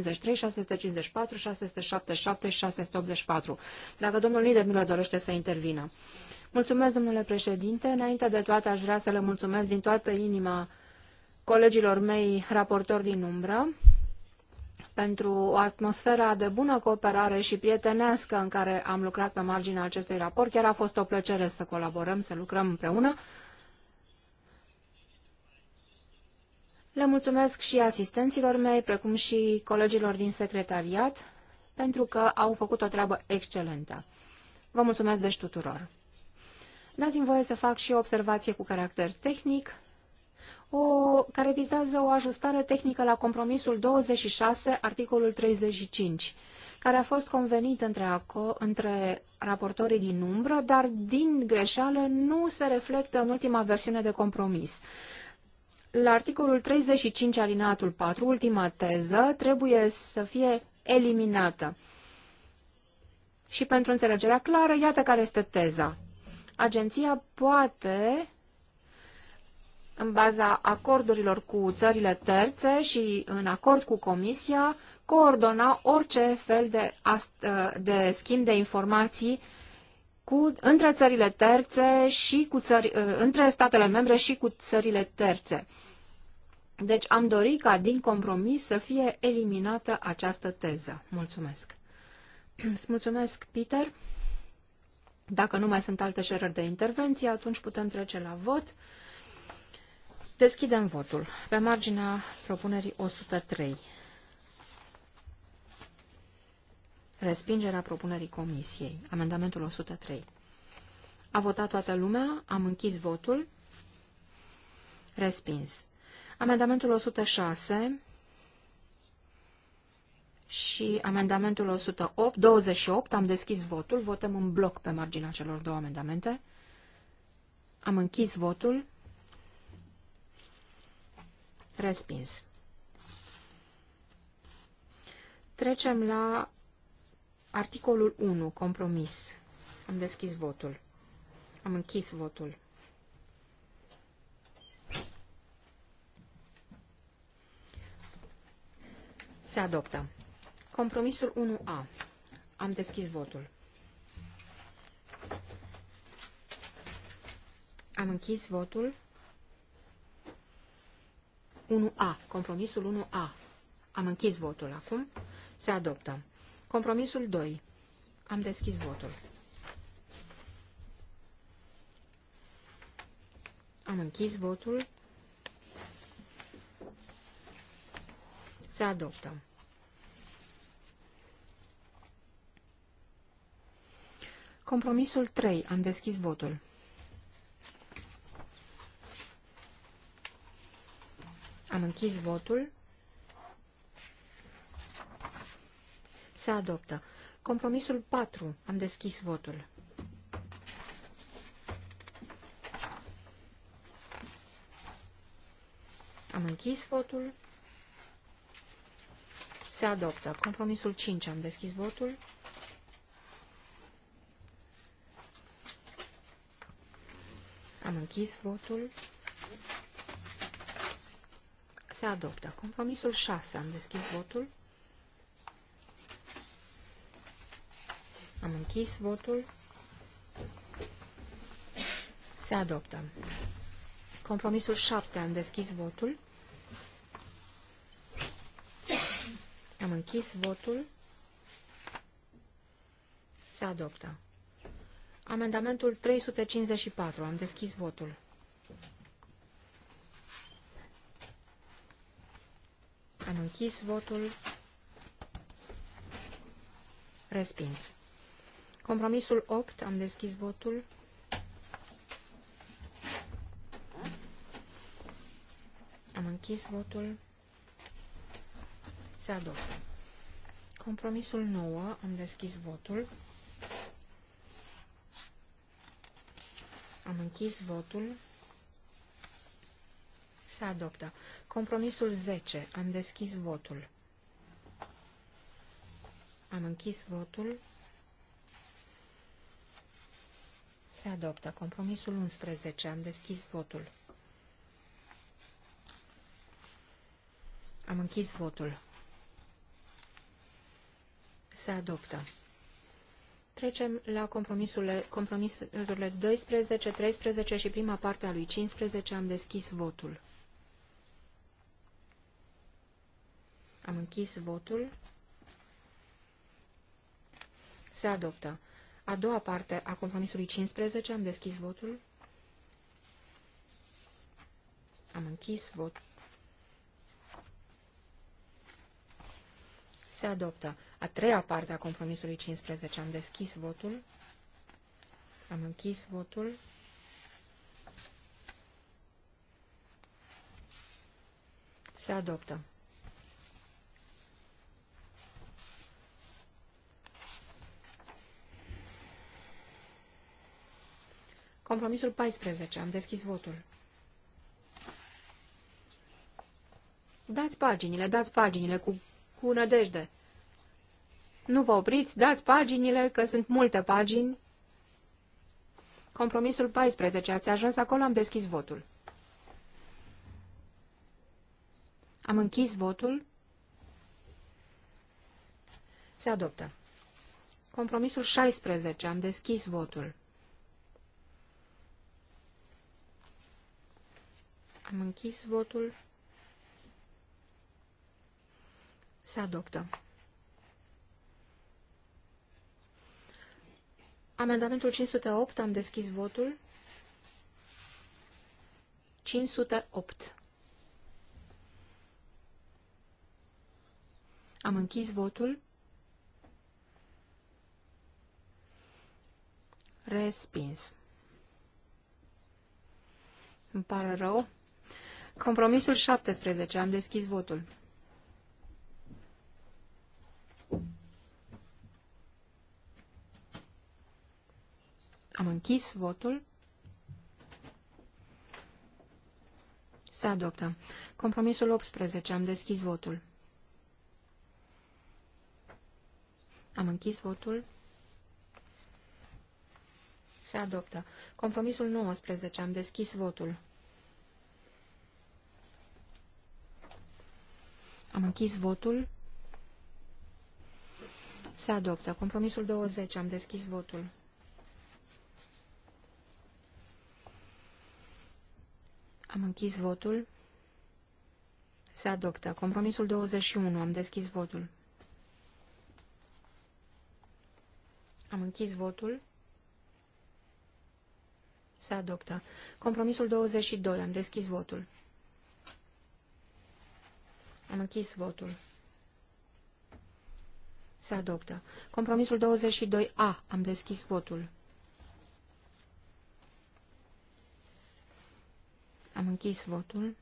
653, 654, 677 și 684. Dacă domnul lider nu le dorește să intervină. Mulțumesc, domnule președinte. Înainte de toate, aș vrea să le mulțumesc din toată inima colegilor mei raportori din umbră pentru o atmosferă de bună cooperare și prietenească în care am lucrat pe marginea acestui raport. Chiar a fost o plăcere să colaborăm, să lucrăm împreună. Le mulțumesc și asistenților mei, precum și colegilor din secretariat, pentru că au făcut o treabă excelentă. Vă mulțumesc deci tuturor. Dați-mi voie să fac și o observație cu caracter tehnic, o, care vizează o ajustare tehnică la compromisul 26, articolul 35, care a fost convenit între, ACO, între raportorii din umbră, dar din greșeală nu se reflectă în ultima versiune de compromis. La articolul 35, alineatul 4, ultima teză, trebuie să fie eliminată. Și pentru înțelegerea clară, iată care este teza. Agenția poate, în baza acordurilor cu țările terțe și în acord cu Comisia, coordona orice fel de, de schimb de informații uh, cu, între țările terțe și cu țări, uh, între statele membre și cu țările terțe. Deci am dorit ca din compromis să fie eliminată această teză. Mulțumesc. Îți mulțumesc, Peter. Dacă nu mai sunt alte cereri de intervenție, atunci putem trece la vot. Deschidem votul pe marginea propunerii 103. Respingerea propunerii comisiei. Amendamentul 103. A votat toată lumea, am închis votul. Respins. Amendamentul 106 și amendamentul 108, 28, am deschis votul, votăm în bloc pe marginea celor două amendamente. Am închis votul. Respins. Trecem la Articolul 1, compromis. Am deschis votul. Am închis votul. Se adoptă. Compromisul 1A. Am deschis votul. Am închis votul. 1A. Compromisul 1A. Am închis votul acum. Se adoptă. Compromisul 2. Am deschis votul. Am închis votul. Se adoptă. Compromisul 3. Am deschis votul. Am închis votul. Se adoptă. Compromisul 4. Am deschis votul. Am închis votul. Se adoptă. Compromisul 5. Am deschis votul. Am închis votul. Se adoptă. Compromisul 6. Am deschis votul. Am închis votul. Se adoptă. Compromisul 7. Am deschis votul. Am închis votul. Se adoptă. Amendamentul 354. Am deschis votul. Am închis votul. Respins. Compromisul 8, am deschis votul. Am închis votul. Se adoptă. Compromisul 9, am deschis votul. Am închis votul. Se adoptă. Compromisul 10. Am deschis votul. Am închis votul. Se adoptă. Compromisul 11. Am deschis votul. Am închis votul. Se adoptă. Trecem la compromisurile, compromisurile 12, 13 și prima parte a lui 15. Am deschis votul. Am închis votul. Se adoptă. A doua parte a compromisului 15, am deschis votul. Am închis votul. Se adoptă. A treia parte a compromisului 15. Am deschis votul. Am închis votul. Se adoptă. Compromisul 14. Am deschis votul. Dați paginile, dați paginile cu, cu nădejde. Nu vă opriți, dați paginile, că sunt multe pagini. Compromisul 14. Ați ajuns acolo, am deschis votul. Am închis votul. Se adoptă. Compromisul 16. Am deschis votul. Am închis votul. Se adoptă. Amendamentul 508, am deschis votul. 508. Am închis votul. Respins. Îmi pare rău. Compromisul 17. Am deschis votul. Am închis votul. Se adoptă. Compromisul 18. Am deschis votul. Am închis votul. Se adoptă. Compromisul 19. Am deschis votul. Am închis votul. Se adoptă. Compromisul 20. Am deschis votul. Am închis votul. Se adoptă. Compromisul 21. Am deschis votul. Am închis votul. Se adoptă. Compromisul 22. Am deschis votul. Am închis votul. Se adoptă. Compromisul 22A. Am deschis votul. Am închis votul.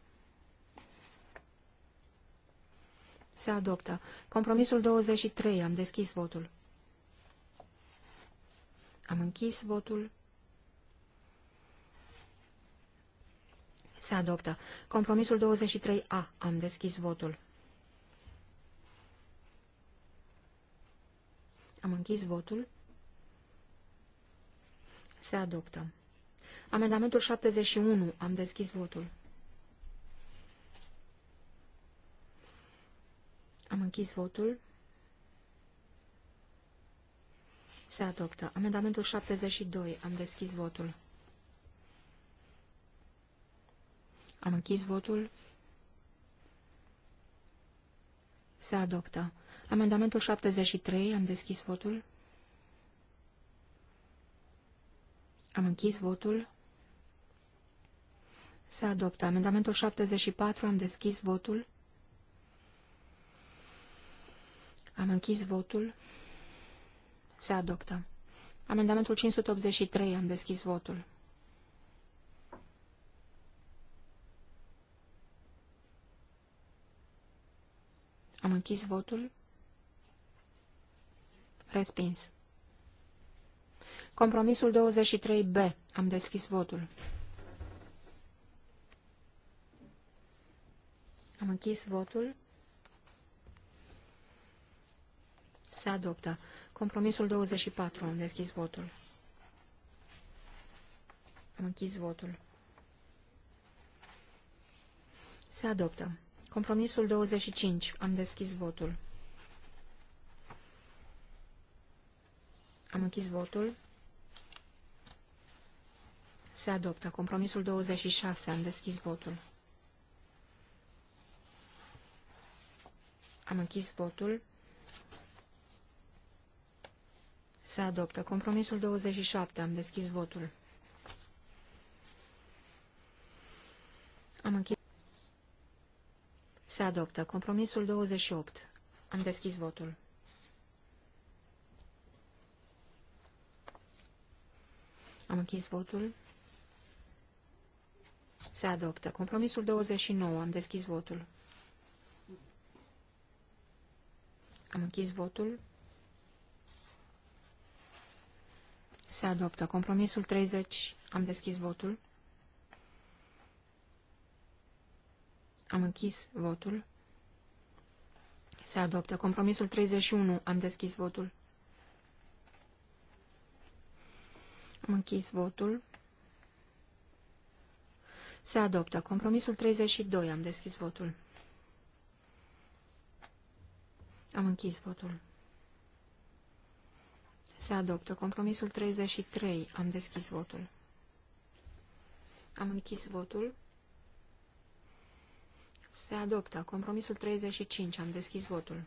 Se adoptă. Compromisul 23. Am deschis votul. Am închis votul. Se adoptă. Compromisul 23A. Am deschis votul. Am închis votul. Se adoptă. Amendamentul 71. Am deschis votul. Am închis votul. Se adoptă. Amendamentul 72. Am deschis votul. Am închis votul. Se adoptă. Amendamentul 73. Am deschis votul. Am închis votul. Se adoptă. Amendamentul 74. Am deschis votul. Am închis votul. Se adoptă. Amendamentul 583. Am deschis votul. Am închis votul. Respins. Compromisul 23B. Am deschis votul. Am închis votul. Se adoptă. Compromisul 24. Am deschis votul. Am închis votul. Se adoptă. Compromisul 25. Am deschis votul. Am închis votul. Se adoptă. Compromisul 26. Am deschis votul. Am închis votul. Se adoptă. Compromisul 27. Am deschis votul. Am închis. Se adoptă. Compromisul 28. Am deschis votul. Am închis votul. Se adoptă. Compromisul 29. Am deschis votul. Am închis votul. Se adoptă. Compromisul 30. Am deschis votul. Am închis votul. Se adoptă. Compromisul 31. Am deschis votul. Am închis votul. Se adoptă. Compromisul 32. Am deschis votul. Am închis votul. Se adoptă. Compromisul 33. Am deschis votul. Am închis votul. Se adoptă. Compromisul 35. Am deschis votul.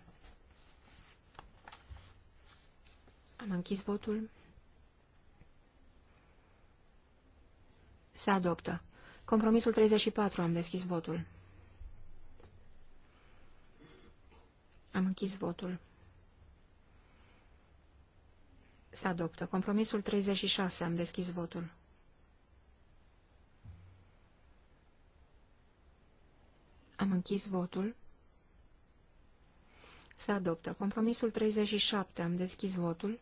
Am închis votul. Se adoptă. Compromisul 34. Am deschis votul. Am închis votul. Se adoptă. Compromisul 36. Am deschis votul. Am închis votul. Se adoptă. Compromisul 37. Am deschis votul.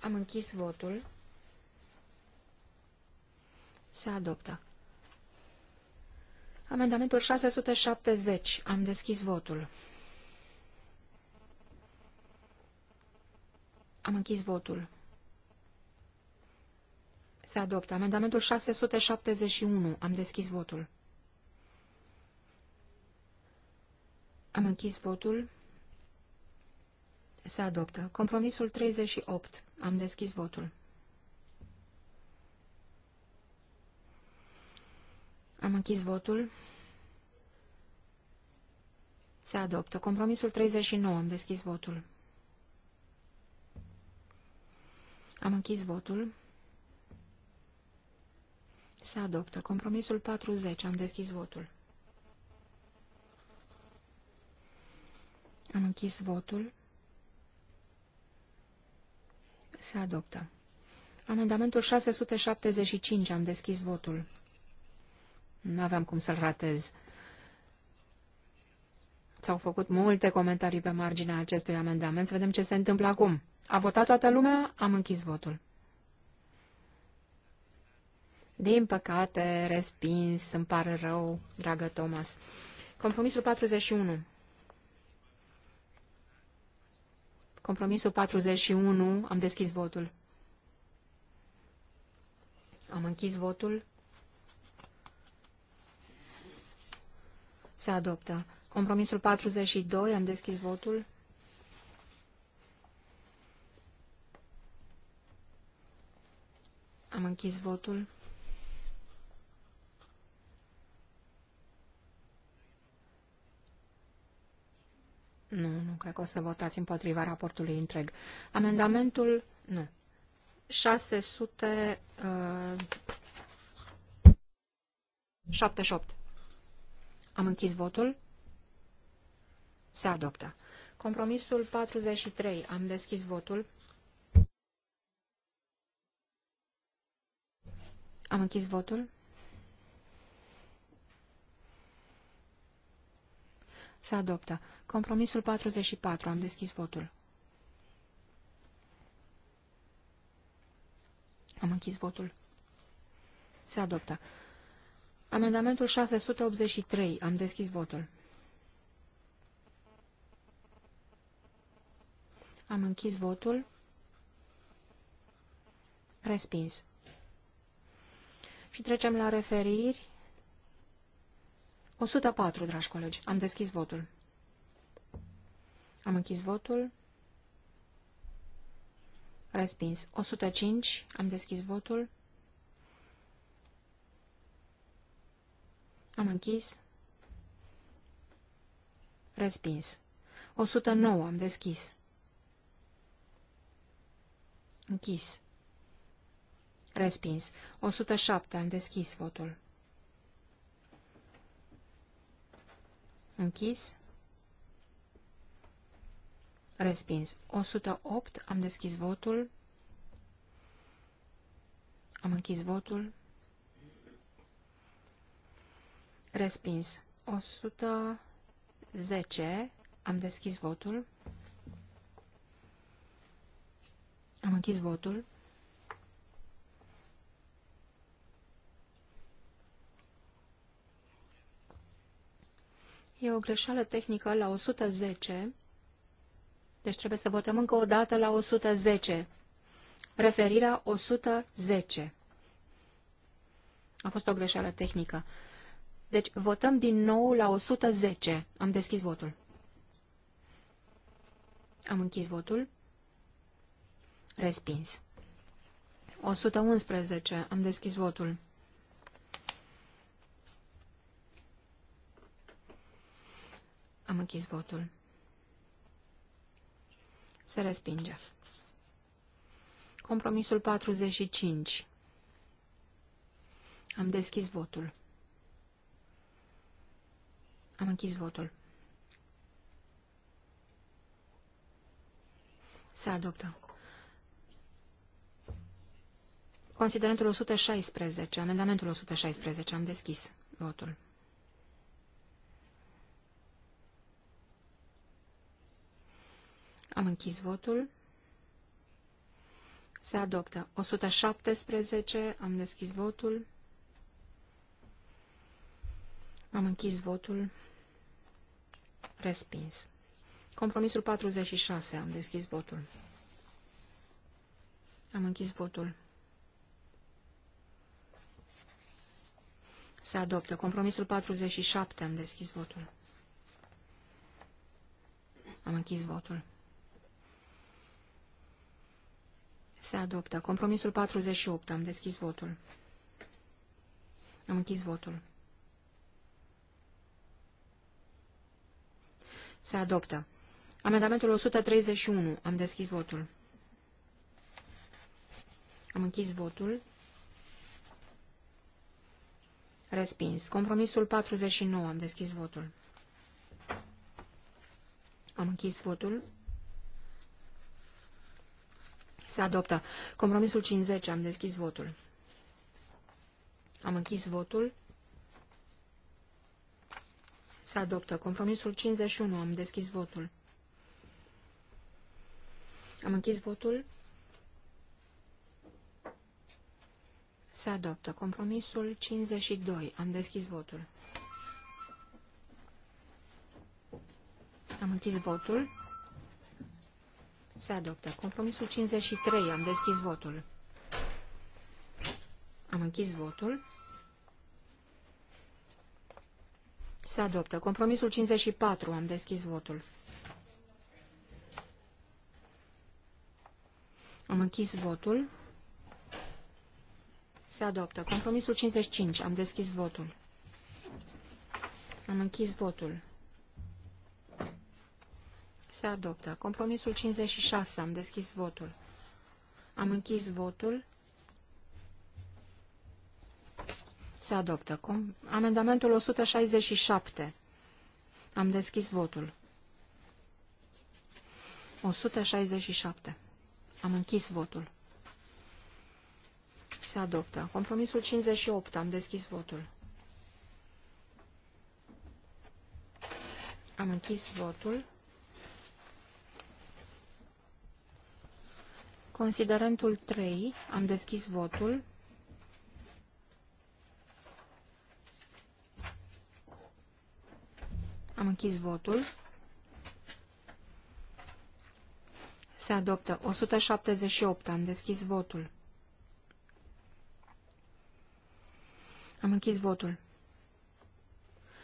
Am închis votul. Se adoptă. Amendamentul 670. Am deschis votul. Am închis votul. Se adoptă. Amendamentul 671. Am deschis votul. Am închis votul. Se adoptă. Compromisul 38. Am deschis votul. Am închis votul. Se adoptă. Compromisul 39. Am deschis votul. Am închis votul. Se adoptă. Compromisul 40. Am deschis votul. Am închis votul. Se adoptă. Amendamentul 675. Am deschis votul. Nu aveam cum să-l ratez. S-au făcut multe comentarii pe marginea acestui amendament. Să vedem ce se întâmplă acum. A votat toată lumea? Am închis votul. Din păcate, respins, îmi pare rău, dragă Thomas. Compromisul 41. Compromisul 41, am deschis votul. Am închis votul. Se adoptă. Compromisul 42, am deschis votul. Am închis votul. Nu, nu cred că o să votați împotriva raportului întreg. Amendamentul, nu. 678. Uh, Am închis votul. Se adoptă. Compromisul 43. Am deschis votul. Am închis votul. Se adoptă. Compromisul 44. Am deschis votul. Am închis votul. Se adoptă. Amendamentul 683. Am deschis votul. Am închis votul. Respins. Și trecem la referiri. 104, dragi colegi. Am deschis votul. Am închis votul. Respins. 105. Am deschis votul. Am închis. Respins. 109. Am deschis. Închis. Respins. 107. Am deschis votul. Închis. Respins. 108. Am deschis votul. Am închis votul. Respins. 110. Am deschis votul. Am închis votul. E o greșeală tehnică la 110. Deci trebuie să votăm încă o dată la 110. Referirea 110. A fost o greșeală tehnică. Deci votăm din nou la 110. Am deschis votul. Am închis votul. Respins. 111. Am deschis votul. Am închis votul. Se respinge. Compromisul 45. Am deschis votul. Am închis votul. Se adoptă. Considerentul 116, amendamentul 116, am deschis votul. Am închis votul. Se adoptă. 117. Am deschis votul. Am închis votul. Respins. Compromisul 46. Am deschis votul. Am închis votul. Se adoptă. Compromisul 47. Am deschis votul. Am închis votul. Se adoptă. Compromisul 48. Am deschis votul. Am închis votul. Se adoptă. Amendamentul 131. Am deschis votul. Am închis votul. Respins. Compromisul 49. Am deschis votul. Am închis votul se adoptă. Compromisul 50, am deschis votul. Am închis votul. Se adoptă. Compromisul 51, am deschis votul. Am închis votul. Se adoptă. Compromisul 52, am deschis votul. Am închis votul. Se adoptă. Compromisul 53. Am deschis votul. Am închis votul. Se adoptă. Compromisul 54. Am deschis votul. Am închis votul. Se adoptă. Compromisul 55. Am deschis votul. Am închis votul se adoptă. Compromisul 56, am deschis votul. Am închis votul. Se adoptă. Com amendamentul 167. Am deschis votul. 167. Am închis votul. Se adoptă. Compromisul 58. Am deschis votul. Am închis votul. Considerentul 3, am deschis votul. Am închis votul. Se adoptă 178. Am deschis votul. Am închis votul.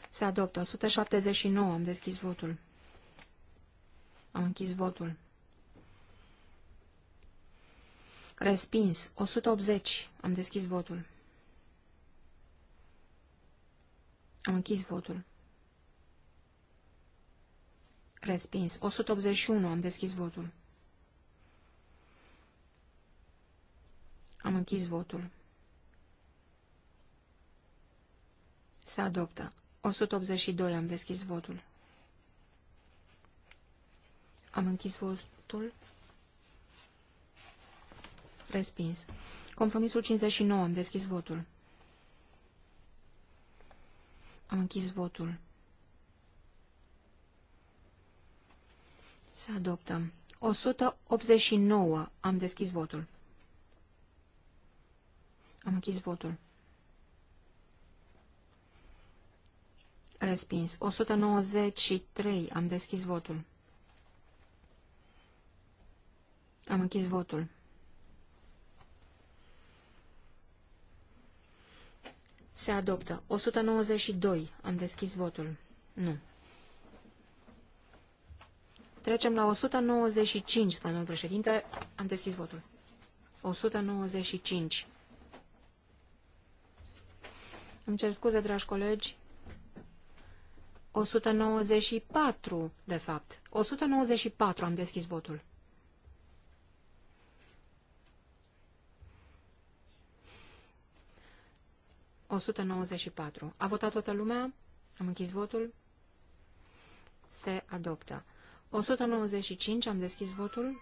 Se adoptă 179. Am deschis votul. Am închis votul. Respins. 180. Am deschis votul. Am închis votul. Respins. 181. Am deschis votul. Am închis votul. Se adoptă. 182. Am deschis votul. Am închis votul. Respins. Compromisul 59. Am deschis votul. Am închis votul. Se adoptă. 189. Am deschis votul. Am închis votul. Respins. 193. Am deschis votul. Am închis votul. Se adoptă. 192. Am deschis votul. Nu. Trecem la 195, spune domnul președinte. Am deschis votul. 195. Îmi cer scuze, dragi colegi. 194, de fapt. 194 am deschis votul. 194. A votat toată lumea? Am închis votul? Se adoptă. 195. Am deschis votul?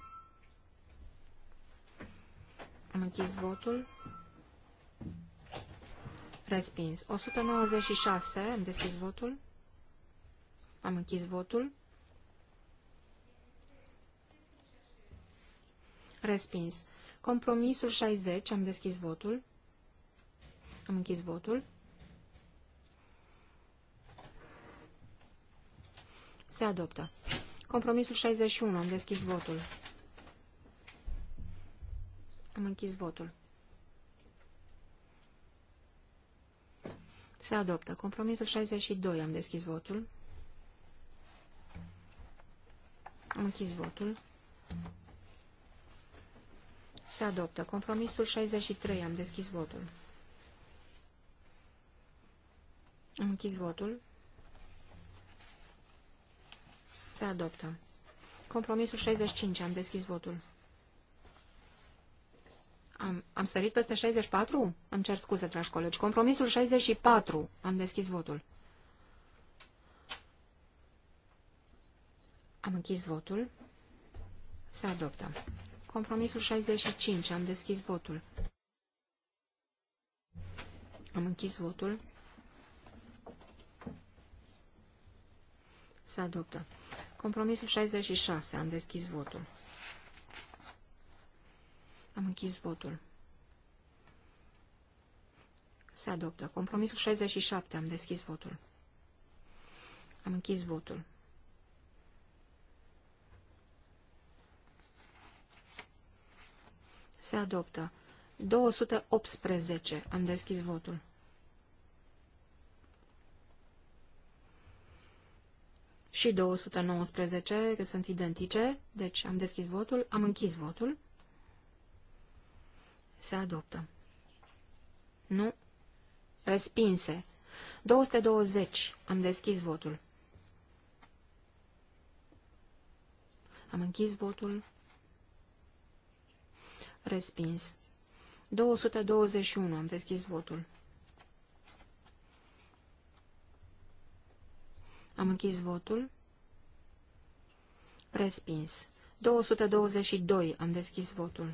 Am închis votul? Respins. 196. Am deschis votul? Am închis votul? Respins. Compromisul 60. Am deschis votul? Am închis votul. Se adoptă. Compromisul 61. Am deschis votul. Am închis votul. Se adoptă. Compromisul 62. Am deschis votul. Am închis votul. Se adoptă. Compromisul 63. Am deschis votul. Am închis votul. Se adoptă. Compromisul 65. Am deschis votul. Am, am sărit peste 64? Îmi cer scuze, dragi colegi. Compromisul 64. Am deschis votul. Am închis votul. Se adoptă. Compromisul 65. Am deschis votul. Am închis votul. Se adoptă. Compromisul 66. Am deschis votul. Am închis votul. Se adoptă. Compromisul 67. Am deschis votul. Am închis votul. Se adoptă. 218. Am deschis votul. și 219, că sunt identice, deci am deschis votul, am închis votul, se adoptă. Nu. Respinse. 220. Am deschis votul. Am închis votul. Respins. 221. Am deschis votul. Am închis votul. Respins. 222. Am deschis votul.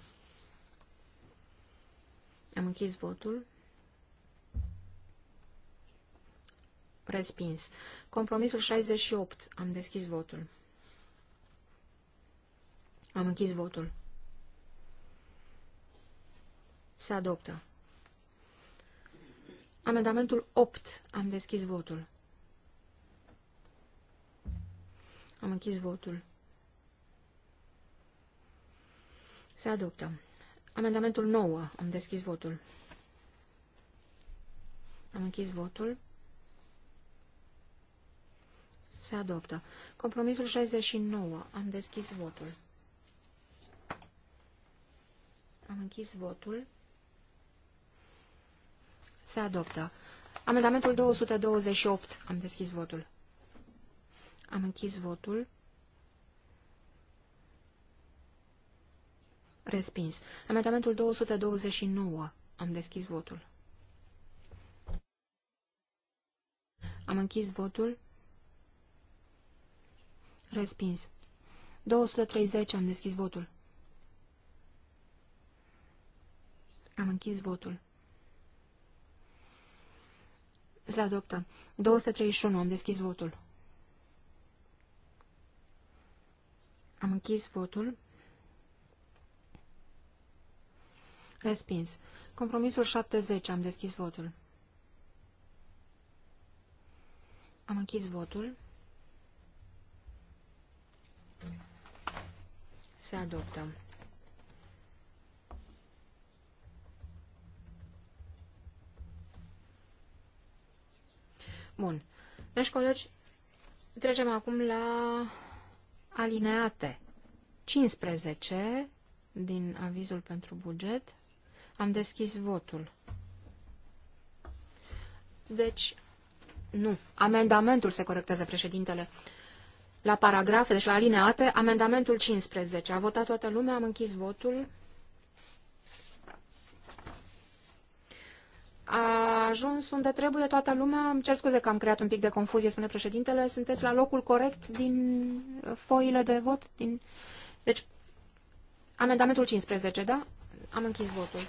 Am închis votul. Respins. Compromisul 68. Am deschis votul. Am închis votul. Se adoptă. Amendamentul 8. Am deschis votul. Am închis votul. Se adoptă. Amendamentul 9. Am deschis votul. Am închis votul. Se adoptă. Compromisul 69. Am deschis votul. Am închis votul. Se adoptă. Amendamentul 228. Am deschis votul. Am închis votul. Respins. Amendamentul 229. Am deschis votul. Am închis votul. Respins. 230. Am deschis votul. Am închis votul. Se adoptă. 231. Am deschis votul. Am închis votul. Respins. Compromisul 70. Am deschis votul. Am închis votul. Se adoptă. Bun. Deci, colegi, trecem acum la alineate 15 din avizul pentru buget. Am deschis votul. Deci, nu. Amendamentul se corectează, președintele. La paragrafe, deci la alineate, amendamentul 15. A votat toată lumea, am închis votul. a ajuns unde trebuie toată lumea. Îmi cer scuze că am creat un pic de confuzie, spune președintele. Sunteți la locul corect din uh, foile de vot? Din... Deci, amendamentul 15, da? Am închis votul.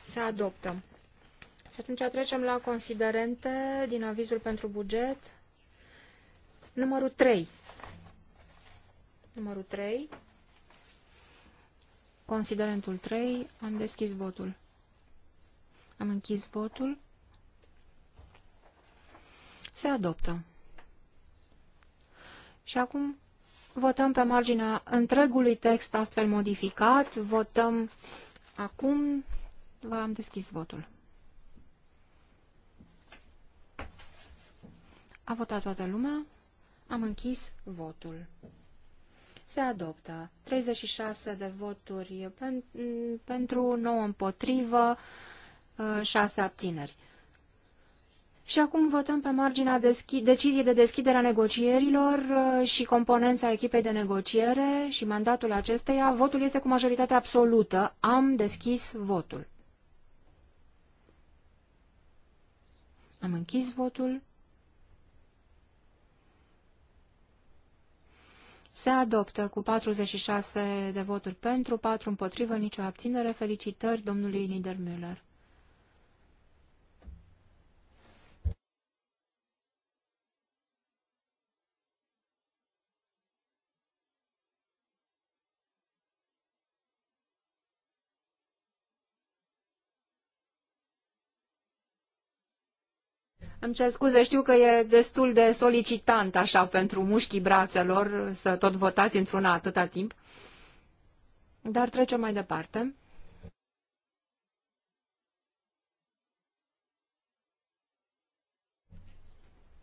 Se adoptă. Și atunci trecem la considerente din avizul pentru buget. Numărul 3. Numărul 3. Considerentul 3. Am deschis votul. Am închis votul. Se adoptă. Și acum votăm pe marginea întregului text astfel modificat. Votăm acum. V-am deschis votul. A votat toată lumea. Am închis votul. Se adoptă 36 de voturi pen, pentru, 9 împotrivă, Uh, șase abțineri. Și acum votăm pe marginea deciziei de deschidere a negocierilor uh, și componența echipei de negociere și mandatul acesteia. Votul este cu majoritate absolută. Am deschis votul. Am închis votul. Se adoptă cu 46 de voturi pentru, 4 împotrivă, nicio abținere. Felicitări domnului Niedermüller. Îmi cer scuze, știu că e destul de solicitant așa pentru mușchii brațelor să tot votați într-una atâta timp. Dar trecem mai departe.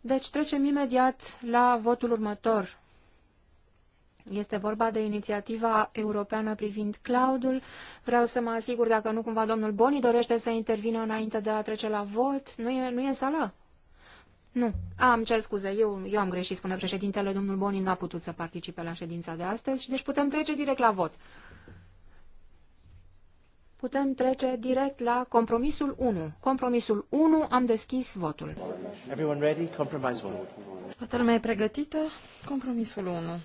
Deci trecem imediat la votul următor. Este vorba de inițiativa europeană privind cloudul. Vreau să mă asigur dacă nu cumva domnul Boni dorește să intervină înainte de a trece la vot. Nu e, nu e în sală? Nu. A, cer scuze, eu, eu am greșit, spune președintele, domnul Boni nu a putut să participe la ședința de astăzi și deci putem trece direct la vot. Putem trece direct la compromisul 1. Compromisul 1, am deschis votul. Everyone ready? Compromise Toată lumea e pregătită? Compromisul 1.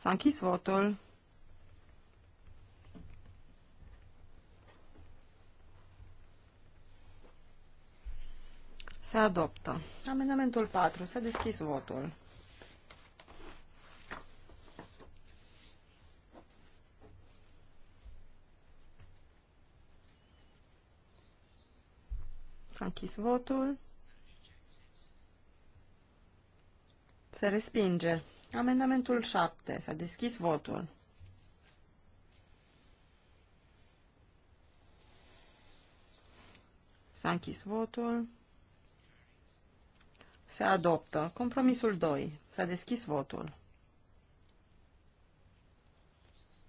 S-a închis votul. Se adoptă. Amendamentul 4. S-a deschis votul. S-a închis votul. Se respinge. Amendamentul 7. S-a deschis votul. S-a închis votul. Se adoptă. Compromisul 2. S-a deschis votul.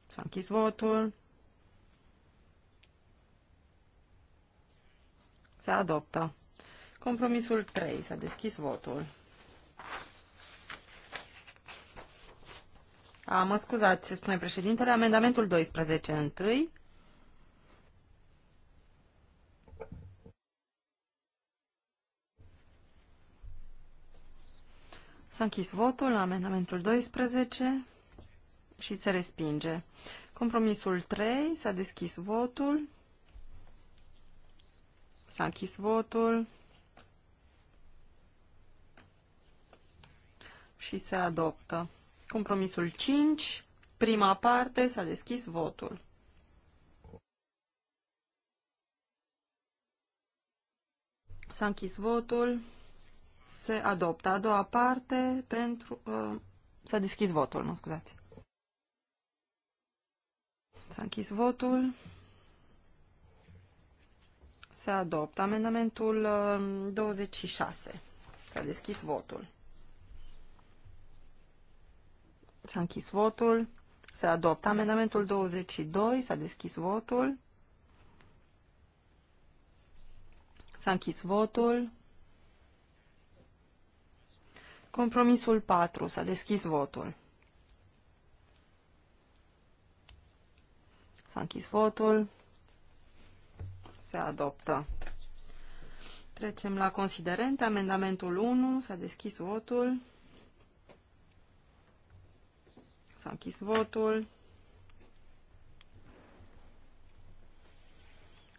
S-a închis votul. Se adoptă. Compromisul 3. S-a deschis votul. A, mă scuzați, se spune președintele, amendamentul 12 întâi. S-a închis votul la amendamentul 12 și se respinge. Compromisul 3, s-a deschis votul. S-a închis votul. Și se adoptă. Compromisul 5, prima parte, s-a deschis votul. S-a închis votul se adoptă. A doua parte pentru... Uh, S-a deschis votul, mă scuzați. S-a închis votul. Se adoptă amendamentul 26. Uh, s-a deschis votul. S-a închis votul. Se adoptă amendamentul 22. S-a deschis votul. S-a închis votul. Compromisul 4. S-a deschis votul. S-a închis votul. Se adoptă. Trecem la considerente. Amendamentul 1. S-a deschis votul. S-a închis votul.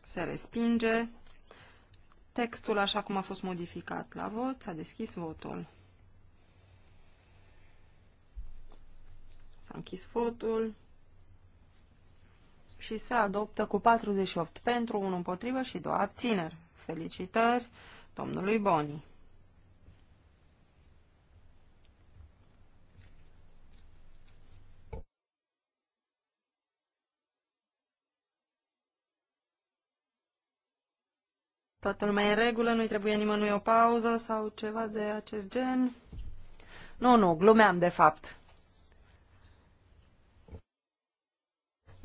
Se respinge. Textul așa cum a fost modificat la vot. S-a deschis votul. S-a închis votul și se adoptă cu 48 pentru, 1 împotrivă și 2 abțineri. Felicitări domnului Boni. Toată lumea e în regulă, nu-i trebuie nimănui o pauză sau ceva de acest gen. Nu, nu, glumeam de fapt.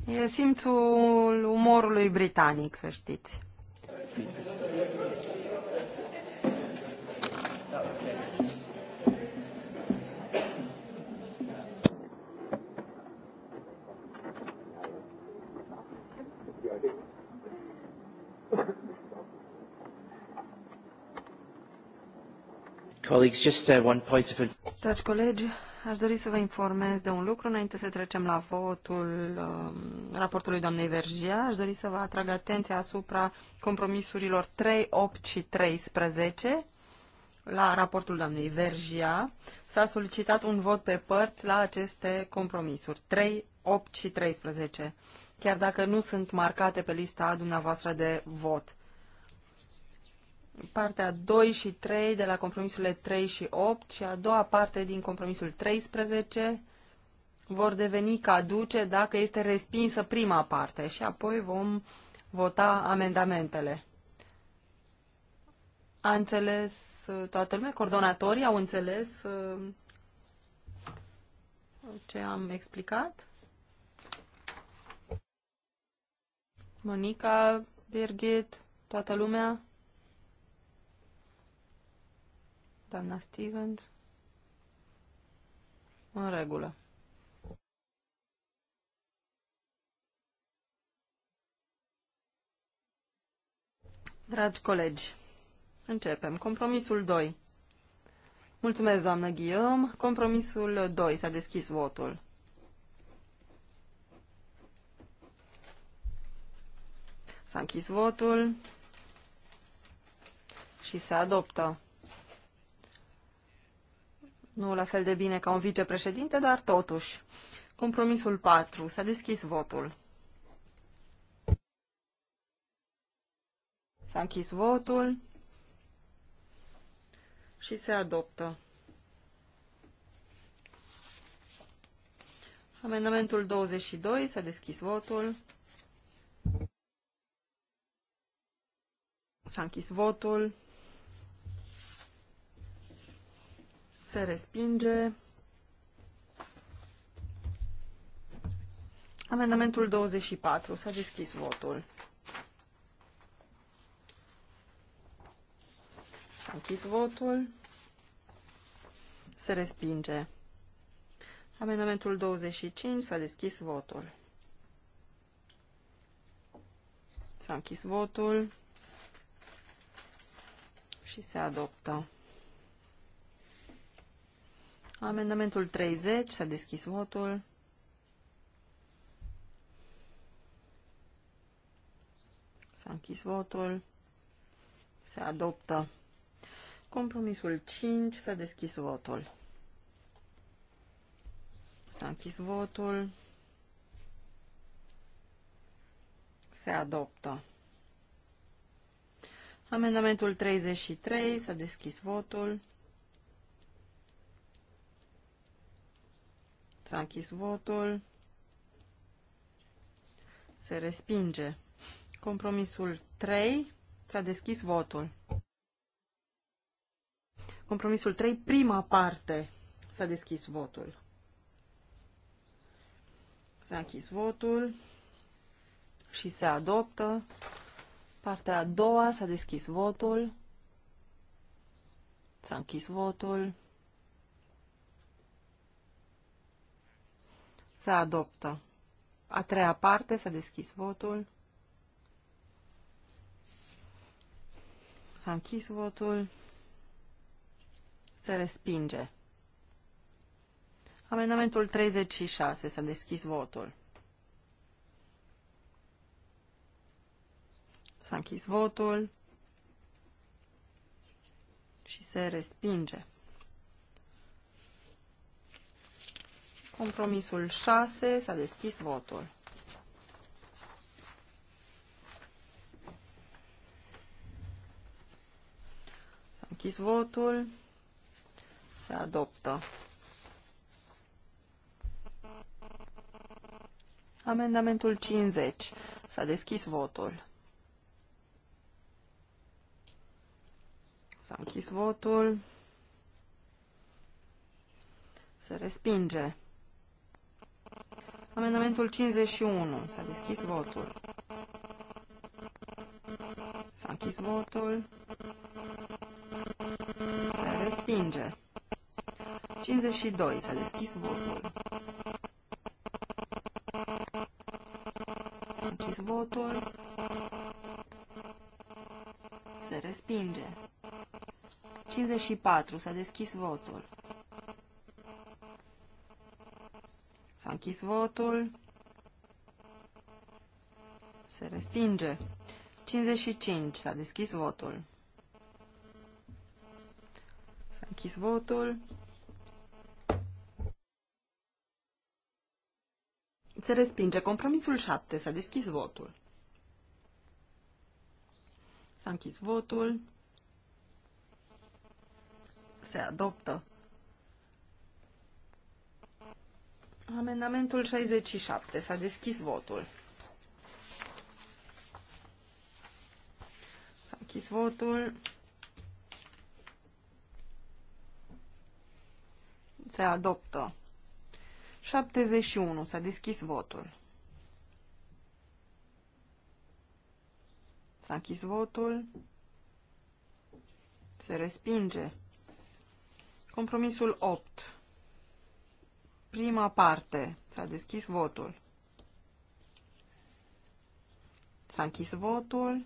E simțul umorului britanic, să știți. Colleagues, just uh, one point of Dragi colegi, Aș dori să vă informez de un lucru înainte să trecem la votul um, raportului doamnei Vergia. Aș dori să vă atrag atenția asupra compromisurilor 3, 8 și 13 la raportul doamnei Vergia. S-a solicitat un vot pe părți la aceste compromisuri 3, 8 și 13, chiar dacă nu sunt marcate pe lista dumneavoastră de vot partea 2 și 3 de la compromisurile 3 și 8 și a doua parte din compromisul 13 vor deveni caduce dacă este respinsă prima parte și apoi vom vota amendamentele. A înțeles uh, toată lumea? Coordonatorii au înțeles uh, ce am explicat? Monica, Birgit, toată lumea? Doamna Stevens? În regulă. Dragi colegi, începem. Compromisul 2. Mulțumesc, doamnă Ghiom. Compromisul 2. S-a deschis votul. S-a închis votul și se adoptă. Nu la fel de bine ca un vicepreședinte, dar totuși. Compromisul 4. S-a deschis votul. S-a închis votul și se adoptă. Amendamentul 22. S-a deschis votul. S-a închis votul se respinge. Amendamentul 24. S-a deschis votul. S-a închis votul. Se respinge. Amendamentul 25. S-a deschis votul. S-a închis votul și se adoptă. Amendamentul 30, s-a deschis votul. S-a închis votul. Se adoptă. Compromisul 5, s-a deschis votul. S-a închis votul. Se adoptă. Amendamentul 33, s-a deschis votul. S-a închis votul. Se respinge. Compromisul 3. S-a deschis votul. Compromisul 3, prima parte. S-a deschis votul. S-a închis votul și se adoptă. Partea a doua s-a deschis votul. S-a închis votul. Se adoptă. A treia parte, s-a deschis votul. S-a închis votul. Se respinge. Amendamentul 36. S-a deschis votul. S-a închis votul și se respinge. Compromisul 6. S-a deschis votul. S-a închis votul. Se adoptă. Amendamentul 50. S-a deschis votul. S-a închis votul. Se respinge. Amendamentul 51. S-a deschis votul. S-a închis votul. Se respinge. 52. S-a deschis votul. S-a închis votul. Se respinge. 54. S-a deschis votul. S-a închis votul. Se respinge. 55. S-a deschis votul. S-a închis votul. Se respinge. Compromisul 7. S-a deschis votul. S-a închis votul. Se adoptă. Amendamentul 67. S-a deschis votul. S-a închis votul. Se adoptă. 71. S-a deschis votul. S-a închis votul. Se respinge. Compromisul 8. Prima parte. S-a deschis votul. S-a închis votul.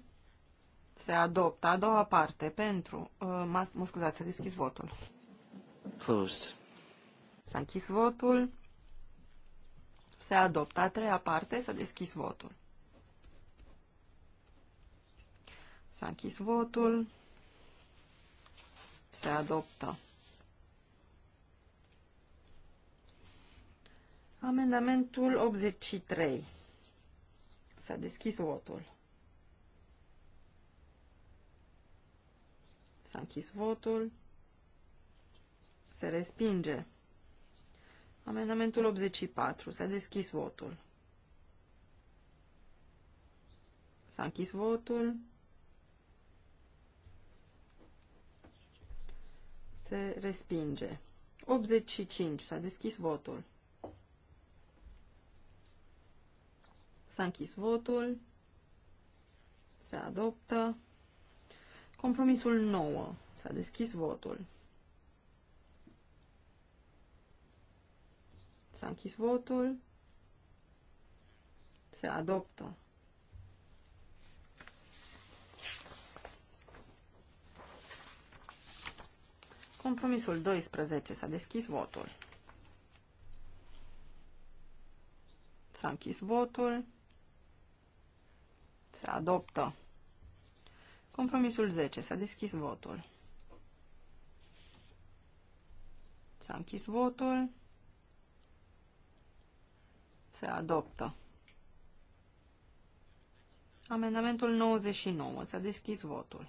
Se adoptă. A doua parte. Pentru. Uh, mă scuzați, s-a deschis votul. Closed. S-a închis votul. Se adoptă. A treia parte. S-a deschis votul. S-a închis votul. Se adoptă. Amendamentul 83. S-a deschis votul. S-a închis votul. Se respinge. Amendamentul 84. S-a deschis votul. S-a închis votul. Se respinge. 85. S-a deschis votul. S-a închis votul. Se adoptă. Compromisul 9. S-a deschis votul. S-a închis votul. Se adoptă. Compromisul 12. S-a deschis votul. S-a închis votul. Se adoptă. Compromisul 10. S-a deschis votul. S-a închis votul. Se adoptă. Amendamentul 99. S-a deschis votul.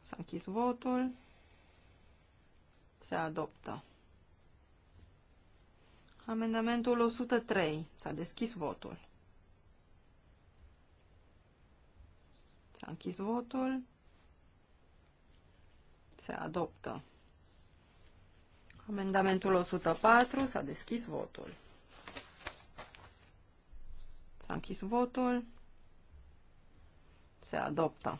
S-a închis votul. Se adoptă. Amendamentul 103. S-a deschis votul. S-a închis votul. Se adoptă. Amendamentul 104. S-a deschis votul. S-a închis votul. Se adoptă.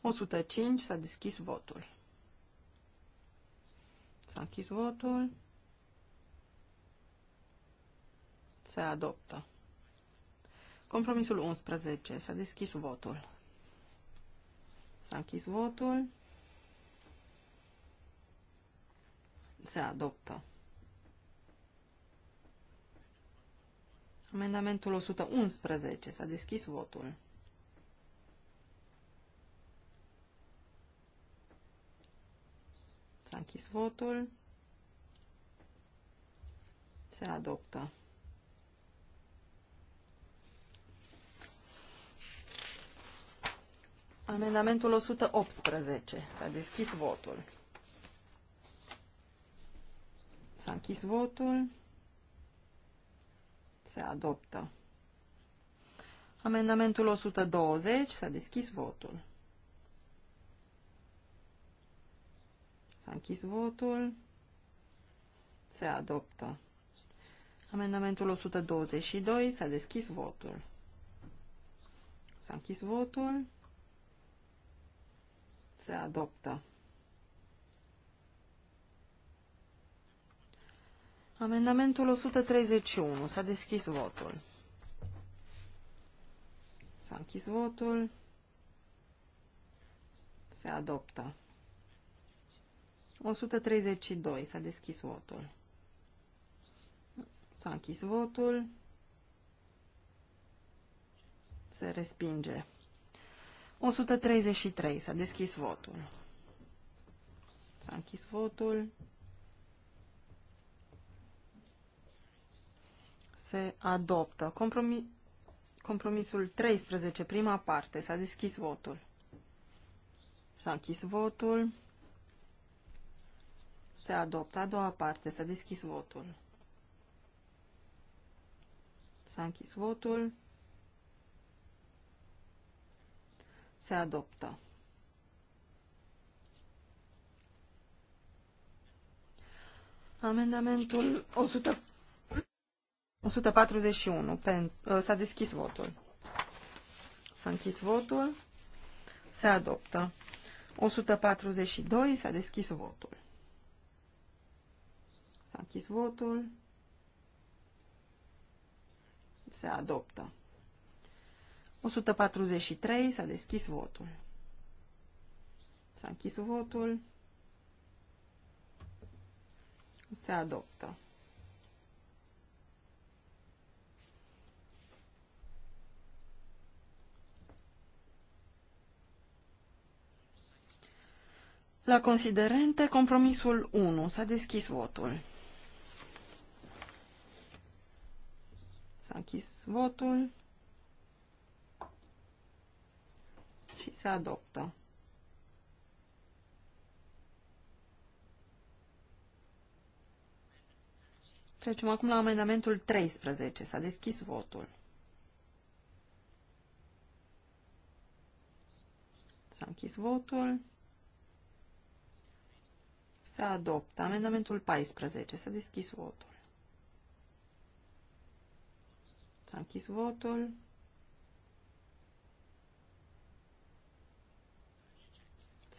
105. S-a deschis votul. S-a închis votul. se adoptă. Compromisul 11. S-a deschis votul. S-a închis votul. Se adoptă. Amendamentul 111. S-a deschis votul. S-a închis votul. Se adoptă. Amendamentul 118. S-a deschis votul. S-a închis votul. Se adoptă. Amendamentul 120. S-a deschis votul. S-a închis votul. Se adoptă. Amendamentul 122. S-a deschis votul. S-a închis votul se adoptă. Amendamentul 131. S-a deschis votul. S-a închis votul. Se adoptă. 132. S-a deschis votul. S-a închis votul. Se respinge. 133. S-a deschis votul. S-a închis votul. Se adoptă. Compromis, compromisul 13, prima parte. S-a deschis votul. S-a închis votul. Se adoptă a doua parte. S-a deschis votul. S-a închis votul. se adoptă. Amendamentul 141. Ă, s-a deschis votul. S-a închis votul. Se adoptă. 142. S-a deschis votul. S-a închis votul. Se adoptă. 143. S-a deschis votul. S-a închis votul. Se adoptă. La considerente, compromisul 1. S-a deschis votul. S-a închis votul. și se adoptă. Trecem acum la amendamentul 13. S-a deschis votul. S-a închis votul. Se adoptă. Amendamentul 14. S-a deschis votul. S-a închis votul.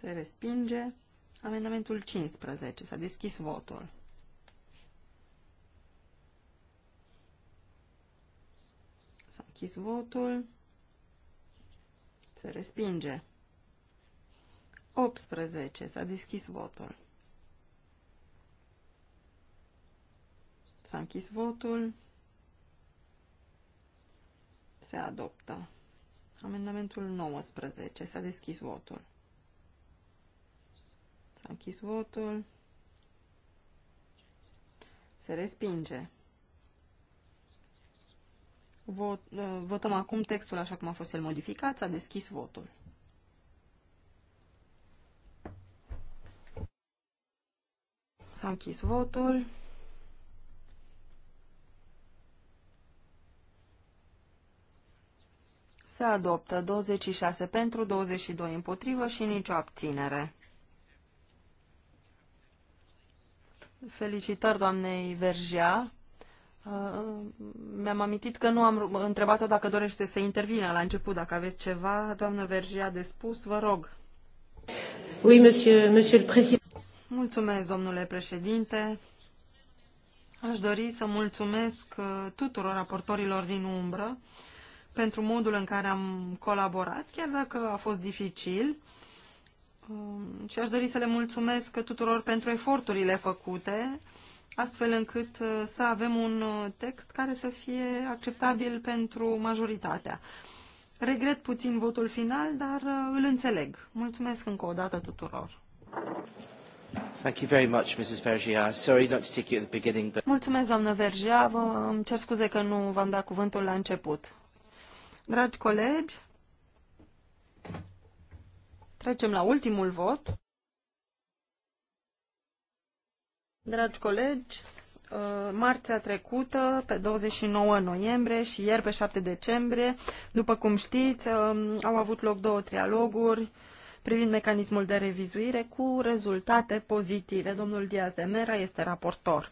se respinge. Amendamentul 15. S-a deschis votul. S-a închis votul. Se respinge. 18. S-a deschis votul. S-a închis votul. Se adoptă. Amendamentul 19. S-a deschis votul a închis votul. Se respinge. Vot, uh, votăm acum textul așa cum a fost el modificat. S-a deschis votul. S-a închis votul. Se adoptă 26 pentru, 22 împotrivă și nicio abținere. Felicitări doamnei Vergea. Uh, mi-am amintit că nu am întrebat-o dacă dorește să intervină la început. Dacă aveți ceva, doamnă Vergea, de spus, vă rog. Oui, monsieur, monsieur président. Mulțumesc, domnule președinte. Aș dori să mulțumesc uh, tuturor raportorilor din umbră pentru modul în care am colaborat, chiar dacă a fost dificil Um, și aș dori să le mulțumesc tuturor pentru eforturile făcute, astfel încât uh, să avem un uh, text care să fie acceptabil pentru majoritatea. Regret puțin votul final, dar uh, îl înțeleg. Mulțumesc încă o dată tuturor. Thank you very much, Mrs. Vergia. Sorry not to take you at the beginning, but... Mulțumesc, doamnă Vergia. Vă, cer scuze că nu v-am dat cuvântul la început. Dragi colegi, Trecem la ultimul vot. Dragi colegi, uh, marțea trecută, pe 29 noiembrie și ieri pe 7 decembrie, după cum știți, um, au avut loc două trialoguri privind mecanismul de revizuire cu rezultate pozitive. Domnul Diaz de Mera este raportor.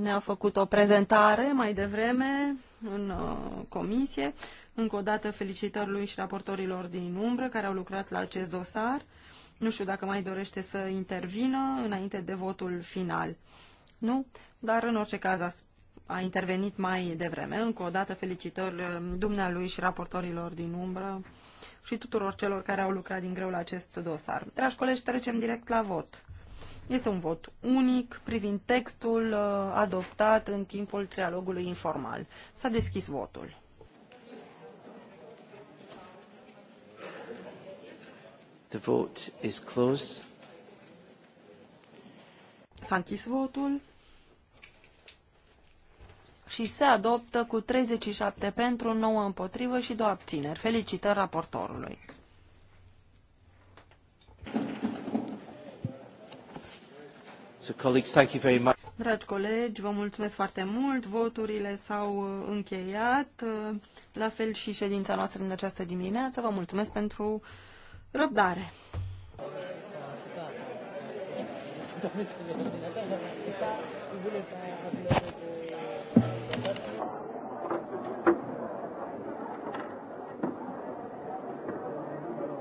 Ne-a făcut o prezentare mai devreme în uh, comisie încă o dată felicitări lui și raportorilor din umbră care au lucrat la acest dosar. Nu știu dacă mai dorește să intervină înainte de votul final. Nu? Dar în orice caz a, a intervenit mai devreme. Încă o dată felicitări uh, dumnealui și raportorilor din umbră și tuturor celor care au lucrat din greu la acest dosar. Dragi colegi, trecem direct la vot. Este un vot unic privind textul uh, adoptat în timpul trialogului informal. S-a deschis votul. The vote is closed. S-a închis votul și se adoptă cu 37 pentru, 9 împotrivă și 2 abțineri. Felicitări raportorului. So, colleagues, thank you very much. Dragi colegi, vă mulțumesc foarte mult. Voturile s-au uh, încheiat. Uh, la fel și ședința noastră în această dimineață. Vă mulțumesc pentru răbdare. Gracias.